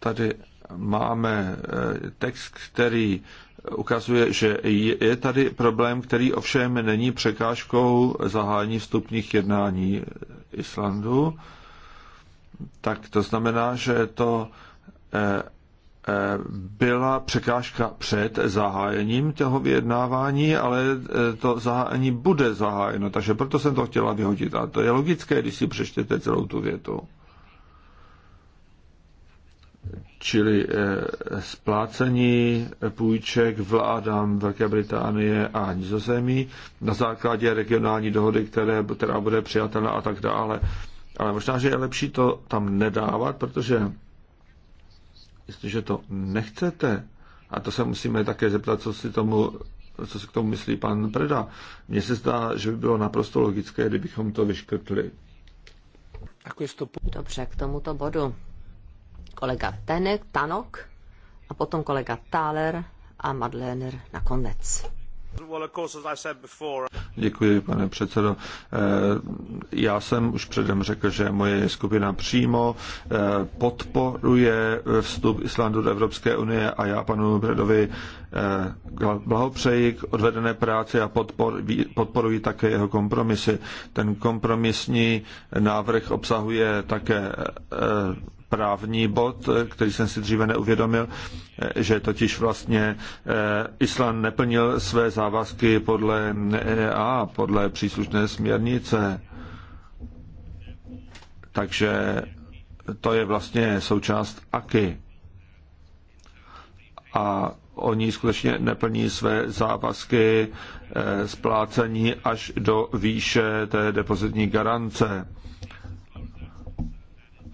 tady máme eh, text, který ukazuje, že je tady problém, který ovšem není překážkou zahájení vstupních jednání Islandu, tak to znamená, že to eh, byla překážka před zahájením toho vyjednávání, ale e, to zahájení bude zahájeno, takže proto jsem to chtěla vyhodit. A to je logické, když si přečtete celou tu větu. Čili e, splácení půjček vládám Velké Británie a Nizozemí na základě regionální dohody, které, která bude přijatelná a tak dále. Ale možná, že je lepší to tam nedávat, protože Jestliže to nechcete, a to se musíme také zeptat, co si tomu co si k tomu myslí pan Preda. Mně se zdá, že by bylo naprosto logické, kdybychom to vyškrtli. Dobře, k tomuto bodu. Kolega Tenek, Tanok a potom kolega Thaler a Madlener nakonec. Děkuji, pane předsedo. Eh, já jsem už předem řekl, že moje skupina přímo eh, podporuje vstup Islandu do Evropské unie a já panu Bredovi eh, blahopřeji k odvedené práci a podpor, podporuji také jeho kompromisy. Ten kompromisní návrh obsahuje také právní bod, který jsem si dříve neuvědomil, že totiž vlastně eh, Island neplnil své závazky podle EEA, podle příslušné směrnice. Takže to je vlastně součást AKY. A oni skutečně neplní své závazky splácení eh, až do výše té depozitní garance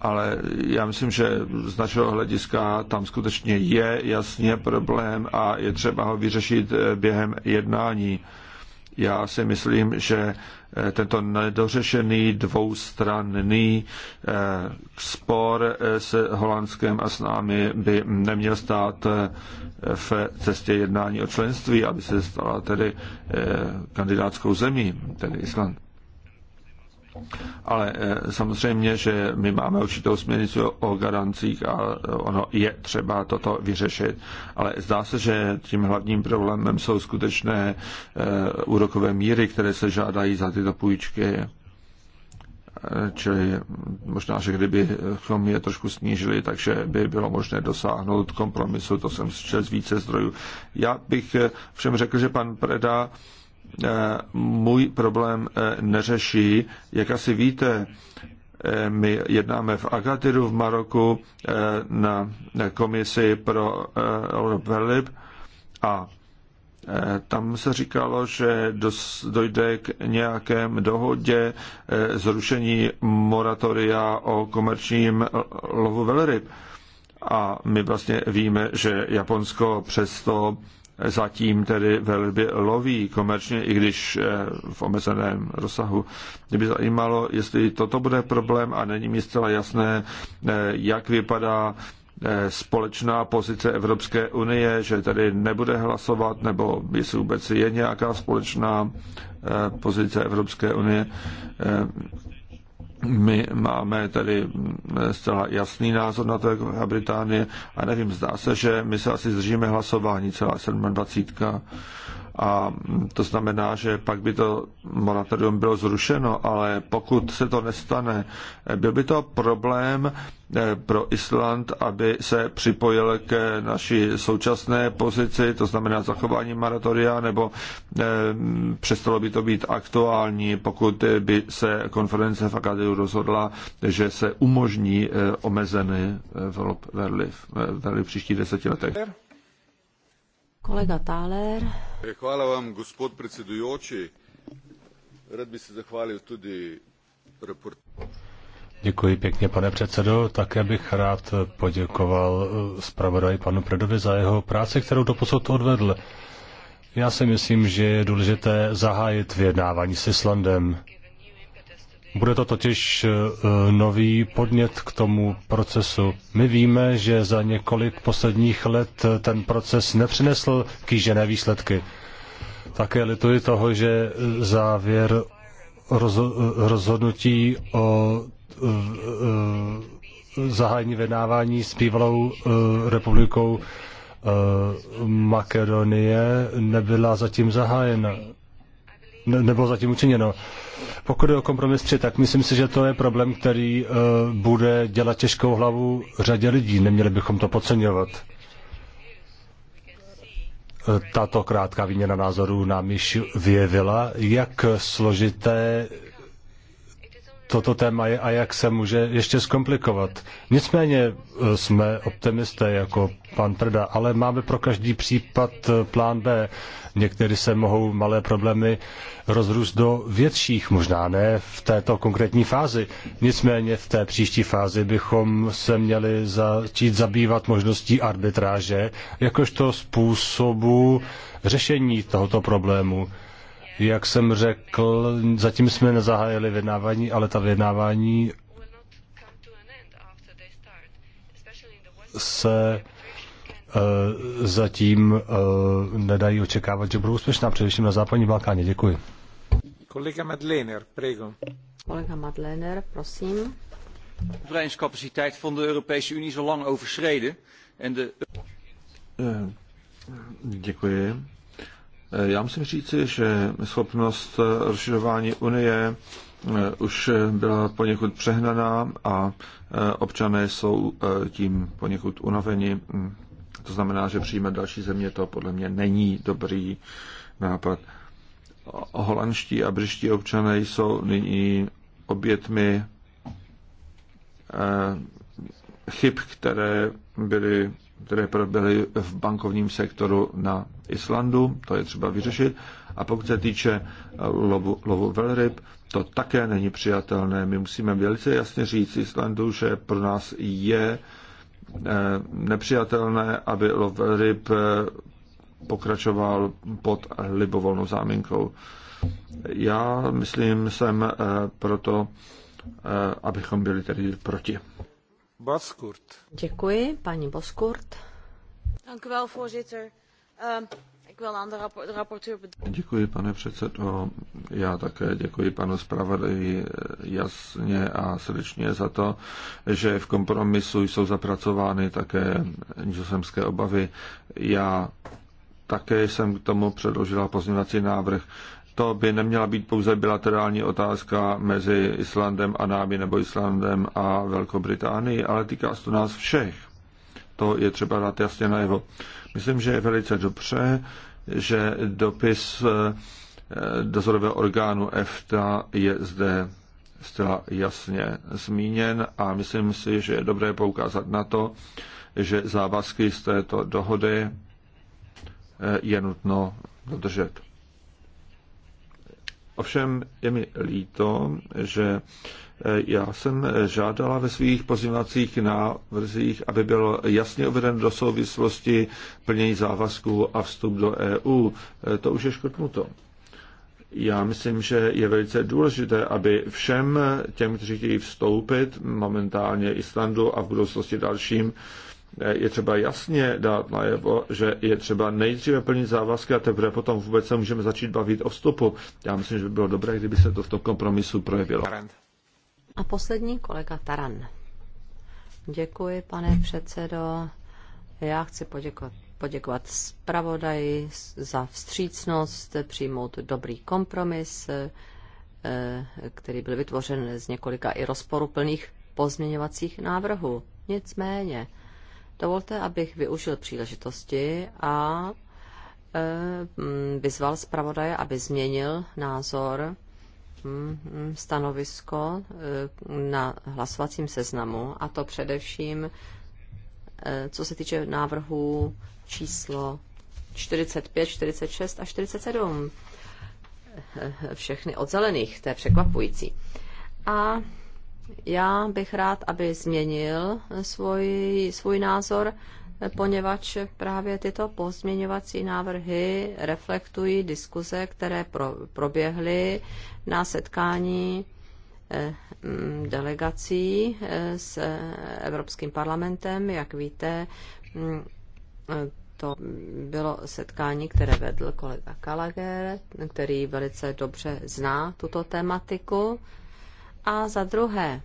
ale já myslím, že z našeho hlediska tam skutečně je jasně problém a je třeba ho vyřešit eh, během jednání. Já si myslím, že eh, tento nedořešený dvoustranný eh, spor s Holandskem a s námi by neměl stát v cestě jednání o členství, aby se stala tedy kandidátskou zemí, tedy Island. Ale eh, samozřejmě, že my máme určitou směrnici o garancích a eh, ono je třeba toto vyřešit. Ale zdá se, že tím hlavním problémem jsou skutečné eh, úrokové míry, které se žádají za tyto půjčky. Čili možná, že kdybychom je trošku snížili, takže by bylo možné dosáhnout kompromisu, to jsem slyšel z více zdrojů. Já bych všem řekl, že pan Preda můj problém eh, neřeší. Jak asi víte, eh, my jednáme v Agatiru v Maroku eh, na komisi pro Velib a tam se říkalo, že dojde k nějakém dohodě zrušení moratoria o komerčním lovu velryb. A my vlastně víme, že Japonsko přesto zatím tedy velmi loví komerčně, i když eh, v omezeném rozsahu. Mě by zajímalo, jestli toto bude problém a není mi zcela jasné, eh, jak vypadá eh, společná pozice Evropské unie, že tady nebude hlasovat, nebo jestli vůbec je nějaká společná pozice Evropské unie my máme tedy eh, zcela jasný názor na to, jak a Británie, a nevím, zdá se, že my se asi zdržíme hlasování celá 27. A to znamená, že pak by to moratorium bylo zrušeno, ale pokud se to nestane, byl by to problém eh, pro Island, aby se připojil ke naší současné pozici, to znamená zachování moratoria, nebo eh, přestalo by to být aktuální, pokud by se konference v Akadiu rozhodla, že se umožní eh, omezený verliv v příštích deseti letech. Kolega Thaler. Eh, hvala vám, gospod predsedujoči. Rád bych se zachválil tudi Děkuji pěkně, pane předsedo. Také bych rád poděkoval eh, zpravodaji panu Predovi za jeho práci, kterou doposud odvedl. Já si myslím, že je důležité zahájit vyjednávání s Islandem. Bude to totiž eh, eh, nový podnět k tomu procesu. My víme, že za několik posledních let eh, ten proces nepřinesl kýžené výsledky. Také lituji toho, že závěr rozhodnutí o zahájení vydávání s bývalou republikou Makedonie nebyla zatím zahájena. Nebylo zatím učiněno. Pokud je o kompromis 3, tak myslím si, že to je problém, který eh, bude dělat těžkou hlavu řadě lidí. Neměli bychom to podceňovat. Eh, tato krátká výměna názorů nám již vyjevila, jak složité toto téma je a jak se může ještě zkomplikovat. Nicméně e, jsme optimisté jako pan Prda, ale máme pro každý případ e, plán B. Někdy se mohou malé problémy rozrůst do větších, možná ne v této konkrétní fázi. Nicméně v té příští fázi bychom se měli začít zabývat možností arbitráže jakožto způsobu řešení tohoto problému. Jak jsem řekl, zatím jsme nezahájili vyjednávání, ale ta vyjednávání se uh, zatím uh, nedají očekávat, že budou úspěšná, především na západní Balkáně. Děkuji. Kolega Madlener, prego. Kolega Madlener, prosím. Breinscapaciteit van de Europese Unie zo lang overschreden en de... Eh, děkuji já musím říci, že schopnost rozšiřování Unie eh, už byla poněkud přehnaná a eh, občané jsou eh, tím poněkud unaveni. Mm, to znamená, že přijímat další země to podle mě není dobrý nápad. Holandští a břiští občané jsou nyní obětmi chyb, které byly, které byly v bankovním sektoru na Islandu, to je třeba vyřešit. A pokud se týče eh, lovu, lovu velryb, to také není přijatelné. My musíme velice jasně říct Islandu, že pro nás je eh, nepřijatelné, aby lov velryb eh, pokračoval pod libovolnou záminkou. Já myslím, jsem proto, abychom byli tedy proti. Boskurt. Děkuji, paní Boskurt. Dank u wel, voorzitter. Ehm, děkuji, pane předsedo. Já také děkuji panu zpravodaji eh, jasně a srdečně za to, že v kompromisu jsou zapracovány také nizozemské obavy. Já také jsem k tomu předložila pozměňovací návrh. To by neměla být pouze bilaterální otázka mezi Islandem a námi nebo Islandem a Velkou Británií, ale týká se to nás všech to je třeba dát jasně najevo. Myslím, že je velice dobře, že dopis eh, dozorového orgánu EFTA je zde zcela jasně zmíněn a myslím si, že je dobré poukázat na to, že závazky z této dohody eh, je nutno dodržet. Ovšem je mi líto, že já jsem žádala ve svých pozměňovacích návrzích, aby byl jasně uveden do souvislosti plnění závazků a vstup do EU. E, to už je škrtnuto. Já myslím, že je velice důležité, aby všem těm, kteří chtějí vstoupit, momentálně Islandu a v budoucnosti dalším, e, je třeba jasně dát najevo, že je třeba nejdříve plnit závazky a teprve potom vůbec se můžeme začít bavit o vstupu. Já myslím, že by bylo dobré, kdyby se to v tom kompromisu projevilo. A poslední kolega Taran. Děkuji, pane předsedo. Já chci poděkovat, poděkovat zpravodaji za vstřícnost, přijmout dobrý kompromis, eh, který byl vytvořen z několika i rozporuplných pozměňovacích návrhů. Nicméně, dovolte, abych využil příležitosti a eh, vyzval zpravodaje, aby změnil názor Mm, stanovisko eh, na hlasovacím seznamu, a to především eh, co se týče návrhu číslo 45, 46 a 47. Eh, všechny od zelených, to je překvapující. A já bych rád, aby změnil svůj, svůj názor poněvadž právě tyto pozměňovací návrhy reflektují diskuze, které pro, proběhly na setkání eh, mm, delegací eh, s Evropským parlamentem. Jak víte, mm, eh, to bylo setkání, které vedl kolega Kalager, který velice dobře zná tuto tematiku. A za druhé,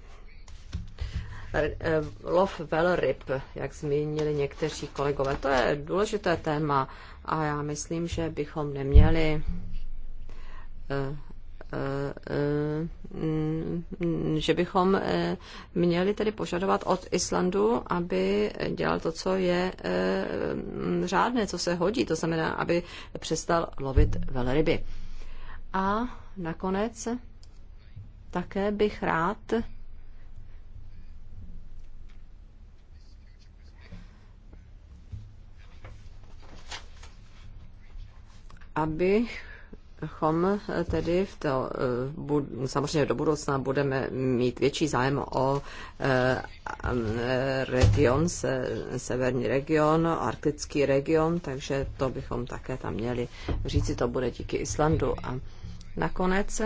Eh, lov velryb, jak zmínili někteří kolegové. To je důležité téma a já myslím, že bychom neměli eh, eh, mm, že bychom měli tedy požadovat od Islandu, aby dělal to, co je řádné, co se hodí, to znamená, aby přestal lovit velryby. A nakonec také bych rád chom tedy v to, eh, samozřejmě do budoucna budeme mít větší zájem o eh, region, severní region, arktický region, takže to bychom také tam měli říci, to bude díky Islandu. A nakonec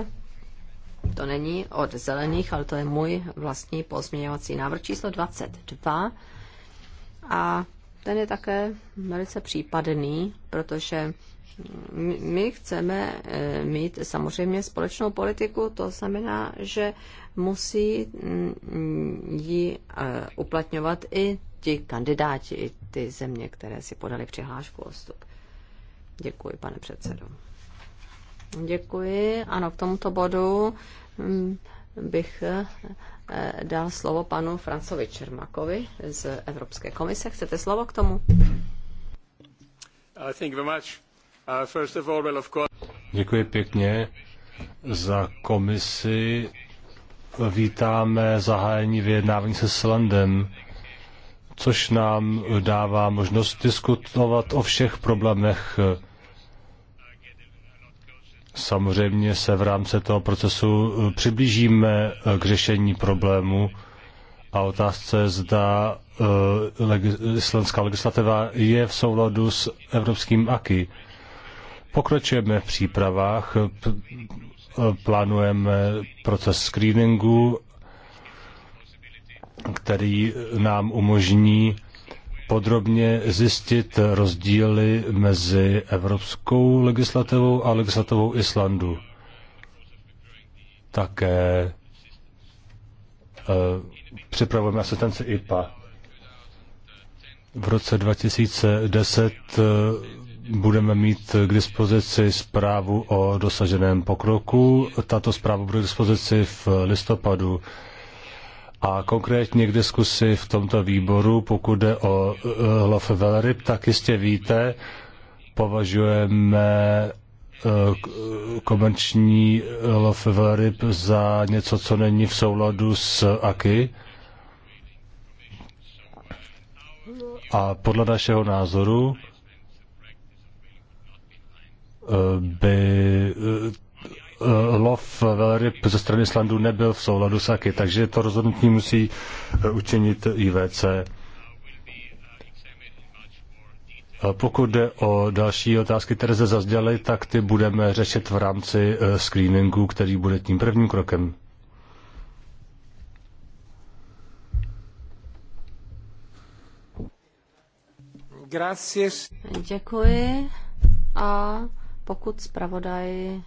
to není od zelených, ale to je můj vlastní pozměňovací návrh číslo 22. A ten je také velice případný, protože my chceme eh, mít samozřejmě společnou politiku, to znamená, že musí mm, ji eh, uplatňovat i ti kandidáti, i ty země, které si podali přihlášku o vstup. Děkuji, pane předsedo. Děkuji. Ano, k tomuto bodu mm, bych eh, dal slovo panu Francovi Čermakovi z Evropské komise. Chcete slovo k tomu? Uh, thank you very much. Uh, Děkuji pěkně za komisi. Vítáme zahájení vyjednávání se Slandem, což nám dává možnost diskutovat o všech problémech. Samozřejmě se v rámci toho procesu přiblížíme k řešení problému a otázce, zda eh, islandská legislativa je v souladu s evropským AKI. Pokračujeme v přípravách, plánujeme proces screeningu, který nám umožní podrobně zjistit rozdíly mezi evropskou legislativou a legislativou Islandu. Také eh, připravujeme asistenci IPA. V roce 2010 budeme mít k dispozici zprávu o dosaženém pokroku. Tato zpráva bude k dispozici v listopadu. A konkrétně k diskusi v tomto výboru, pokud jde o eh, Velryb, tak jistě víte, považujeme eh, komerční eh, Velryb za něco, co není v souladu s AKY. A podle našeho názoru by eh, lov velryb ze strany Islandu nebyl v souladu s AKY, takže to rozhodnutí musí eh, učinit IVC. Pokud jde o další otázky, které se zazděly, tak ty budeme řešit v rámci eh, screeningu, který bude tím prvním krokem. Gracias. Děkuji a pokud zpravodaj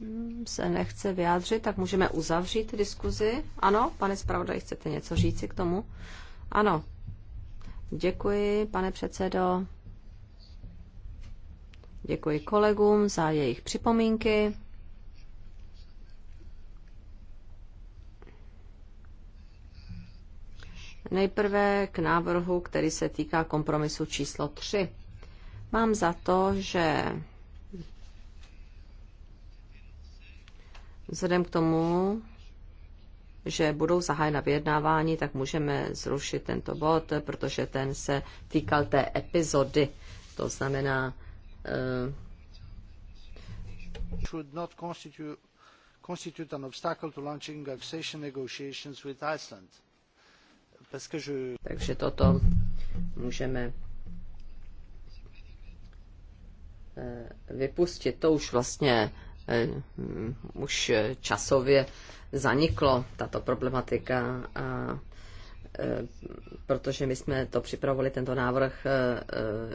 hm, se nechce vyjádřit, tak můžeme uzavřít diskuzi. Ano, pane zpravodaj, chcete něco říci k tomu? Ano. Děkuji, pane předsedo. Děkuji kolegům za jejich připomínky. Nejprve k návrhu, který se týká kompromisu číslo 3. Mám za to, že vzhledem k tomu, že budou zahájena vyjednávání, tak můžeme zrušit tento bod, protože ten se týkal té epizody. To znamená, eh, should not constitute, constitute an obstacle to launching accession negotiations with Iceland. Takže toto můžeme Eh, vypustit. To už vlastně eh, už časově zaniklo, tato problematika, a, eh, protože my jsme to připravovali, tento návrh,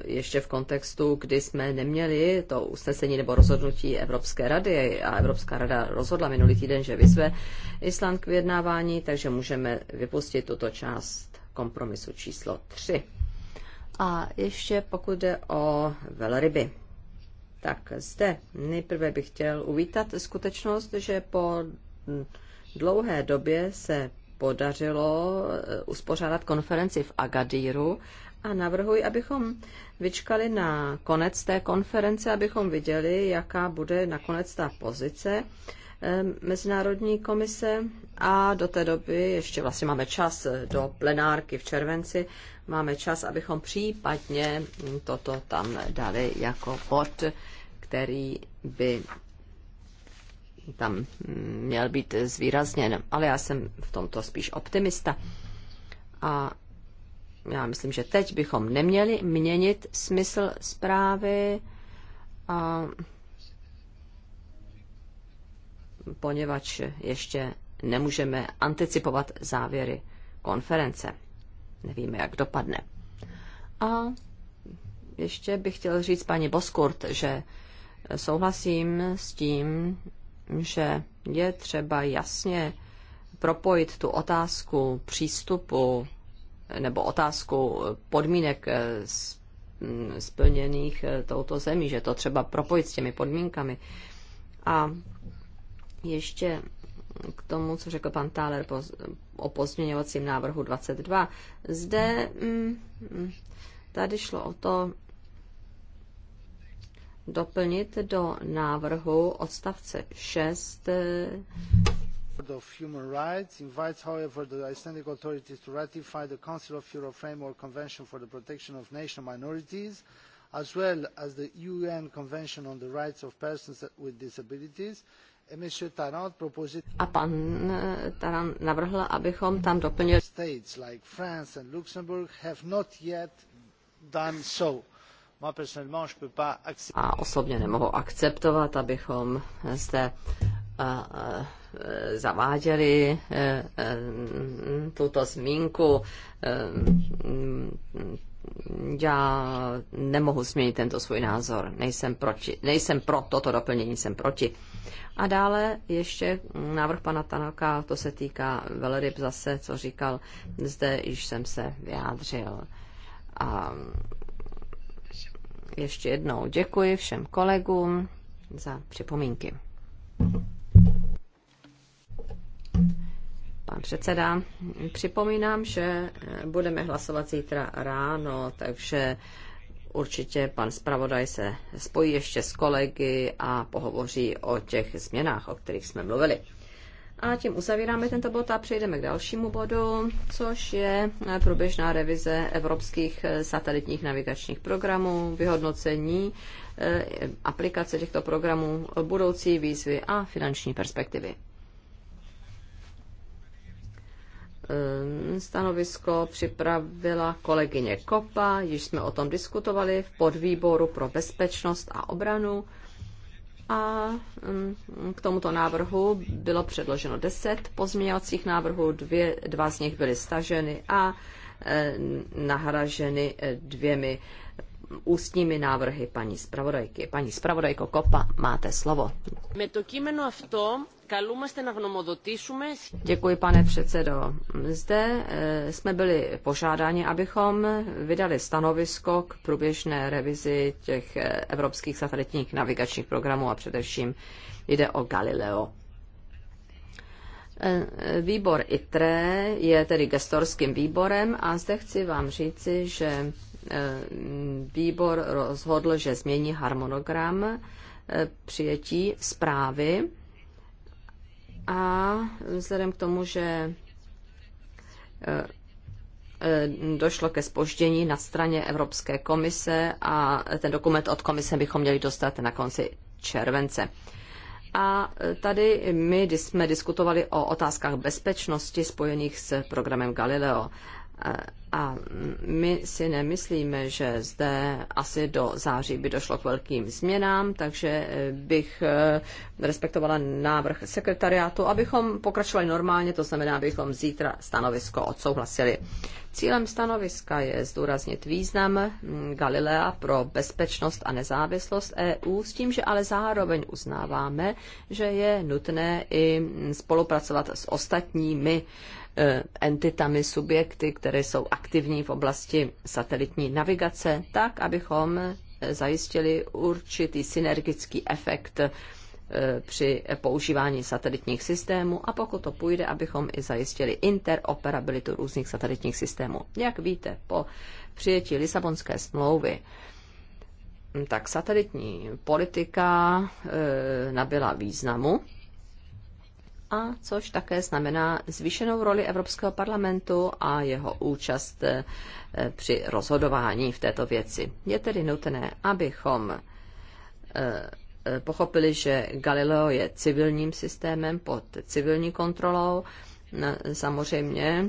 ještě v kontextu, kdy jsme neměli to usnesení nebo rozhodnutí Evropské rady a Evropská rada rozhodla minulý týden, že vyzve Island k vyjednávání, takže můžeme vypustit tuto část kompromisu číslo 3. A ještě pokud jde o velryby tak zde nejprve bych chtěl uvítat skutečnost, že po dlouhé době se podařilo eh, uspořádat konferenci v Agadíru a navrhuji, abychom vyčkali na konec té konference, abychom viděli, jaká bude nakonec ta pozice Mezinárodní komise a do té doby ještě vlastně máme čas eh, do plenárky v červenci, máme čas, abychom případně mm, toto tam dali jako bod, který by tam mm, měl být zvýrazněn. Ale já jsem v tomto spíš optimista. A já myslím, že teď bychom neměli měnit smysl zprávy a poněvadž ještě nemůžeme anticipovat závěry konference. Nevíme, jak dopadne. A ještě bych chtěl říct paní Boskurt, že souhlasím s tím, že je třeba jasně propojit tu otázku přístupu nebo otázku podmínek splněných touto zemí, že to třeba propojit s těmi podmínkami. A ještě k tomu, co řekl pan Táler o pozměňovacím návrhu 22. Zde mm, mm, tady šlo o to doplnit do návrhu odstavce 6 eh, of Human Rights invites, however, the Icelandic authorities to ratify the Council of Europe Framework Convention for the Protection of National Minorities, as well as the UN Convention on the Rights of Persons with Disabilities, Eh, A pan eh, Taran navrhl, abychom tam doplnili. States like France and Luxembourg have not yet done so. A osobně nemohu akceptovat, abychom zde eh, zaváděli tuto zmínku já nemohu změnit tento svůj názor. Nejsem, proti, nejsem pro toto doplnění, jsem proti. A dále ještě návrh pana Tanaka, to se týká velryb zase, co říkal, zde již jsem se vyjádřil. A ještě jednou děkuji všem kolegům za připomínky. Pan předseda, připomínám, že eh, budeme hlasovat zítra ráno, takže určitě pan zpravodaj se spojí ještě s kolegy a pohovoří o těch změnách, o kterých jsme mluvili. A tím uzavíráme tento bod a přejdeme k dalšímu bodu, což je eh, průběžná revize evropských eh, satelitních navigačních programů, vyhodnocení aplikace těchto programů, budoucí výzvy a finanční perspektivy. Ehm, stanovisko připravila kolegyně Kopa, již jsme o tom diskutovali v podvýboru pro bezpečnost a obranu. A ehm, k tomuto návrhu bylo předloženo deset pozměňovacích návrhů, dvě, dva z nich byly staženy a ehm, nahraženy e, dvěmi ústními návrhy paní zpravodajky. Paní zpravodajko Kopa, máte slovo. Me to Děkuji, pane předsedo. Zde eh, jsme byli požádáni, abychom vydali stanovisko k průběžné revizi těch eh, evropských satelitních navigačních programů a především jde o Galileo. Eh, výbor ITRE je tedy gestorským výborem a zde chci vám říci, že výbor rozhodl, že změní harmonogram přijetí zprávy a vzhledem k tomu, že eh, eh, došlo ke spoždění na straně Evropské komise a ten dokument od komise bychom měli dostat na konci července. A eh, tady my jsme diskutovali o otázkách bezpečnosti spojených s programem Galileo. A my si nemyslíme, že zde asi do září by došlo k velkým změnám, takže eh, bych eh, respektovala návrh sekretariátu, abychom pokračovali normálně, to znamená, abychom zítra stanovisko odsouhlasili. Cílem stanoviska je zdůraznit význam mm, Galilea pro bezpečnost a nezávislost EU, s tím, že ale zároveň uznáváme, že je nutné i mm, spolupracovat s ostatními uh, E, entitami, subjekty, které jsou aktivní v oblasti satelitní navigace, tak, abychom e, zajistili určitý synergický efekt e, při používání satelitních systémů a pokud to půjde, abychom i zajistili interoperabilitu různých satelitních systémů. Jak víte, po přijetí Lisabonské smlouvy tak satelitní politika nabyla významu a což také znamená zvýšenou roli Evropského parlamentu a jeho účast eh, při rozhodování v této věci. Je tedy nutné, abychom eh, eh, pochopili, že Galileo je civilním systémem pod civilní kontrolou. Samozřejmě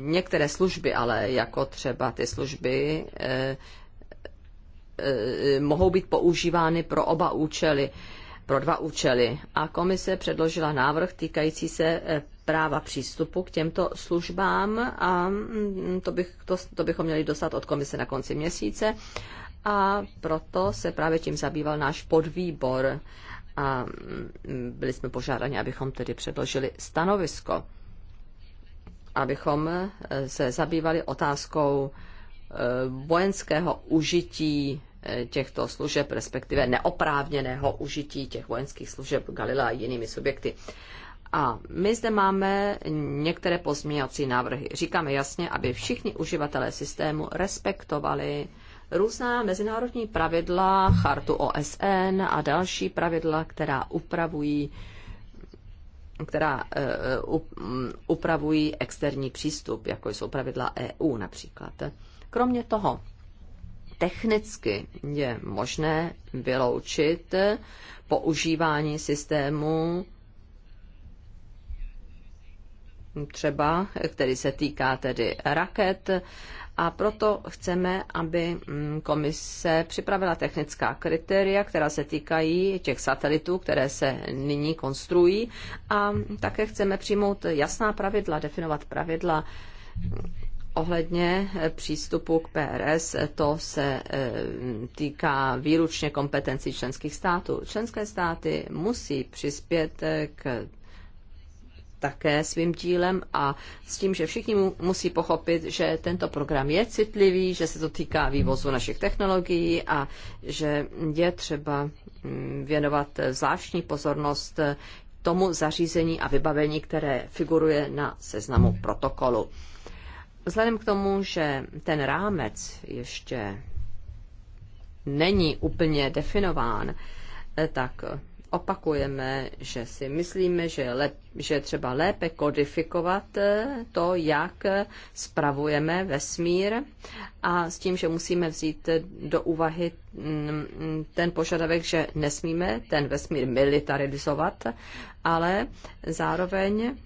některé služby, ale jako třeba ty služby mohou být používány pro oba účely pro dva účely a komise předložila návrh týkající se eh, práva přístupu k těmto službám a mm, to, bych, to, to bychom měli dostat od komise na konci měsíce a proto se právě tím zabýval náš podvýbor a mm, byli jsme požádáni, abychom tedy předložili stanovisko, abychom eh, se zabývali otázkou eh, vojenského užití těchto služeb, respektive neoprávněného užití těch vojenských služeb Galila a jinými subjekty. A my zde máme některé pozměňovací návrhy. Říkáme jasně, aby všichni uživatelé systému respektovali různá mezinárodní pravidla, chartu OSN a další pravidla, která upravují která eh, eh, upravují externí přístup, jako jsou pravidla EU například. Kromě toho, technicky je možné vyloučit používání systému třeba, který se týká tedy raket. A proto chceme, aby mm, komise připravila technická kritéria, která se týkají těch satelitů, které se nyní konstruují. A také chceme přijmout jasná pravidla, definovat pravidla, Ohledně eh, přístupu k PRS, eh, to se eh, týká výručně kompetencí členských států. Členské státy musí přispět k také svým dílem a s tím, že všichni musí pochopit, že tento program je citlivý, že se to týká vývozu našich technologií a že je třeba mm, věnovat zvláštní pozornost tomu zařízení a vybavení, které figuruje na seznamu protokolu. Vzhledem k tomu, že ten rámec ještě není úplně definován, eh, tak opakujeme, že si myslíme, že je, lep, že je třeba lépe kodifikovat eh, to, jak spravujeme vesmír a s tím, že musíme vzít do úvahy mm, ten požadavek, že nesmíme ten vesmír militarizovat, ale zároveň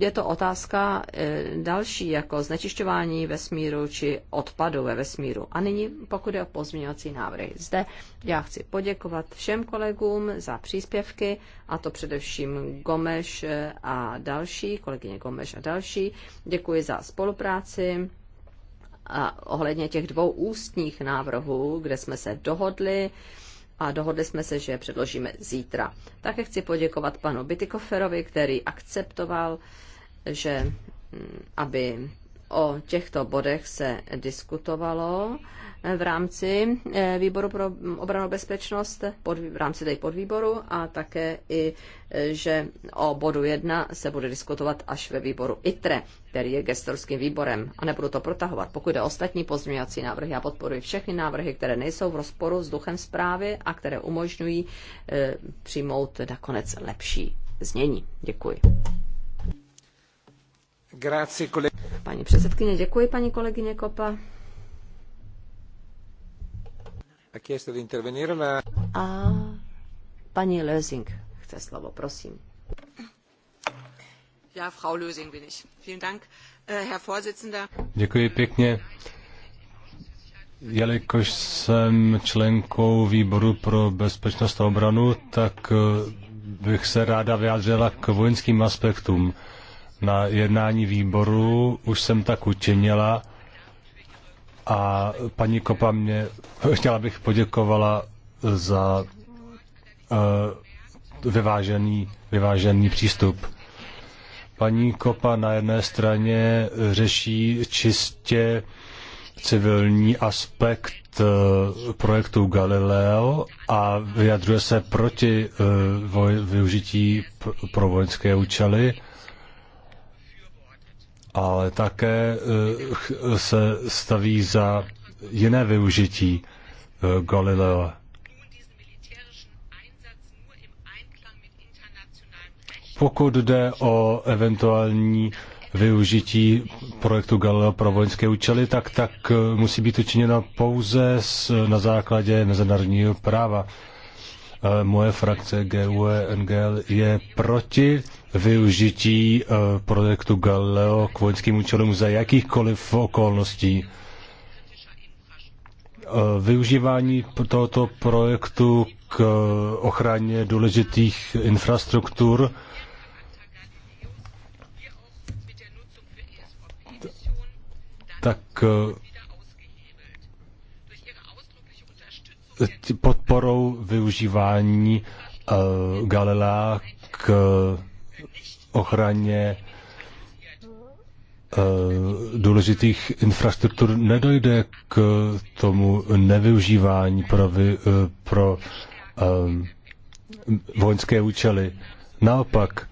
je to otázka e, další, jako znečišťování vesmíru či odpadu ve vesmíru. A nyní, pokud je o pozměňovací návrhy. Zde já chci poděkovat všem kolegům za příspěvky, a to především Gomeš e, a další, kolegyně Gomeš a další. Děkuji za spolupráci a ohledně těch dvou ústních návrhů, kde jsme se dohodli, a dohodli jsme se, že je předložíme zítra. Také chci poděkovat panu Bitikoferovi, který akceptoval, že mm, aby O těchto bodech se diskutovalo v rámci eh, výboru pro obranu bezpečnost, pod, v rámci tej podvýboru a také i, eh, že o bodu 1 se bude diskutovat až ve výboru ITRE, který je gestorským výborem a nebudu to protahovat. Pokud jde ostatní pozměňovací návrhy, já podporuji všechny návrhy, které nejsou v rozporu s duchem zprávy a které umožňují e, přijmout nakonec lepší znění. Děkuji. Grazie, Paní předsedkyně, děkuji paní kolegyně Kopa. A paní Lösing chce slovo, prosím. Ja, Frau Lösing bin ich. Vielen Dank, äh, Herr Vorsitzender. Děkuji pěkně. Jelikož jsem členkou výboru pro bezpečnost a obranu, tak äh, bych se ráda vyjádřila k vojenským aspektům. Na jednání výboru už jsem tak učinila a paní Kopa mě, chtěla bych poděkovala za uh, vyvážený, vyvážený přístup. Paní Kopa na jedné straně řeší čistě civilní aspekt eh, projektu Galileo a vyjadřuje se proti eh, využití pro vojenské účely ale také eh, se staví za jiné využití eh, Galilea. Pokud jde o eventuální využití projektu Galileo pro vojenské účely, tak, tak eh, musí být učiněno pouze s, na základě mezinárodního práva moje frakce GUE NGL je proti využití e, projektu Galileo k vojenským účelům za jakýchkoliv okolností. E, využívání tohoto projektu k ochraně důležitých infrastruktur tak e, podporou využívání uh, Galilea k eh, ochraně eh, důležitých infrastruktur nedojde k tomu nevyužívání pro, vy, pro um, vojenské účely. Naopak,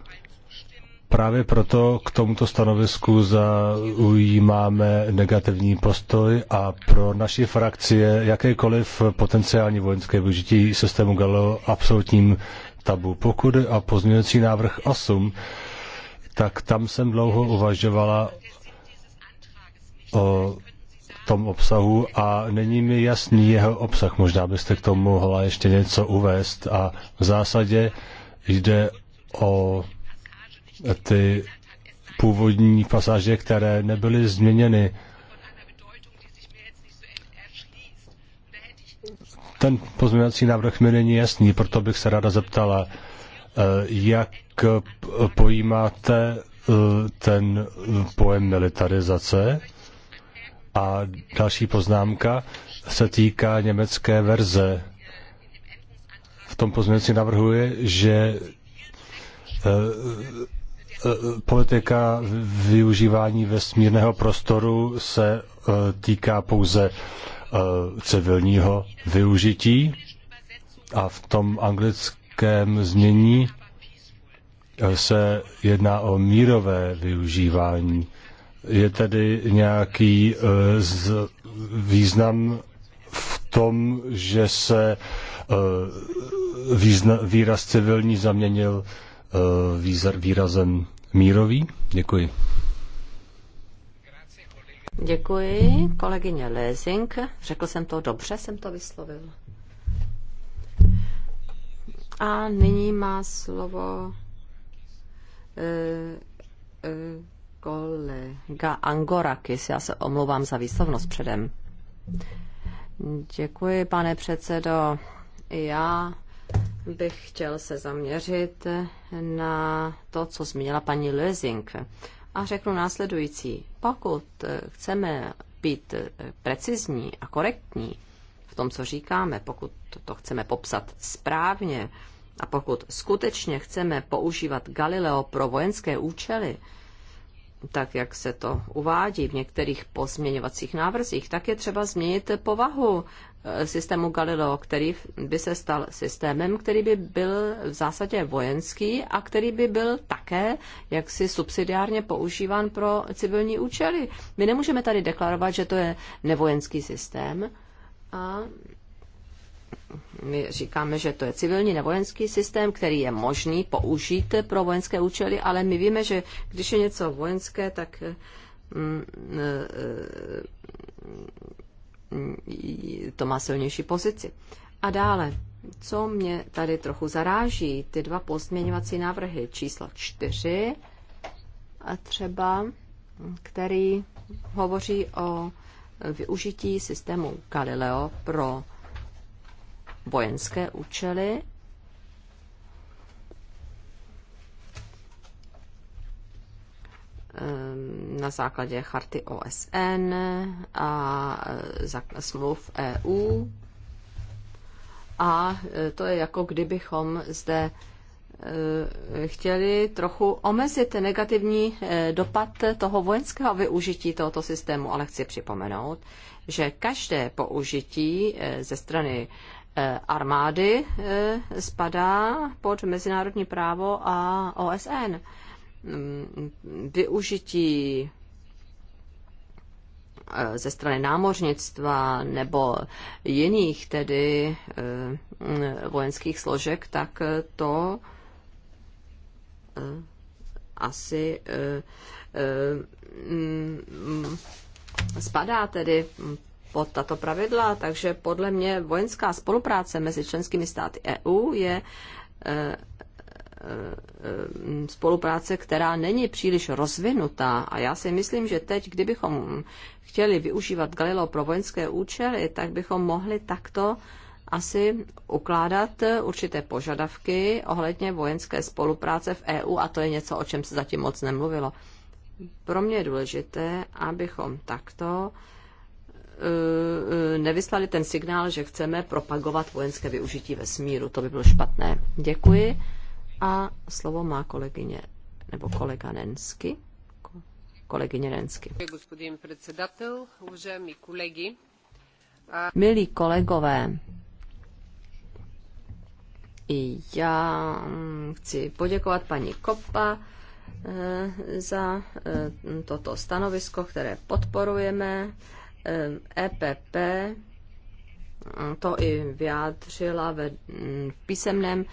právě proto k tomuto stanovisku zaujímáme negativní postoj a pro naši frakci je jakékoliv potenciální vojenské využití systému Galileo absolutním tabu. Pokud a pozměňující návrh 8, tak tam jsem dlouho uvažovala o tom obsahu a není mi jasný jeho obsah. Možná byste k tomu mohla ještě něco uvést a v zásadě jde o ty původní pasáže, které nebyly změněny. Ten pozměňovací návrh mi není jasný, proto bych se ráda zeptala, eh, jak pojímáte eh, ten pojem militarizace? A další poznámka se týká německé verze. V tom návrhu je, že eh, Eh, politika využívání vesmírného prostoru se eh, týká pouze eh, civilního využití a v tom anglickém znění se jedná o mírové využívání. Je tedy nějaký z, význam v tom, že se význa, výraz civilní zaměnil Eh, výrazem mírový? Děkuji. Děkuji, kolegyně Lézing. Řekl jsem to dobře, jsem to vyslovil. A nyní má slovo eh, eh, kolega Angorakis. Já se omlouvám za výslovnost předem. Děkuji, pane předsedo. Já bych chtěl se zaměřit na to, co zmínila paní Lezing. A řeknu následující. Pokud chceme být precizní a korektní v tom, co říkáme, pokud to chceme popsat správně a pokud skutečně chceme používat Galileo pro vojenské účely, tak jak se to uvádí v některých pozměňovacích návrzích, tak je třeba změnit povahu eh, systému Galileo, který by se stal systémem, který by byl v zásadě vojenský a který by byl také jaksi subsidiárně používán pro civilní účely. My nemůžeme tady deklarovat, že to je nevojenský systém a my říkáme, že to je civilní nevojenský systém, který je možný použít pro vojenské účely, ale my víme, že když je něco vojenské, tak eh, mm, eh, to má silnější pozici. A dále, co mě tady trochu zaráží, ty dva pozměňovací návrhy, číslo čtyři a třeba, který hovoří o využití systému Galileo pro vojenské účely. Ehm, na základě charty OSN a e, smluv EU. A e, to je jako kdybychom zde e, chtěli trochu omezit negativní dopad toho vojenského využití tohoto systému, ale chci připomenout, že každé použití ze strany Eh, armády eh, spadá pod mezinárodní právo a OSN. Mm, využití eh, ze strany námořnictva nebo jiných tedy vojenských složek, tak to asi mm, spadá tedy pod tato pravidla, takže podle mě vojenská spolupráce mezi členskými státy EU je eh, eh, eh, spolupráce, která není příliš rozvinutá. A já si myslím, že teď, kdybychom chtěli využívat Galileo pro vojenské účely, tak bychom mohli takto asi ukládat určité požadavky ohledně vojenské spolupráce v EU a to je něco, o čem se zatím moc nemluvilo. Pro mě je důležité, abychom takto E, e, nevyslali ten signál, že chceme propagovat vojenské využití vesmíru. To by bylo špatné. Děkuji. A slovo má kolegyně nebo kolega Nensky. Kolegyně Nensky. Milí kolegové, i já chci poděkovat paní Kopa e, za toto stanovisko, které podporujeme EPP e to i vyjádřila ve, mm, v písemném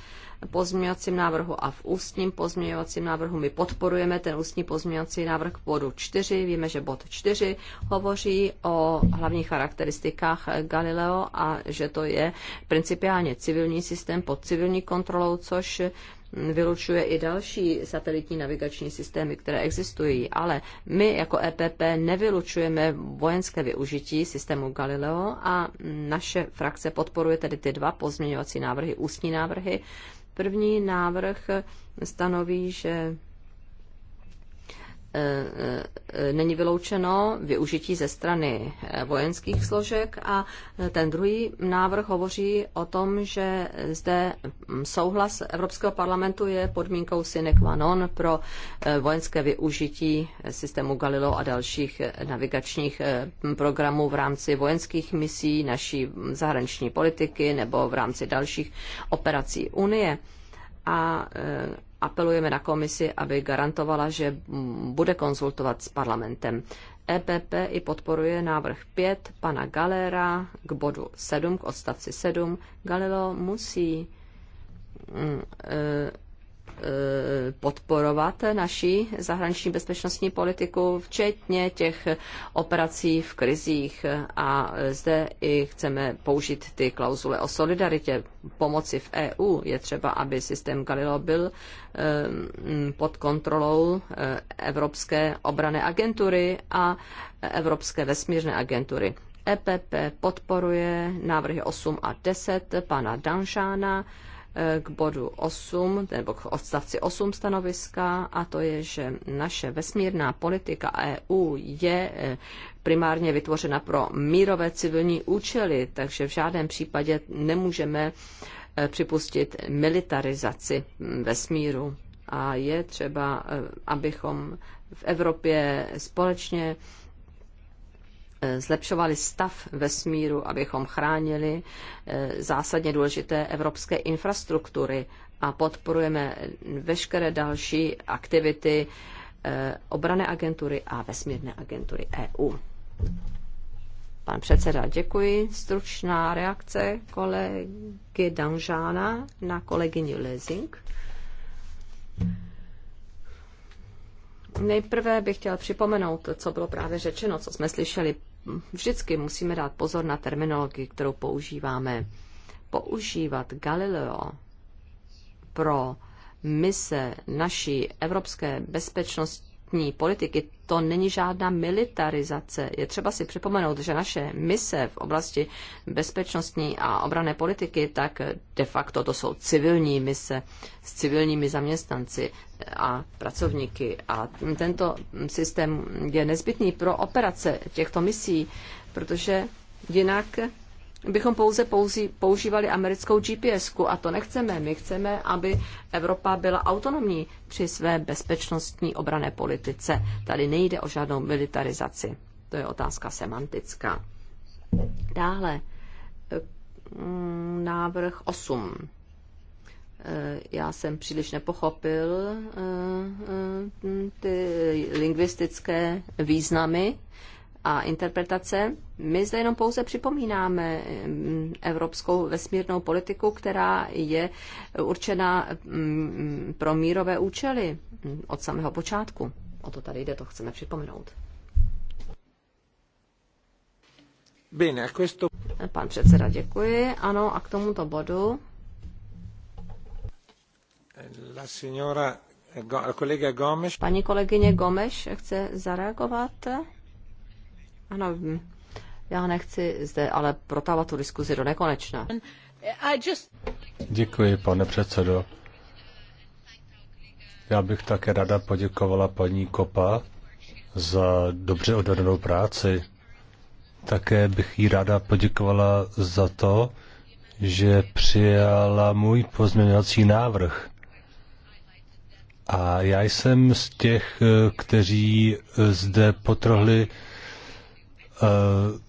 pozměňovacím návrhu a v ústním pozměňovacím návrhu. My podporujeme ten ústní pozměňovací návrh k bodu 4. Víme, že bod 4 hovoří o hlavních charakteristikách Galileo a že to je principiálně civilní systém pod civilní kontrolou, což vylučuje i další satelitní navigační systémy, které existují, ale my jako EPP nevylučujeme vojenské využití systému Galileo a naše frakce podporuje tedy ty dva pozměňovací návrhy, ústní návrhy. První návrh stanoví, že Eh, není vyloučeno využití ze strany eh, vojenských složek a eh, ten druhý návrh hovoří o tom, že zde hm, souhlas Evropského parlamentu je podmínkou sine qua non pro vojenské využití systému Galileo a dalších navigačních hm, programů v rámci vojenských misí, naší hm, zahraniční politiky nebo v rámci dalších operací Unie. A apelujeme na komisi, aby garantovala, že bude konzultovat s parlamentem. EPP i podporuje návrh 5 pana Galera k bodu 7, k odstavci 7. Galileo musí mm, e, Eh, podporovat naši zahraniční bezpečnostní politiku, včetně těch operací v krizích. A zde i chceme použít ty klauzule o solidaritě, pomoci v EU. Je třeba, aby systém Galileo byl eh, pod kontrolou eh, Evropské obrané agentury a Evropské vesmírné agentury. EPP podporuje návrhy 8 a 10 pana Danšána k bodu 8, nebo k odstavci 8 stanoviska, a to je, že naše vesmírná politika EU je e, primárně vytvořena pro mírové civilní účely, takže v žádném případě nemůžeme e, připustit militarizaci vesmíru. A je třeba, e, abychom v Evropě společně zlepšovali stav vesmíru, abychom chránili eh, zásadně důležité evropské infrastruktury a podporujeme veškeré další aktivity eh, obrané agentury a vesmírné agentury EU. Pan předseda, děkuji. Stručná reakce kolegy Danžána na kolegyni Lezing. Nejprve bych chtěl připomenout, co bylo právě řečeno, co jsme slyšeli vždycky musíme dát pozor na terminologii, kterou používáme. Používat Galileo pro mise naší evropské bezpečnostní politiky, to není žádná militarizace. Je třeba si připomenout, že naše mise v oblasti bezpečnostní a obrané politiky, tak de facto to jsou civilní mise s civilními zaměstnanci a pracovníky. A tento systém je nezbytný pro operace těchto misí, protože jinak bychom pouze používali americkou gps a to nechceme. My chceme, aby Evropa byla autonomní při své bezpečnostní obrané politice. Tady nejde o žádnou militarizaci. To je otázka semantická. Dále mm, návrh 8. Eh, já jsem příliš nepochopil eh, eh, ty lingvistické významy a interpretace. My zde jenom pouze připomínáme evropskou vesmírnou politiku, která je určena pro mírové účely od samého počátku. O to tady jde, to chceme připomenout. Bene, a questo... Pan předseda, děkuji. Ano, a k tomuto bodu. La signora, kolega Gomes. Paní kolegyně Gomes chce zareagovat. Ano, mm, já nechci zde ale protávat tu diskuzi do nekonečna. Děkuji, pane předsedo. Já bych také rada poděkovala paní Kopa za dobře odvedenou práci. Také bych jí ráda poděkovala za to, že přijala můj pozměňovací návrh. A já jsem z těch, kteří zde potrhli Eh,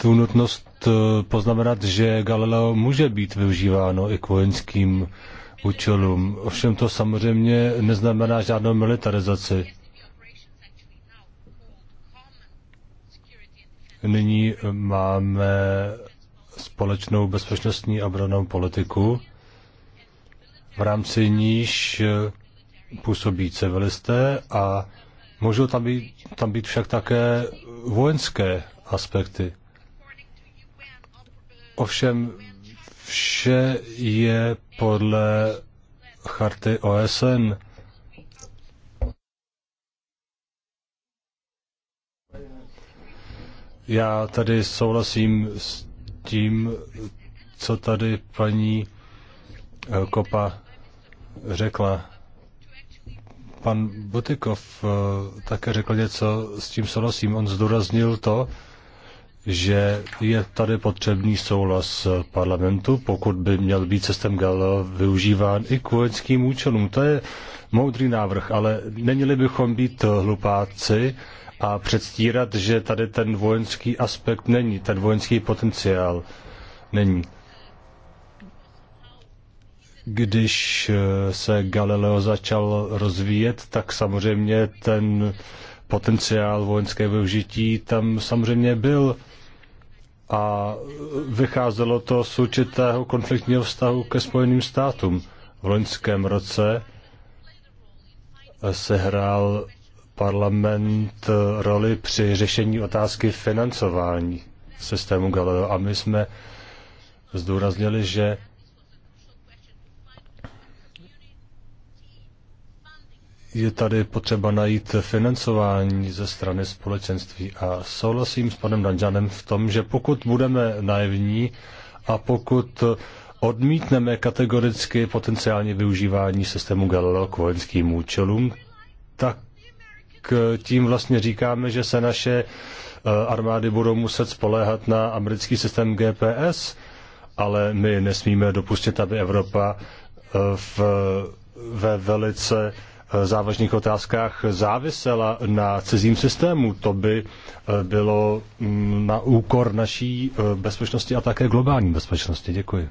tu nutnost eh, poznamenat, že Galileo může být využíváno i k vojenským účelům. Ovšem to samozřejmě neznamená žádnou militarizaci. Nyní máme společnou bezpečnostní a obranou politiku, v rámci níž eh, působí civilisté a Můžou tam být, tam být však také vojenské aspekty. Ovšem vše je podle charty OSN. Já tady souhlasím s tím, co tady paní Kopa řekla. Pan Butikov eh, také řekl něco, s tím souhlasím. On zdůraznil to, že je tady potřebný souhlas parlamentu, pokud by měl být systém GALO využíván i k vojenským účelům. To je moudrý návrh, ale neměli bychom být hlupáci a předstírat, že tady ten vojenský aspekt není, ten vojenský potenciál není když eh, se Galileo začal rozvíjet, tak samozřejmě ten potenciál vojenské využití tam samozřejmě byl a vycházelo to z určitého konfliktního vztahu ke Spojeným státům. V loňském roce hrál parlament roli při řešení otázky financování systému Galileo a my jsme zdůraznili, že je tady potřeba najít financování ze strany společenství. A souhlasím s panem Danžanem v tom, že pokud budeme naivní a pokud odmítneme kategoricky potenciální využívání systému Galileo k vojenským účelům, tak eh, tím vlastně říkáme, že se naše eh, armády budou muset spoléhat na americký systém GPS, ale my nesmíme dopustit, aby Evropa eh, v, ve velice závažných otázkách závisela na cizím systému. To by eh, bylo mm, na úkor naší eh, bezpečnosti a také globální bezpečnosti. Děkuji.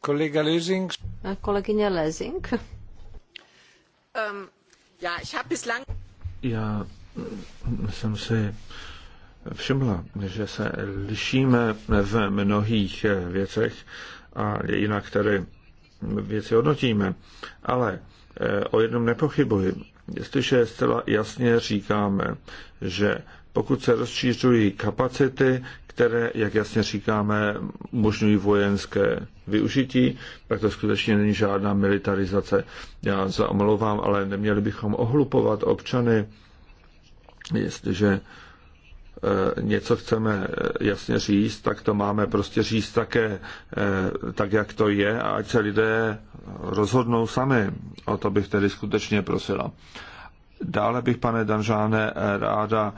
Kolega Lezing. Kolegyně Lezing. Um, já, já jsem si všimla, že se lišíme v mnohých věcech a jinak tedy věci hodnotíme. Ale eh, o jednom nepochybuji. Jestliže zcela jasně říkáme, že pokud se rozšířují kapacity, které, jak jasně říkáme, možnují vojenské využití, tak to skutečně není žádná militarizace. Já zaomlouvám, ale neměli bychom ohlupovat občany, jestliže Eh, něco chceme eh, jasně říct, tak to máme prostě říct také eh, tak, jak to je a ať se lidé rozhodnou sami. O to bych tedy skutečně prosila. Dále bych, pane Danžáne, ráda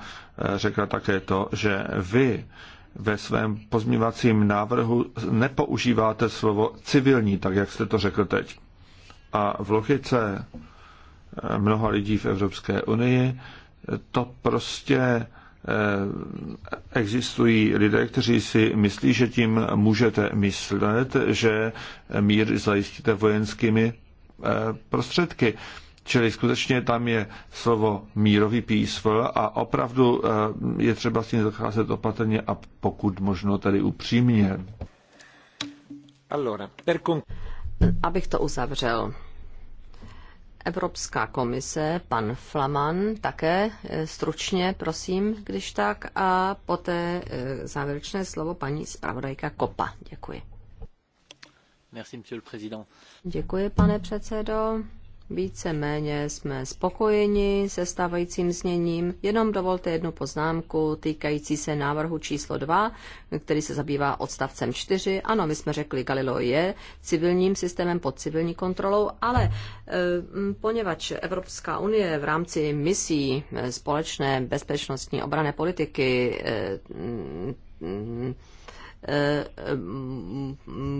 řekla také to, že vy ve svém pozměvacím návrhu nepoužíváte slovo civilní, tak jak jste to řekl teď. A v logice mnoha lidí v Evropské unii to prostě Eh, existují lidé, kteří si myslí, že tím můžete myslet, že mír zajistíte vojenskými eh, prostředky. Čili skutečně tam je slovo mírový peaceful a opravdu eh, je třeba s tím zacházet opatrně a pokud možno tedy upřímně. Allora, per Abych to uzavřel. Evropská komise, pan Flaman, také eh, stručně, prosím, když tak, a poté eh, závěrečné slovo paní zpravodajka Kopa. Děkuji. Merci, Děkuji, pane předsedo. Víceméně jsme spokojeni se stávajícím zněním. Jenom dovolte jednu poznámku týkající se návrhu číslo 2, který se zabývá odstavcem 4. Ano, my jsme řekli, Galileo je civilním systémem pod civilní kontrolou, ale e, poněvadž Evropská unie v rámci misí e, společné bezpečnostní obrané politiky e,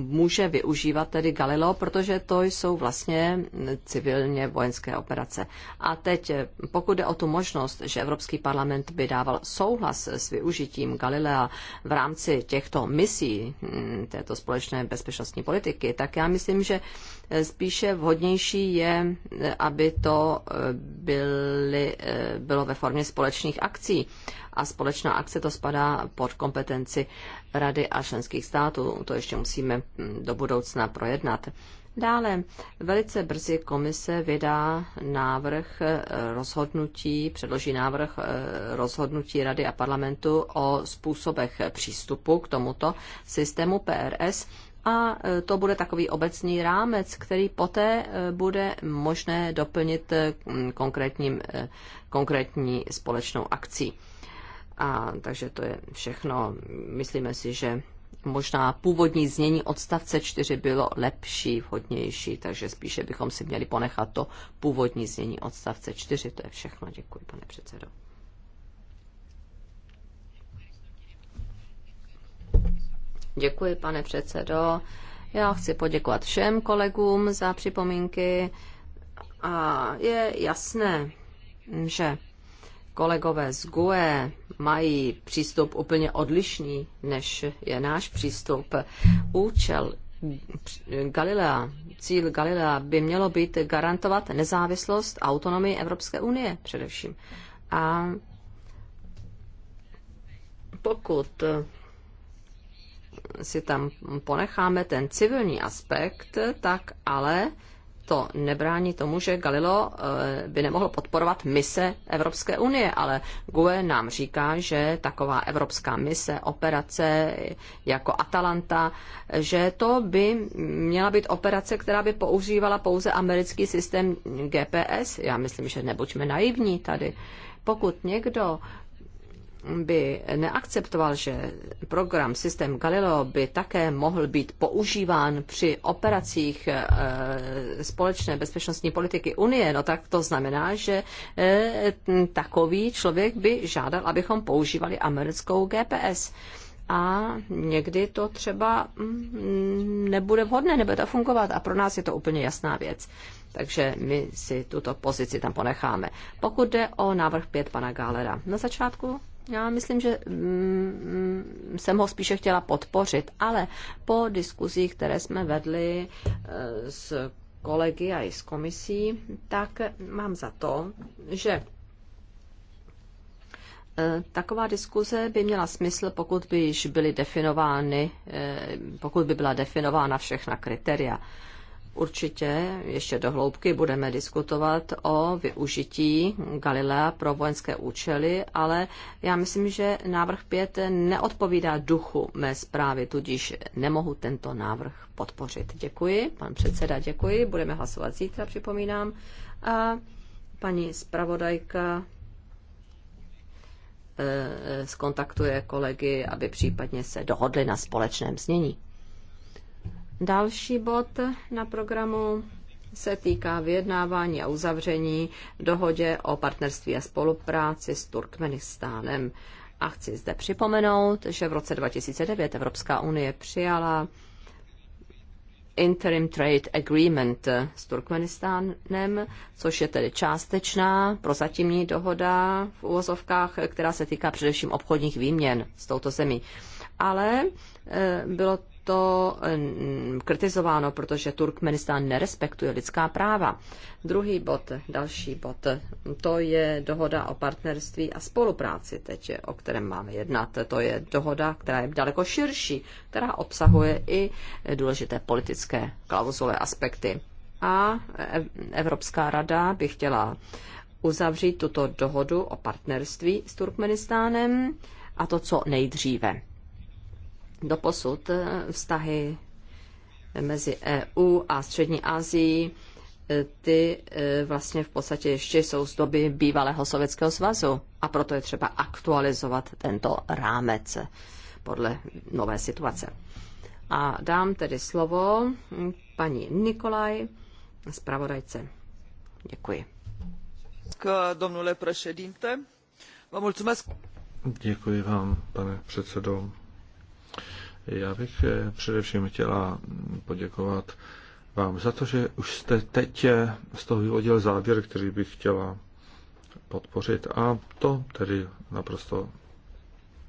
může využívat tedy Galileo, protože to jsou vlastně civilně vojenské operace. A teď, pokud jde o tu možnost, že Evropský parlament by dával souhlas s využitím Galilea v rámci těchto misí hm, této společné bezpečnostní politiky, tak já myslím, že spíše vhodnější je, aby to eh, byly, eh, bylo ve formě společných akcí. A společná akce to spadá pod kompetenci rady a členských států. To ještě musíme mm, do budoucna projednat. Dále velice brzy komise vydá návrh eh, rozhodnutí, předloží návrh eh, rozhodnutí Rady a parlamentu o způsobech přístupu k tomuto systému PRS a eh, to bude takový obecný rámec, který poté bude možné doplnit mm, konkrétním, konkrétní společnou akcí. A takže to je všechno. Myslíme si, že možná původní znění odstavce 4 bylo lepší, vhodnější, takže spíše bychom si měli ponechat to původní znění odstavce 4. To je všechno. Děkuji, pane předsedo. Děkuji, pane předsedo. Já chci poděkovat všem kolegům za připomínky a je jasné, že kolegové z GUE mají přístup úplně odlišný, než je náš přístup. Účel Galilea, cíl Galilea by mělo být garantovat nezávislost a autonomii Evropské unie především. A pokud si tam ponecháme ten civilní aspekt, tak ale to nebrání tomu, že Galileo eh, by nemohl podporovat mise Evropské unie, ale GUE nám říká, že taková evropská mise, operace jako Atalanta, že to by měla být operace, která by používala pouze americký systém GPS. Já myslím, že nebuďme naivní tady. Pokud někdo by neakceptoval, že program systém Galileo by také mohl být používán při operacích eh, společné bezpečnostní politiky Unie, no tak to znamená, že eh, takový člověk by žádal, abychom používali americkou GPS a někdy to třeba mm, nebude vhodné, nebude to fungovat a pro nás je to úplně jasná věc. Takže my si tuto pozici tam ponecháme. Pokud jde o návrh 5 pana Gálera, na začátku já myslím, že mm, mm, jsem ho spíše chtěla podpořit, ale po diskuzích, které jsme vedli eh, s kolegy a i s komisí, tak mám za to, že eh, Taková diskuze by měla smysl, pokud by již byly definovány, eh, pokud by byla definována všechna kritéria. Určitě ještě do hloubky budeme diskutovat o využití Galilea pro vojenské účely, ale já myslím, že návrh 5 neodpovídá duchu mé zprávy, tudíž nemohu tento návrh podpořit. Děkuji, pan předseda, děkuji. Budeme hlasovat zítra, připomínám. A paní zpravodajka eh, eh, skontaktuje kolegy, aby případně se dohodli na společném znění. Další bod na programu se týká vyjednávání a uzavření v dohodě o partnerství a spolupráci s Turkmenistánem. A chci zde připomenout, že v roce 2009 Evropská unie přijala Interim Trade Agreement s Turkmenistánem, což je tedy částečná prozatímní dohoda v úvozovkách, která se týká především obchodních výměn s touto zemí. Ale eh, bylo to eh, kritizováno, protože Turkmenistán nerespektuje lidská práva. Druhý bod, další bod, to je dohoda o partnerství a spolupráci, teď, o kterém máme jednat. To je dohoda, která je daleko širší, která obsahuje i důležité politické klauzule aspekty. A Evropská rada by chtěla uzavřít tuto dohodu o partnerství s Turkmenistánem a to co nejdříve doposud eh, vztahy mezi EU a Střední Asií, eh, ty eh, vlastně v podstatě ještě jsou z doby bývalého Sovětského svazu a proto je třeba aktualizovat tento rámec podle nové situace. A dám tedy slovo hm, paní Nikolaj, zpravodajce. Děkuji. Domnule Děkuji vám, pane předsedo. Já bych eh, především chtěla poděkovat vám za to, že už jste teď eh, z toho vyvodil závěr, který bych chtěla podpořit. A to tedy naprosto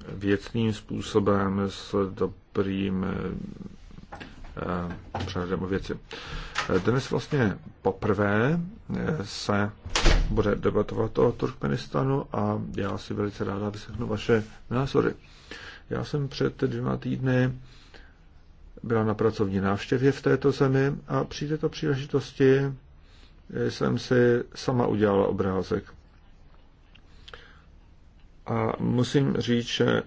věcným způsobem s dobrým eh, přehledem o věci. Dnes vlastně poprvé se bude debatovat o Turkmenistanu a já si velice ráda vyslechnu vaše názory. Já jsem před dvěma týdny byla na pracovní návštěvě v této zemi a při této příležitosti jsem si sama udělala obrázek. A musím říct, že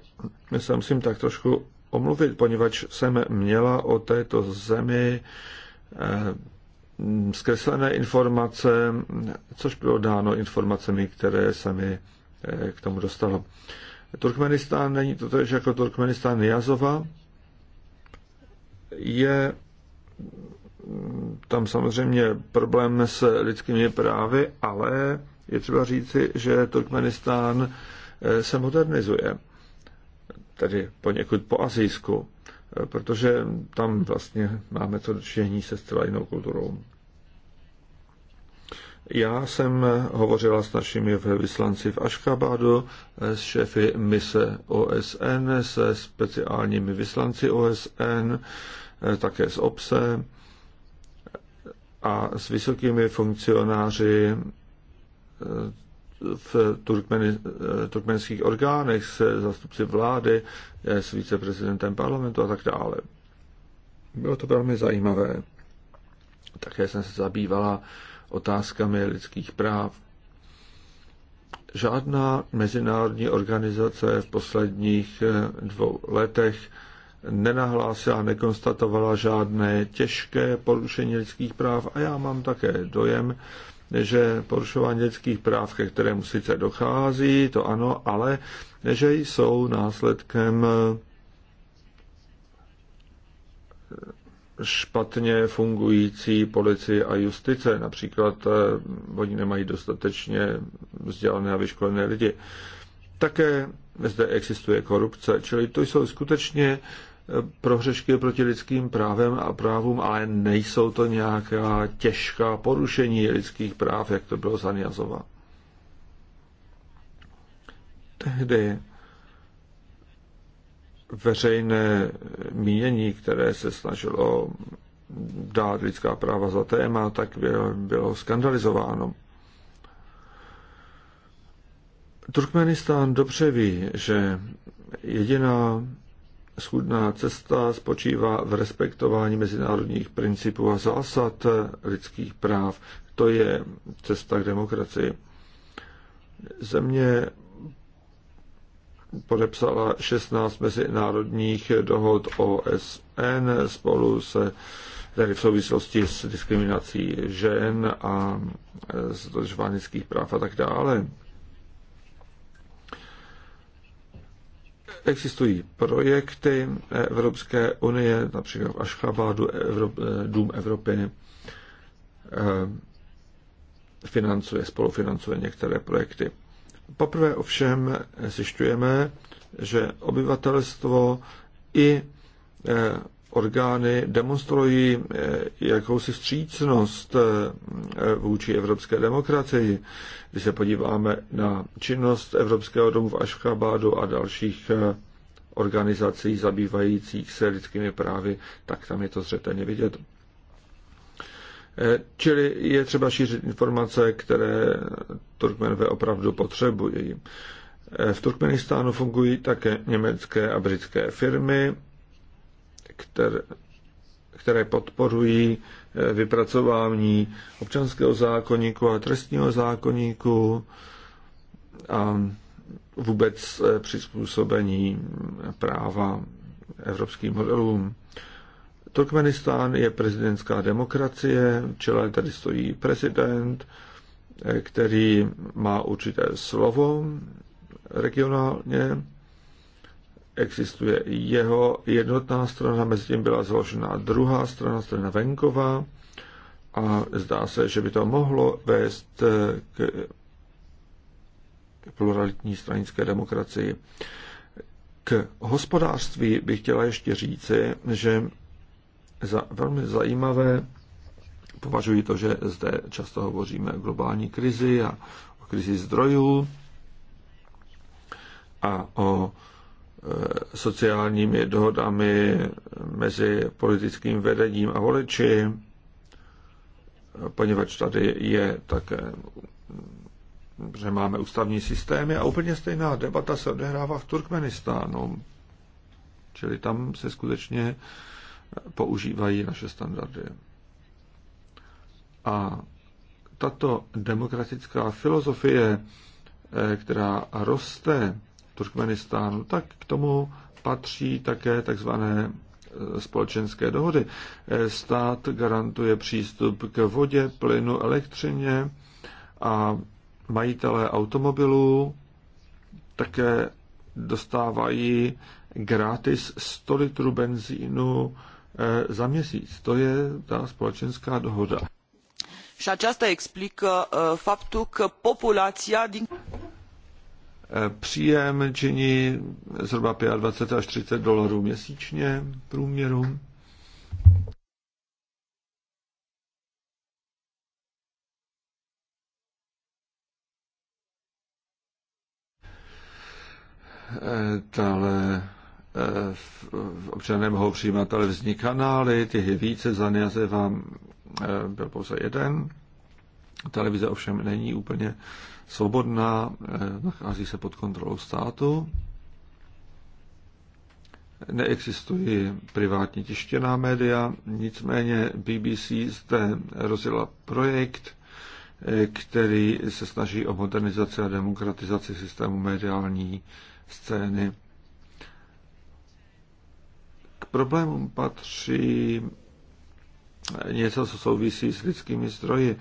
se musím tak trošku omluvit, poněvadž jsem měla o této zemi eh, zkreslené informace, což bylo dáno informacemi, které se mi eh, k tomu dostalo. Turkmenistán není to tež jako Turkmenistán Jazova. Je mm, tam samozřejmě problém s lidskými právy, ale je třeba říci, že Turkmenistán eh, se modernizuje, tedy poněkud po azijsku, eh, protože tam vlastně máme co dočinění se zcela jinou kulturou. Já jsem hovořila s našimi vyslanci v Aškabádu, s šéfy mise OSN, se speciálními vyslanci OSN, také s obse a s vysokými funkcionáři eh, v turkmeni, eh, turkmenských orgánech, se zastupci vlády, eh, s viceprezidentem parlamentu a tak dále. Bylo to velmi zajímavé. Také jsem se zabývala otázkami lidských práv. Žádná mezinárodní organizace v posledních eh, dvou letech nenahlásila nekonstatovala žádné těžké porušení lidských práv a já mám také dojem, že porušování lidských práv, ke kterému sice dochází, to ano, ale že jsou následkem eh, špatně fungující policie a justice. Například eh, oni nemají dostatečně vzdělané a vyškolené lidi. Také zde existuje korupce, čili to jsou skutečně eh, prohřešky proti lidským právem a právům, ale nejsou to nějaká těžká porušení lidských práv, jak to bylo za Tehdy veřejné mínění, které se snažilo dát lidská práva za téma, tak bylo, bylo skandalizováno. Turkmenistán dobře ví, že jediná schudná cesta spočívá v respektování mezinárodních principů a zásad lidských práv. To je cesta k demokracii. Země podepsala 16 mezinárodních dohod OSN spolu se tedy v souvislosti s diskriminací žen a z lidských práv a tak dále. Existují projekty Evropské unie, například v Ašchabádu Evrop, Dům Evropy eh, financuje, spolufinancuje některé projekty. Poprvé ovšem zjišťujeme, že obyvatelstvo i e, orgány demonstrují e, jakousi střícnost e, vůči evropské demokracii. Když se podíváme na činnost Evropského domu v Ašchabádu a dalších organizací zabývajících se lidskými právy, tak tam je to zřetelně vidět. Eh, čili je třeba šířit informace, které Turkmenové opravdu potřebují. Eh, v Turkmenistánu fungují také německé a britské firmy, které, které podporují eh, vypracování občanského zákoníku a trestního zákoníku a vůbec přizpůsobení práva evropským modelům. Turkmenistán je prezidentská demokracie, čele tady stojí prezident, eh, který má určité slovo regionálně. Existuje jeho jednotná strana, mezi tím byla založena druhá strana, strana venkova a zdá se, že by to mohlo vést eh, k pluralitní stranické demokracii. K hospodářství bych chtěla ještě říci, že za velmi zajímavé považuji to, že zde často hovoříme o globální krizi a o krizi zdrojů a o e, sociálními dohodami mezi politickým vedením a voliči, poněvadž tady je také, že máme ústavní systémy a úplně stejná debata se odehrává v Turkmenistánu. Čili tam se skutečně používají naše standardy. A tato demokratická filozofie, eh, která roste v Turkmenistánu, tak k tomu patří také takzvané eh, společenské dohody. Eh, stát garantuje přístup k vodě, plynu, elektřině a majitelé automobilů také dostávají gratis 100 litrů benzínu Eh, za měsíc. To je ta společenská dohoda. Eh, eh, příjem činí zhruba 25 až 30 dolarů měsíčně průměru. Ale občané nemohou přijímat televizní kanály, těch je více, za vám eh, byl pouze jeden. Televize ovšem není úplně svobodná, eh, nachází se pod kontrolou státu. Neexistují privátní tištěná média, nicméně BBC zde rozjela projekt, eh, který se snaží o modernizaci a demokratizaci systému mediální scény problémům patří něco, co souvisí s lidskými zdroji.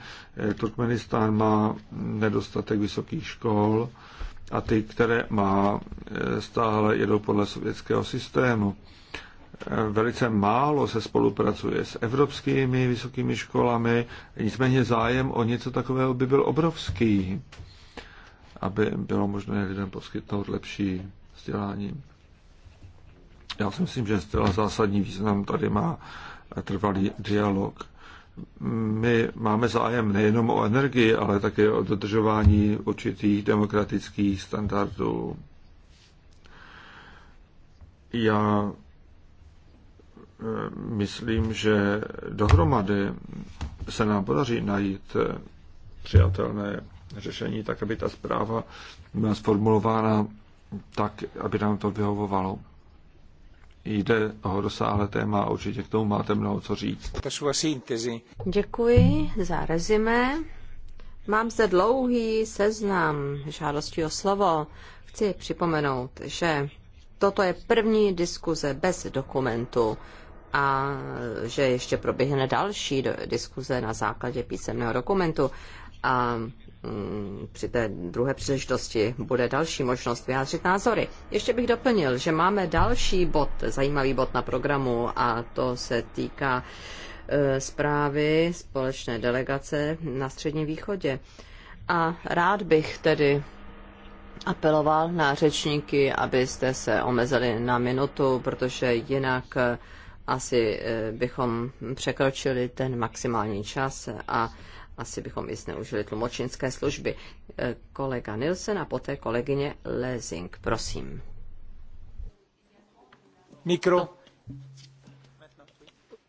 Turkmenistán má nedostatek vysokých škol a ty, které má, stále jedou podle sovětského systému. Velice málo se spolupracuje s evropskými vysokými školami, nicméně zájem o něco takového by byl obrovský, aby bylo možné lidem poskytnout lepší vzdělání. Já si myslím, že zcela zásadní význam tady má trvalý dialog. My máme zájem nejenom o energii, ale také o dodržování určitých demokratických standardů. Já eh, myslím, že dohromady se nám podaří najít eh, přijatelné řešení, tak aby ta zpráva byla sformulována tak, aby nám to vyhovovalo jde o rozsáhlé téma a určitě k tomu máte mnoho co říct. Děkuji za rezime. Mám zde dlouhý seznam žádostí o slovo. Chci připomenout, že toto je první diskuze bez dokumentu a že ještě proběhne další diskuze na základě písemného dokumentu. A Mm, při té druhé příležitosti bude další možnost vyjádřit názory. Ještě bych doplnil, že máme další bod, zajímavý bod na programu a to se týká e, zprávy společné delegace na Středním východě. A rád bych tedy apeloval na řečníky, abyste se omezili na minutu, protože jinak e, asi e, bychom překročili ten maximální čas a asi bychom i zneužili tlumočnické služby. E, kolega Nilsen a poté kolegyně Lezing, prosím. Mikro. No.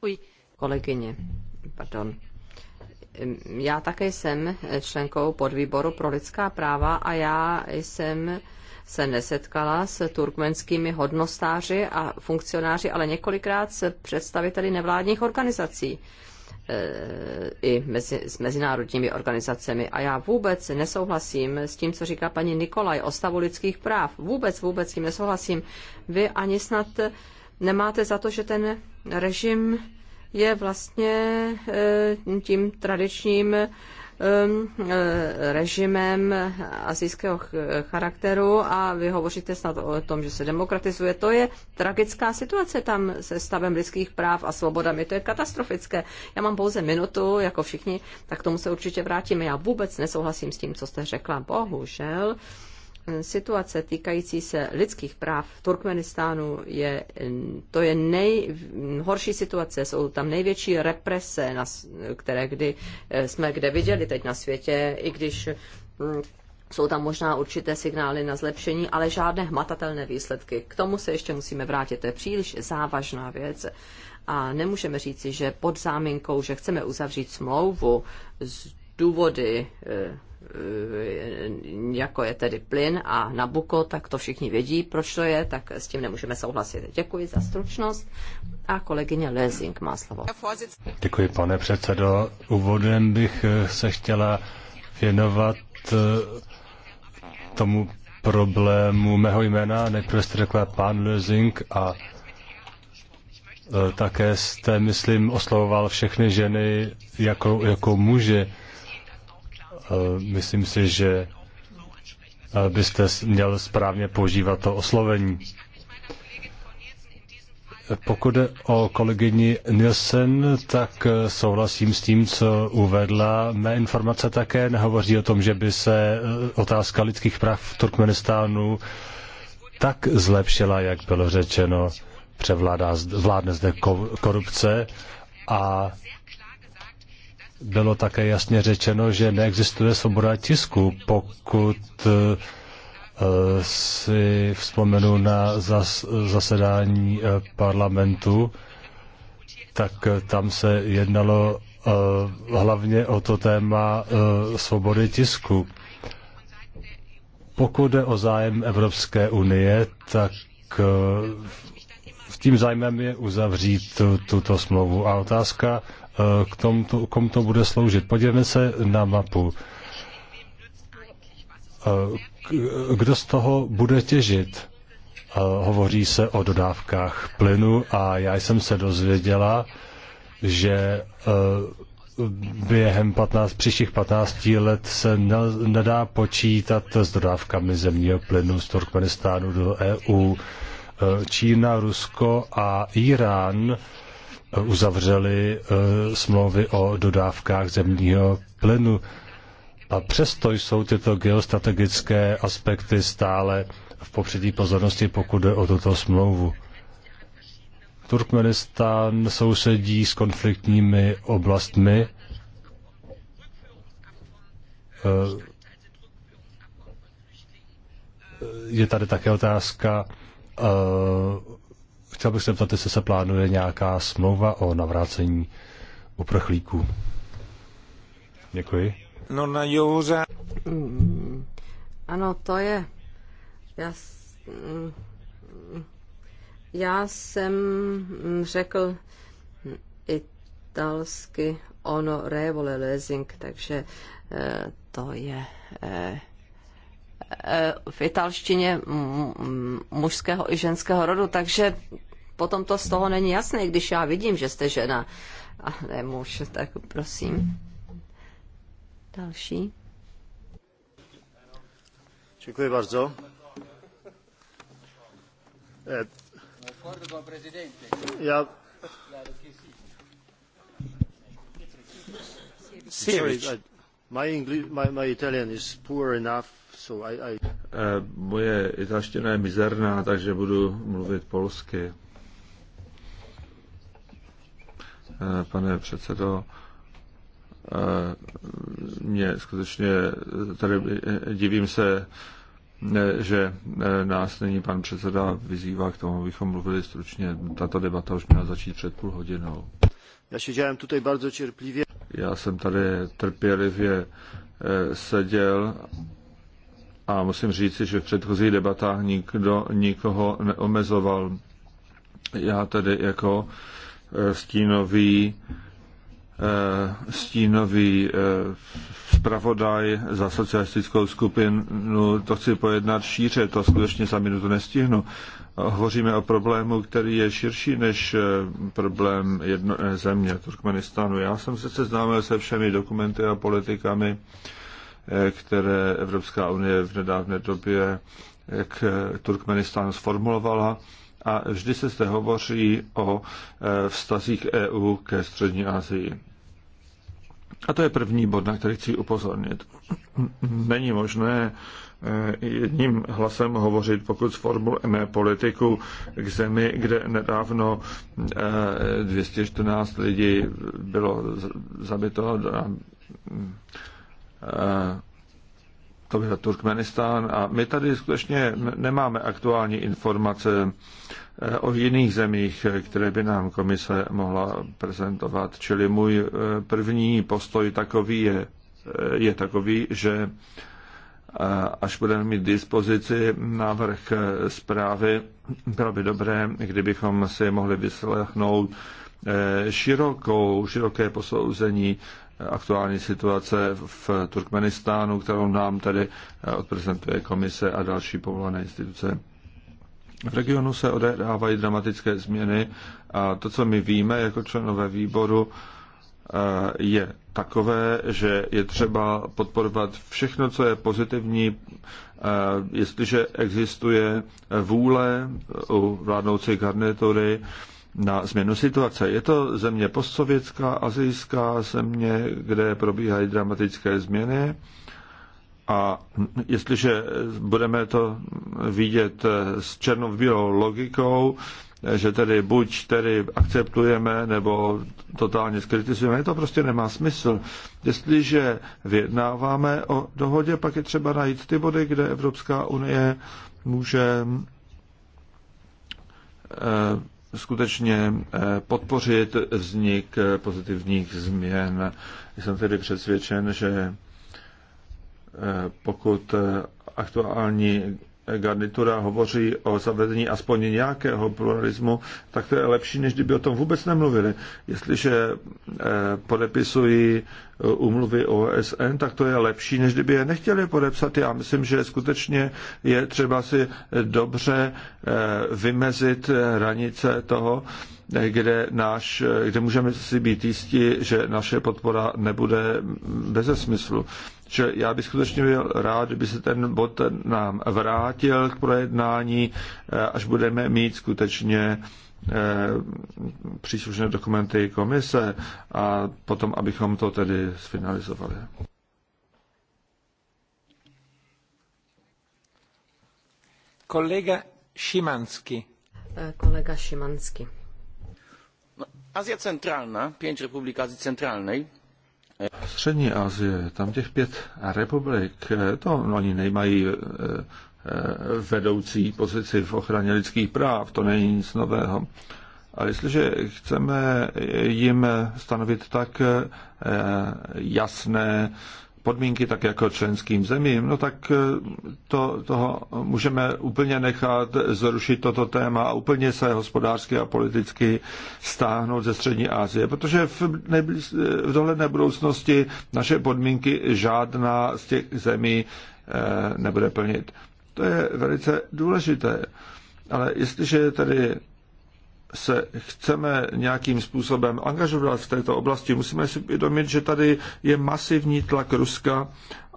Uj. Kolegyně, pardon. Já také jsem členkou podvýboru pro lidská práva a já jsem se nesetkala s turkmenskými hodnostáři a funkcionáři, ale několikrát s představiteli nevládních organizací i mezi, s mezinárodními organizacemi. A já vůbec nesouhlasím s tím, co říká paní Nikolaj o stavu lidských práv. Vůbec, vůbec s tím nesouhlasím. Vy ani snad nemáte za to, že ten režim je vlastně eh, tím tradičním Um, eh, režimem asijského charakteru a vy hovoříte snad o tom, že se demokratizuje. To je tragická situace tam se stavem lidských práv a svobodami. To je katastrofické. Já mám pouze minutu, jako všichni, tak tomu se určitě vrátíme. Já vůbec nesouhlasím s tím, co jste řekla. Bohužel situace týkající se lidských práv v Turkmenistánu je, to je nejhorší situace, jsou tam největší represe, které kdy eh, jsme kde viděli teď na světě, i když hm, jsou tam možná určité signály na zlepšení, ale žádné hmatatelné výsledky. K tomu se ještě musíme vrátit, to je příliš závažná věc. A nemůžeme říci, že pod záminkou, že chceme uzavřít smlouvu z důvody eh, Eh, jako je tedy plyn a Nabuko, tak to všichni vědí, proč to je, tak s tím nemůžeme souhlasit. Děkuji za stručnost a kolegyně Lezing má slovo. Děkuji, pane předsedo. Úvodem bych eh, se chtěla věnovat eh, tomu problému mého jména. Nejprve jste řekla pán Lezing a také jste, myslím, oslovoval všechny ženy jako, jako muže. Eh, myslím si, že eh, byste měl správně používat to oslovení. Pokud jde o kolegyni Nielsen, tak eh, souhlasím s tím, co uvedla. Mé informace také nehovoří o tom, že by se otázka lidských práv v Turkmenistánu tak zlepšila, jak bylo řečeno. Převládá, vládne zde korupce a bylo také jasně řečeno, že neexistuje svoboda tisku, pokud eh, si vzpomenu na zas, zasedání eh, parlamentu, tak eh, tam se jednalo hlavně o to téma svobody tisku. Pokud jde o zájem Evropské unie, tak tím zájmem je uzavřít tuto smlouvu. A otázka Eh, k tomu, komu to bude sloužit. Podívejme se na mapu. Eh, kdo z toho bude těžit? Eh, hovoří se o dodávkách plynu a já jsem se dozvěděla, že během 15, příštích 15 let se nedá počítat s dodávkami zemního plynu z Turkmenistánu do EU. Čína, Rusko a Irán uzavřeli eh, smlouvy o dodávkách zemního plynu. A přesto jsou tyto geostrategické aspekty stále v popředí pozornosti, pokud jde o tuto smlouvu. Turkmenistán sousedí s konfliktními oblastmi. Eh, je tady také otázka eh, Chtěl bych se zeptat, jestli se plánuje nějaká smlouva o navrácení uprchlíků. Děkuji. No na Jouře. Mm, ano, to je. Já, mm, já jsem mm, řekl italsky ono revole lezing, takže eh, to je eh, eh, v italštině mužského i ženského rodu, takže potom to z toho není jasné, když já vidím, že jste žena a ne muž, tak prosím. Další. Děkuji bardzo. Eh, já... Sorry, my, Italian is poor enough, so I, eh, Moje italština je mizerná, takže budu mluvit polsky. Eh, pane předsedo. Eh, mě skutečně tady eh, divím se, že nás není pan předseda vyzývá k tomu, abychom mluvili stručně. Tato debata už měla začít před půl hodinou. Já siedziałem tuto bardzo čerplivě. Já jsem tady trpělivě seděl a musím říci, že v předchozích debatách nikdo nikoho neomezoval. Já tedy jako Eh, stínový eh, stínový eh, zpravodaj za socialistickou skupinu, to chci pojednat šíře, to skutečně za minutu nestihnu. Hovoříme o problému, který je širší než problém jedno, země, Turkmenistánu. Já jsem se seznámil se všemi dokumenty a politikami, které Evropská unie v nedávné době k Turkmenistánu sformulovala a vždy se zde hovoří o e, vztazích EU ke Střední Asii. A to je první bod, na který chci upozornit. Není možné e, jedním hlasem hovořit, pokud sformulujeme politiku k zemi, kde nedávno 214 e, lidí bylo zabito to byl Turkmenistán a my tady skutečně nemáme aktuální informace eh, o jiných zemích, eh, které by nám komise mohla prezentovat. Čili můj eh, první postoj takový je, je takový, že až budeme mít dispozici návrh zprávy, bylo by dobré, kdybychom si mohli vyslechnout širokou, široké posouzení aktuální situace v Turkmenistánu, kterou nám tedy eh, odprezentuje komise a další povolené instituce. V regionu se odehrávají dramatické změny a to, co my víme jako členové výboru, eh, je takové, že je třeba podporovat všechno, co je pozitivní, eh, jestliže existuje vůle u vládnoucí garnitury na změnu situace. Je to země postsovětská, azijská země, kde probíhají dramatické změny. A jestliže budeme to vidět s černobílou logikou, že tedy buď tedy akceptujeme nebo totálně skritizujeme, to prostě nemá smysl. Jestliže vyjednáváme o dohodě, pak je třeba najít ty body, kde Evropská unie může eh, skutečně eh, podpořit vznik eh, pozitivních změn. Jsem tedy přesvědčen, že eh, pokud aktuální garnitura hovoří o zavedení aspoň nějakého pluralismu, tak to je lepší, než kdyby o tom vůbec nemluvili. Jestliže eh, podepisují umluvy eh, OSN, tak to je lepší, než kdyby je nechtěli podepsat. Já myslím, že skutečně je třeba si dobře eh, vymezit hranice toho, kde, náš, kde můžeme si být jistí, že naše podpora nebude mm, bez smyslu. Čili já bych skutečně byl rád, kdyby se ten bod nám vrátil k projednání, eh, až budeme mít skutečně eh, příslušné dokumenty komise a potom, abychom to tedy sfinalizovali. Kolega Šimanský. Eh, kolega Šimanský. No, Azja Centralna, pięć republik Azji Centralnej Střední Asie, tam těch pět republik, eh, to no, oni nemají eh, eh, vedoucí pozici v ochraně lidských práv, to není nic nového. A jestliže chceme jim stanovit tak jasné podmínky tak jako členským zemím, no tak eh, to, toho můžeme úplně nechat zrušit toto téma a úplně se hospodářsky a politicky stáhnout ze Střední Asie, protože v, nejbliž, eh, v dohledné budoucnosti naše podmínky žádná z těch zemí eh, nebude plnit. To je velice důležité. Ale jestliže tedy se chceme nějakým způsobem angažovat v této oblasti, musíme si uvědomit, že tady je masivní tlak Ruska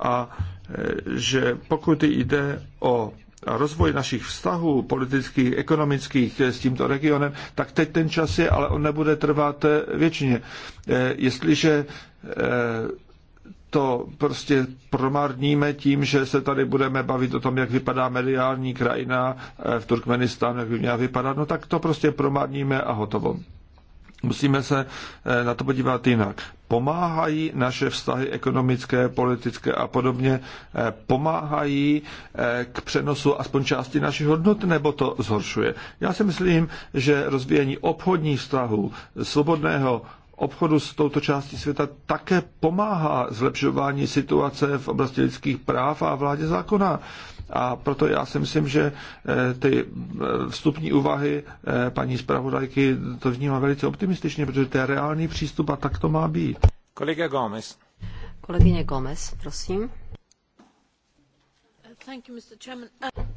a e, že pokud jde o rozvoj našich vztahů politických, ekonomických s tímto regionem, tak teď ten čas je, ale on nebude trvat e, většině, e, Jestliže to prostě promarníme tím, že se tady budeme bavit o tom, jak vypadá mediální krajina eh, v Turkmenistánu, jak by měla vypadat, no tak to prostě promarníme a hotovo. Musíme se eh, na to podívat jinak. Pomáhají naše vztahy ekonomické, politické a podobně, eh, pomáhají k přenosu aspoň části našich hodnot, nebo to zhoršuje. Já si myslím, že rozvíjení obchodních vztahů, svobodného obchodu s touto částí světa také pomáhá zlepšování situace v oblasti lidských práv a vládě zákona. A proto já si myslím, že eh, ty eh, vstupní úvahy eh, paní zpravodajky to vnímá velice optimističně, protože to je reálný přístup a tak to má být. Kolega Gomez. Kolegyně Gomez, prosím.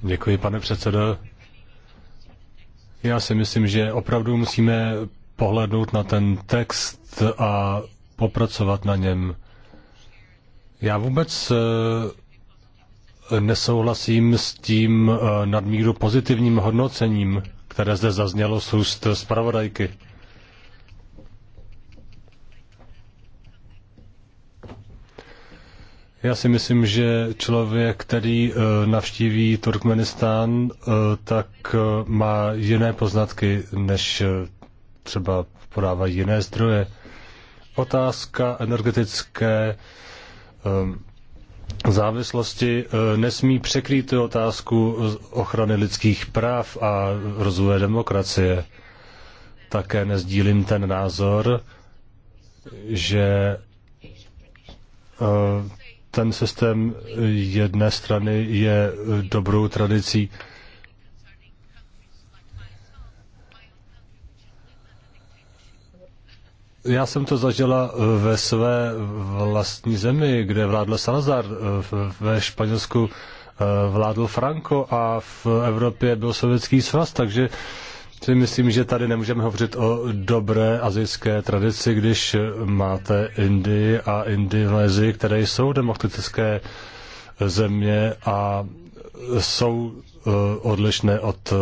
Děkuji, pane předsedo. Já si myslím, že opravdu musíme pohlednout na ten text a popracovat na něm. Já vůbec eh, nesouhlasím s tím eh, nadmíru pozitivním hodnocením, které zde zaznělo z úst zpravodajky. Já si myslím, že člověk, který eh, navštíví Turkmenistán, tak má jiné poznatky než třeba podávají jiné zdroje. Otázka energetické ehm, závislosti eh, nesmí překrýt otázku ochrany lidských práv a rozvoje demokracie. Také nezdílím ten názor, že eh, ten systém jedné strany je dobrou tradicí Já jsem to zažila eh, ve své vlastní zemi, kde vládl Salazar, eh, ve Španělsku eh, vládl Franco a v Evropě byl sovětský svaz, takže si myslím, že tady nemůžeme hovořit o dobré azijské tradici, když máte Indii a Indonésii, které jsou demokratické země a jsou odlišné od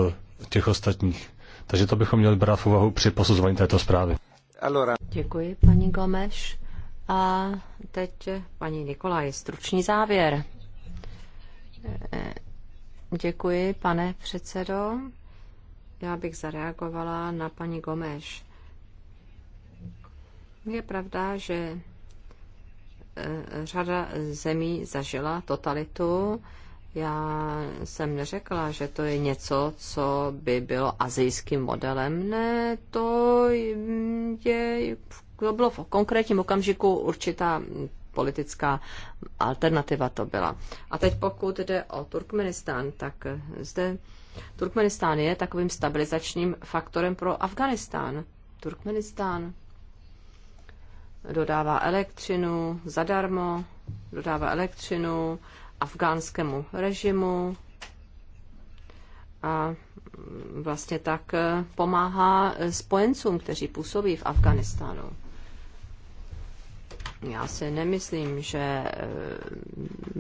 těch ostatních. Takže to bychom měli brát v úvahu při posuzování této zprávy. Allora. Děkuji, paní Gomeš. A teď paní Nikolaj, stručný závěr. Eh, děkuji, pane předsedo. Já bych zareagovala na paní Gomeš. Je pravda, že eh, řada zemí zažila totalitu, já jsem neřekla, že to je něco, co by bylo azijským modelem. Ne, to je, to bylo v konkrétním okamžiku určitá politická alternativa to byla. A teď pokud jde o Turkmenistán, tak zde Turkmenistán je takovým stabilizačním faktorem pro Afganistán. Turkmenistán dodává elektřinu zadarmo, dodává elektřinu, afgánskému režimu a vlastně tak pomáhá spojencům, kteří působí v Afganistánu. Já si nemyslím, že eh,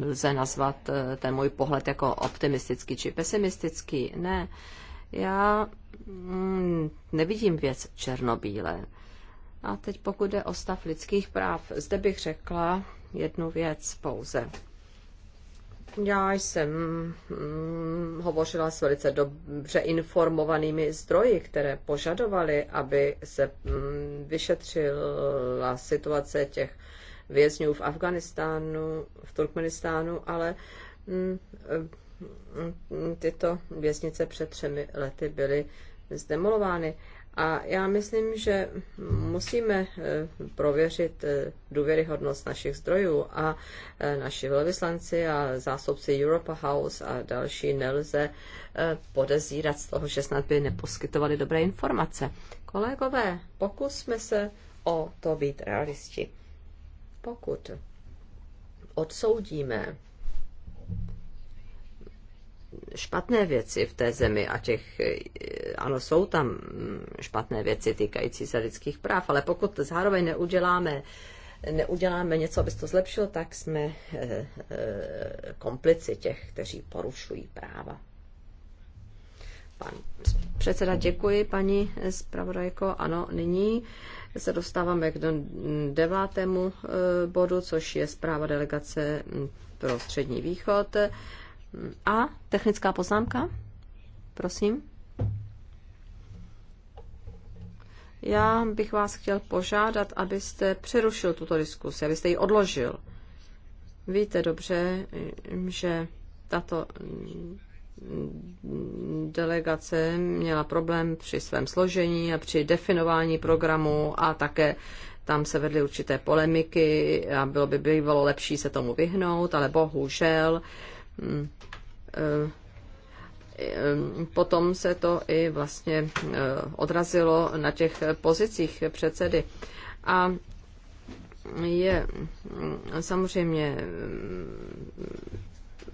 lze nazvat eh, ten můj pohled jako optimistický či pesimistický. Ne, já mm, nevidím věc černobíle. A teď pokud jde o stav lidských práv, zde bych řekla jednu věc pouze. Já jsem mm, hovořila s velice dobře informovanými zdroji, které požadovali, aby se mm, vyšetřila situace těch vězňů v Afganistánu, v Turkmenistánu, ale mm, tyto věznice před třemi lety byly zdemolovány. A já myslím, že musíme eh, prověřit eh, důvěryhodnost našich zdrojů a eh, naši velvyslanci a zásobci Europa House a další nelze podezírat z toho, že snad by neposkytovali dobré informace. Kolegové, pokusme se o to být realisti. Pokud odsoudíme špatné věci v té zemi a těch, eh, ano, jsou tam mm, špatné věci týkající se lidských práv, ale pokud zároveň neuděláme neuděláme něco, aby se to zlepšilo, tak jsme eh, eh, komplici těch, kteří porušují práva. Pan předseda, děkuji, paní zpravodajko. Ano, nyní se dostáváme k devátému bodu, což je zpráva delegace mm, pro Střední východ. A technická poznámka? Prosím. Já bych vás chtěl požádat, abyste přerušil tuto diskusi, abyste ji odložil. Víte dobře, že tato delegace měla problém při svém složení a při definování programu a také tam se vedly určité polemiky a bylo by bývalo lepší se tomu vyhnout, ale bohužel Mm, eh, eh, potom se to i vlastně eh, odrazilo na těch pozicích předsedy. A je mm, samozřejmě, mm,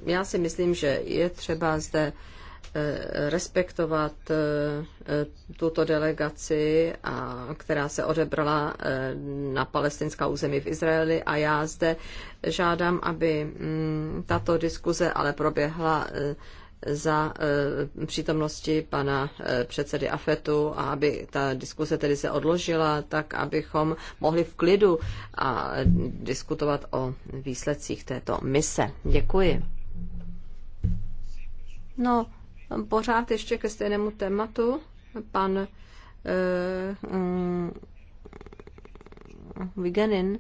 já si myslím, že je třeba zde Eh, respektovat eh, tuto delegaci, která se odebrala eh, na palestinská území v Izraeli a já zde žádám, aby mm, tato diskuze ale proběhla za přítomnosti pana předsedy Afetu a aby ta diskuse tedy se odložila, tak abychom mohli v klidu a diskutovat o výsledcích této mise. Děkuji. No, Pořád ještě ke stejnému tématu pan uh, um, Vigenin.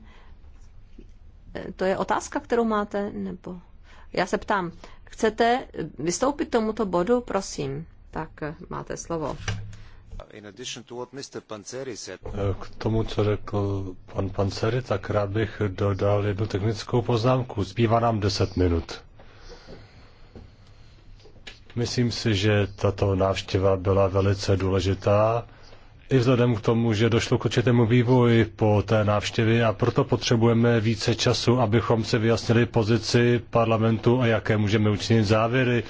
Eh, to je otázka, kterou máte? Nebo... Já se ptám, chcete vystoupit tomuto bodu? Prosím, tak eh, máte slovo. K tomu, co řekl pan Panceri, tak rád bych dodal jednu technickou poznámku. Zbývá nám 10 minut. Myslím si, že tato návštěva byla velice důležitá i vzhledem k tomu, že došlo k určitému vývoji po té návštěvě a proto potřebujeme více času, abychom si vyjasnili pozici parlamentu a jaké můžeme učinit závěry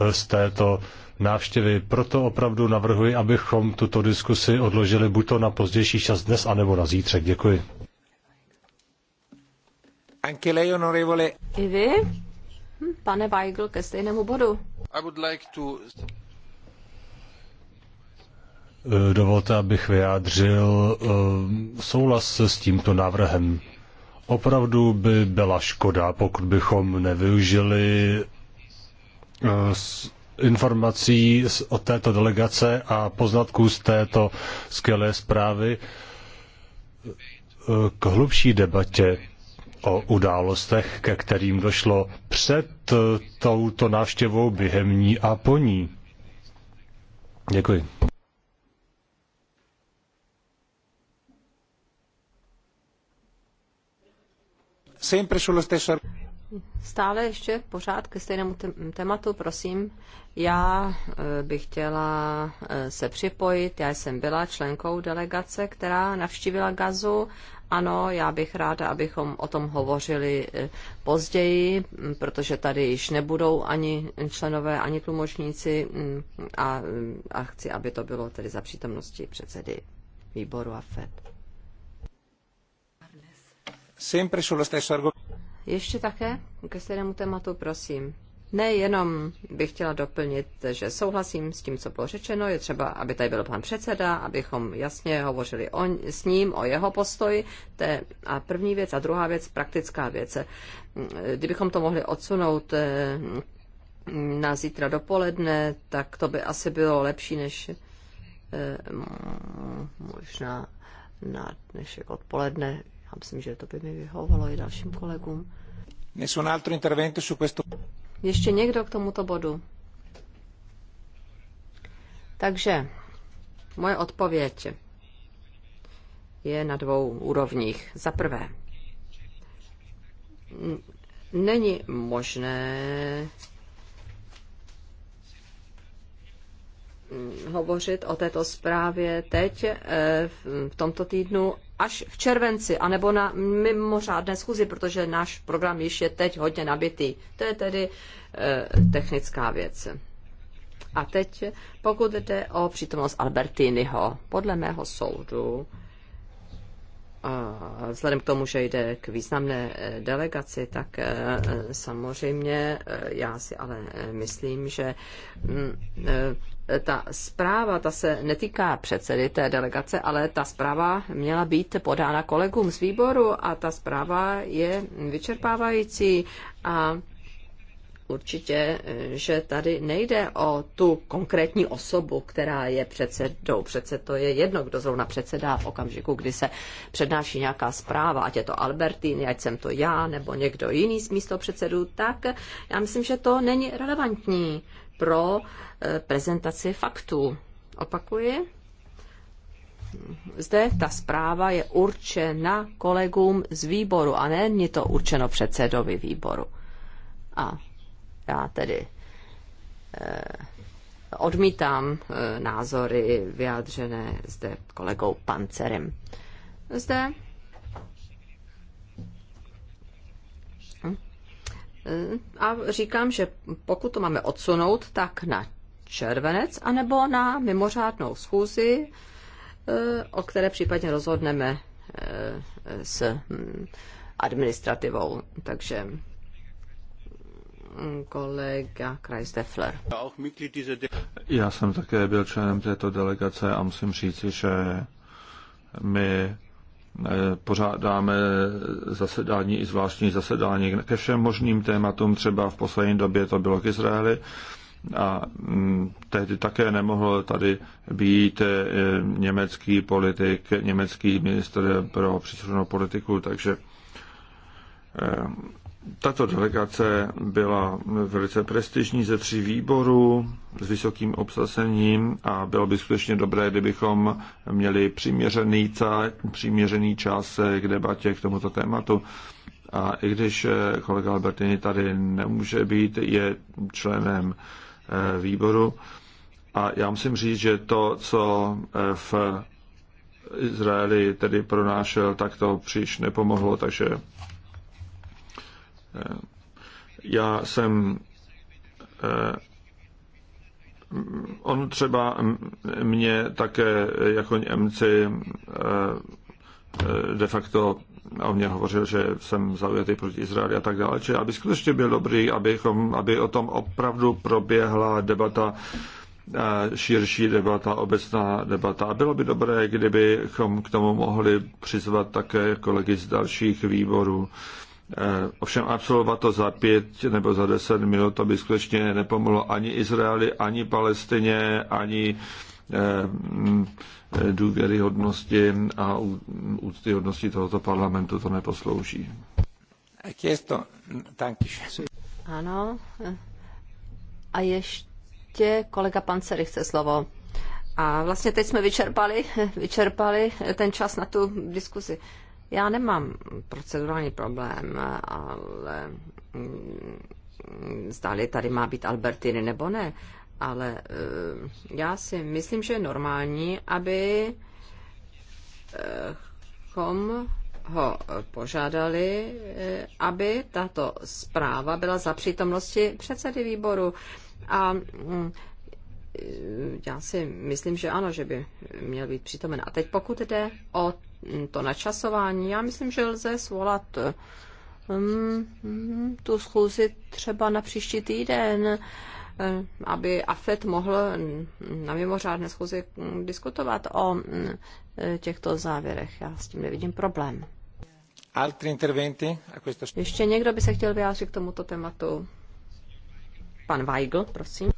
eh, z této návštěvy. Proto opravdu navrhuji, abychom tuto diskusi odložili buď to na pozdější čas dnes, anebo na zítřek. Děkuji. I vy, Hm, pane Weigl, ke stejnému bodu. Eh, dovolte, abych vyjádřil eh, souhlas s tímto návrhem. Opravdu by byla škoda, pokud bychom nevyužili eh, informací od této delegace a poznatků z této skvělé zprávy k hlubší debatě o událostech, ke kterým došlo před eh, touto návštěvou, během ní a po ní. Děkuji. Stále ještě pořád ke stejnému tématu, prosím. Já eh, bych chtěla eh, se připojit. Já jsem byla členkou delegace, která navštívila Gazu ano, já bych ráda, abychom o tom hovořili eh, později, mm, protože tady již nebudou ani členové, ani tlumočníci mm, a, mm, a chci, aby to bylo tedy za přítomnosti předsedy výboru a FED. Ještě také ke stejnému tématu, prosím. Nejenom bych chtěla doplnit, že souhlasím s tím, co bylo řečeno. Je třeba, aby tady byl pan předseda, abychom jasně hovořili o, s ním, o jeho postoji. To je a první věc. A druhá věc, praktická věc. Kdybychom to mohli odsunout eh, na zítra dopoledne, tak to by asi bylo lepší, než eh, možná na dnešek odpoledne. Já myslím, že to by mi vyhovovalo i dalším kolegům. na altro intervento su questo. Ještě někdo k tomuto bodu? Takže moje odpověď je na dvou úrovních. Za prvé, není možné hovořit o této zprávě teď eh, v tomto týdnu až v červenci, anebo na mimořádné schůzi, protože náš program již je teď hodně nabitý. To je tedy e, technická věc. A teď, pokud jde o přítomnost Albertiniho, podle mého soudu, a vzhledem k tomu, že jde k významné eh, delegaci, tak eh, samozřejmě eh, já si ale myslím, že mm, ta zpráva, ta se netýká předsedy té delegace, ale ta zpráva měla být podána kolegům z výboru a ta zpráva je vyčerpávající a určitě, že tady nejde o tu konkrétní osobu, která je předsedou. Přece to je jedno, kdo zrovna předsedá v okamžiku, kdy se přednáší nějaká zpráva, ať je to Albertini, ať jsem to já, nebo někdo jiný z místo předsedů, tak já myslím, že to není relevantní pro eh, prezentaci faktů. Opakuji. Zde ta zpráva je určena kolegům z výboru a není to určeno předsedovi výboru. A já tedy eh, odmítám eh, názory vyjádřené zde kolegou Pancerem. Zde eh, a říkám, že pokud to máme odsunout, tak na červenec, anebo na mimořádnou schůzi, o které případně rozhodneme s hm, administrativou. Takže Mm, kolega Já jsem také byl členem této delegace a musím říci, že my eh, pořádáme zasedání i zvláštní zasedání ke všem možným tématům, třeba v poslední době to bylo k Izraeli a mm, tehdy také nemohl tady být eh, německý politik, německý minister pro příslušnou politiku, takže eh, tato delegace byla velice prestižní ze tří výborů s vysokým obsazením a bylo by skutečně dobré, kdybychom měli přiměřený, ca, přiměřený čas k debatě k tomuto tématu. A i když eh, kolega Albertini tady nemůže být, je členem eh, výboru. A já musím říct, že to, co eh, v Izraeli tedy pronášel, tak to příliš nepomohlo, takže Eh, já jsem eh, on třeba mě také jako Němci eh, de facto o mě hovořil, že jsem zaujatý proti Izraeli a tak dále, že aby skutečně byl dobrý, abychom, aby o tom opravdu proběhla debata, širší debata, obecná debata. A bylo by dobré, kdybychom k tomu mohli přizvat také kolegy z dalších výborů. Eh, ovšem absolvovat to za pět nebo za deset minut, to by skutečně nepomohlo ani Izraeli, ani Palestině, ani eh, mm, důvěryhodnosti a úctyhodnosti tohoto parlamentu to neposlouží. Ano. A ještě kolega Pancery chce slovo. A vlastně teď jsme vyčerpali, vyčerpali ten čas na tu diskuzi. Já nemám procedurální problém, ale mm, zdali tady má být Albertiny nebo ne, ale eh, já si myslím, že je normální, aby eh, chom ho požádali, eh, aby tato zpráva byla za přítomnosti předsedy výboru. A mm, já si myslím, že ano, že by měl být přítomen. A teď pokud jde o Mm, to načasování. Já myslím, že lze svolat mm, mm, tu schůzi třeba na příští týden, eh, aby AFET mohl na mimořádné schůzi diskutovat o eh, těchto závěrech. Já s tím nevidím problém. Altri interventi a questo... Ještě někdo by se chtěl vyjádřit k tomuto tématu? Pan Weigl, prosím.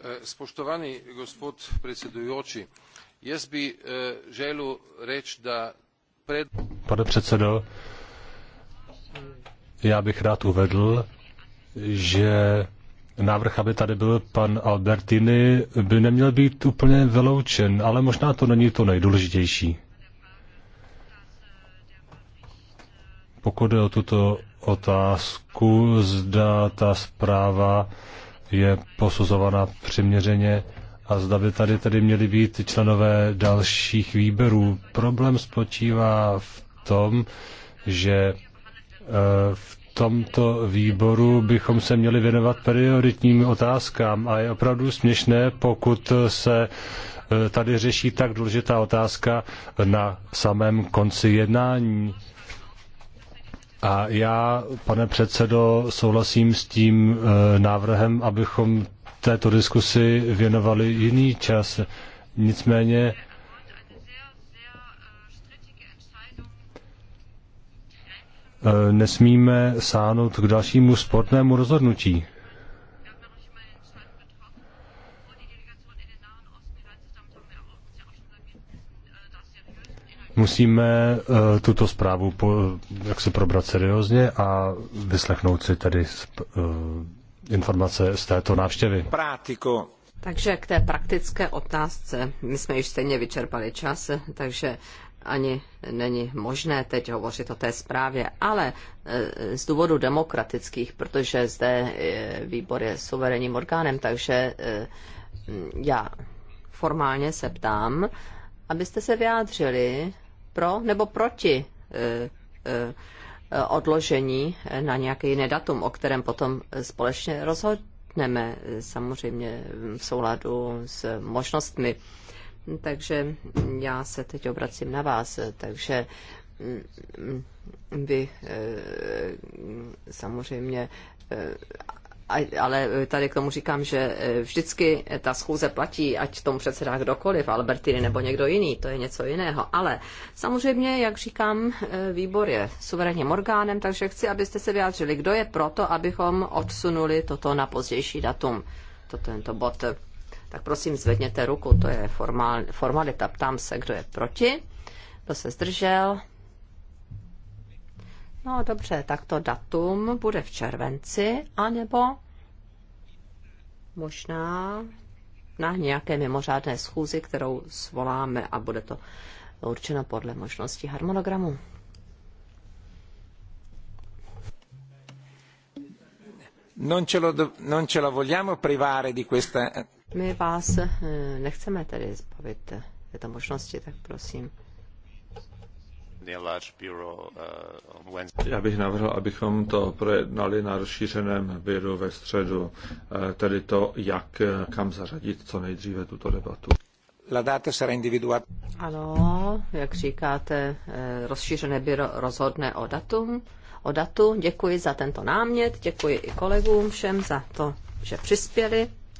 Eh, spoštovaný gospod predsedujoči, Eh, Pane předsedo, já bych rád uvedl, že návrh, aby tady byl pan Albertini, by neměl být úplně vyloučen, ale možná to není to nejdůležitější. Pokud jde o tuto otázku, zda ta zpráva je posuzována přiměřeně, a zda by tady tedy měli být členové dalších výběrů. Problém spočívá v tom, že e, v tomto výboru bychom se měli věnovat prioritním otázkám a je opravdu směšné, pokud se e, tady řeší tak důležitá otázka na samém konci jednání. A já, pane předsedo, souhlasím s tím e, návrhem, abychom této diskusi věnovali jiný čas. Nicméně e, nesmíme sáhnout k dalšímu sportnému rozhodnutí. Musíme e, tuto zprávu e, jak se probrat seriózně a vyslechnout si tady informace z této návštěvy. Takže k té praktické otázce, my jsme již stejně vyčerpali čas, takže ani není možné teď hovořit o té zprávě, ale e, z důvodu demokratických, protože zde e, výbor je suverénním orgánem, takže e, já formálně se ptám, abyste se vyjádřili pro nebo proti Eh, odložení eh, na nějaký jiný datum, o kterém potom eh, společně rozhodneme, samozřejmě v souladu s možnostmi. Takže já se teď obracím na vás. Takže mm, mm, vy samozřejmě ale tady k tomu říkám, že e, vždycky ta schůze platí, ať tomu předsedá kdokoliv, Albertiny nebo někdo jiný, to je něco jiného. Ale samozřejmě, jak říkám, e, výbor je suverénním orgánem, takže chci, abyste se vyjádřili, kdo je proto, abychom odsunuli toto na pozdější datum, toto tento bod. Tak prosím, zvedněte ruku, to je formál, formalita. Ptám se, kdo je proti, kdo se zdržel, No dobře, tak to datum bude v červenci, anebo možná na nějaké mimořádné schůzi, kterou svoláme a bude to určeno podle možnosti harmonogramu. Non ce, lo, non ce la vogliamo privare di questa... My vás eh, nechceme tedy zbavit této možnosti, tak prosím. Uh, Já bych navrhl, abychom to projednali na rozšířeném běru ve středu, eh, tedy to, jak eh, kam zařadit co nejdříve tuto debatu. La data sarà individuata. Ano, jak říkáte, eh, rozšířené byro rozhodne o datum. O datu děkuji za tento námět, děkuji i kolegům všem za to, že přispěli.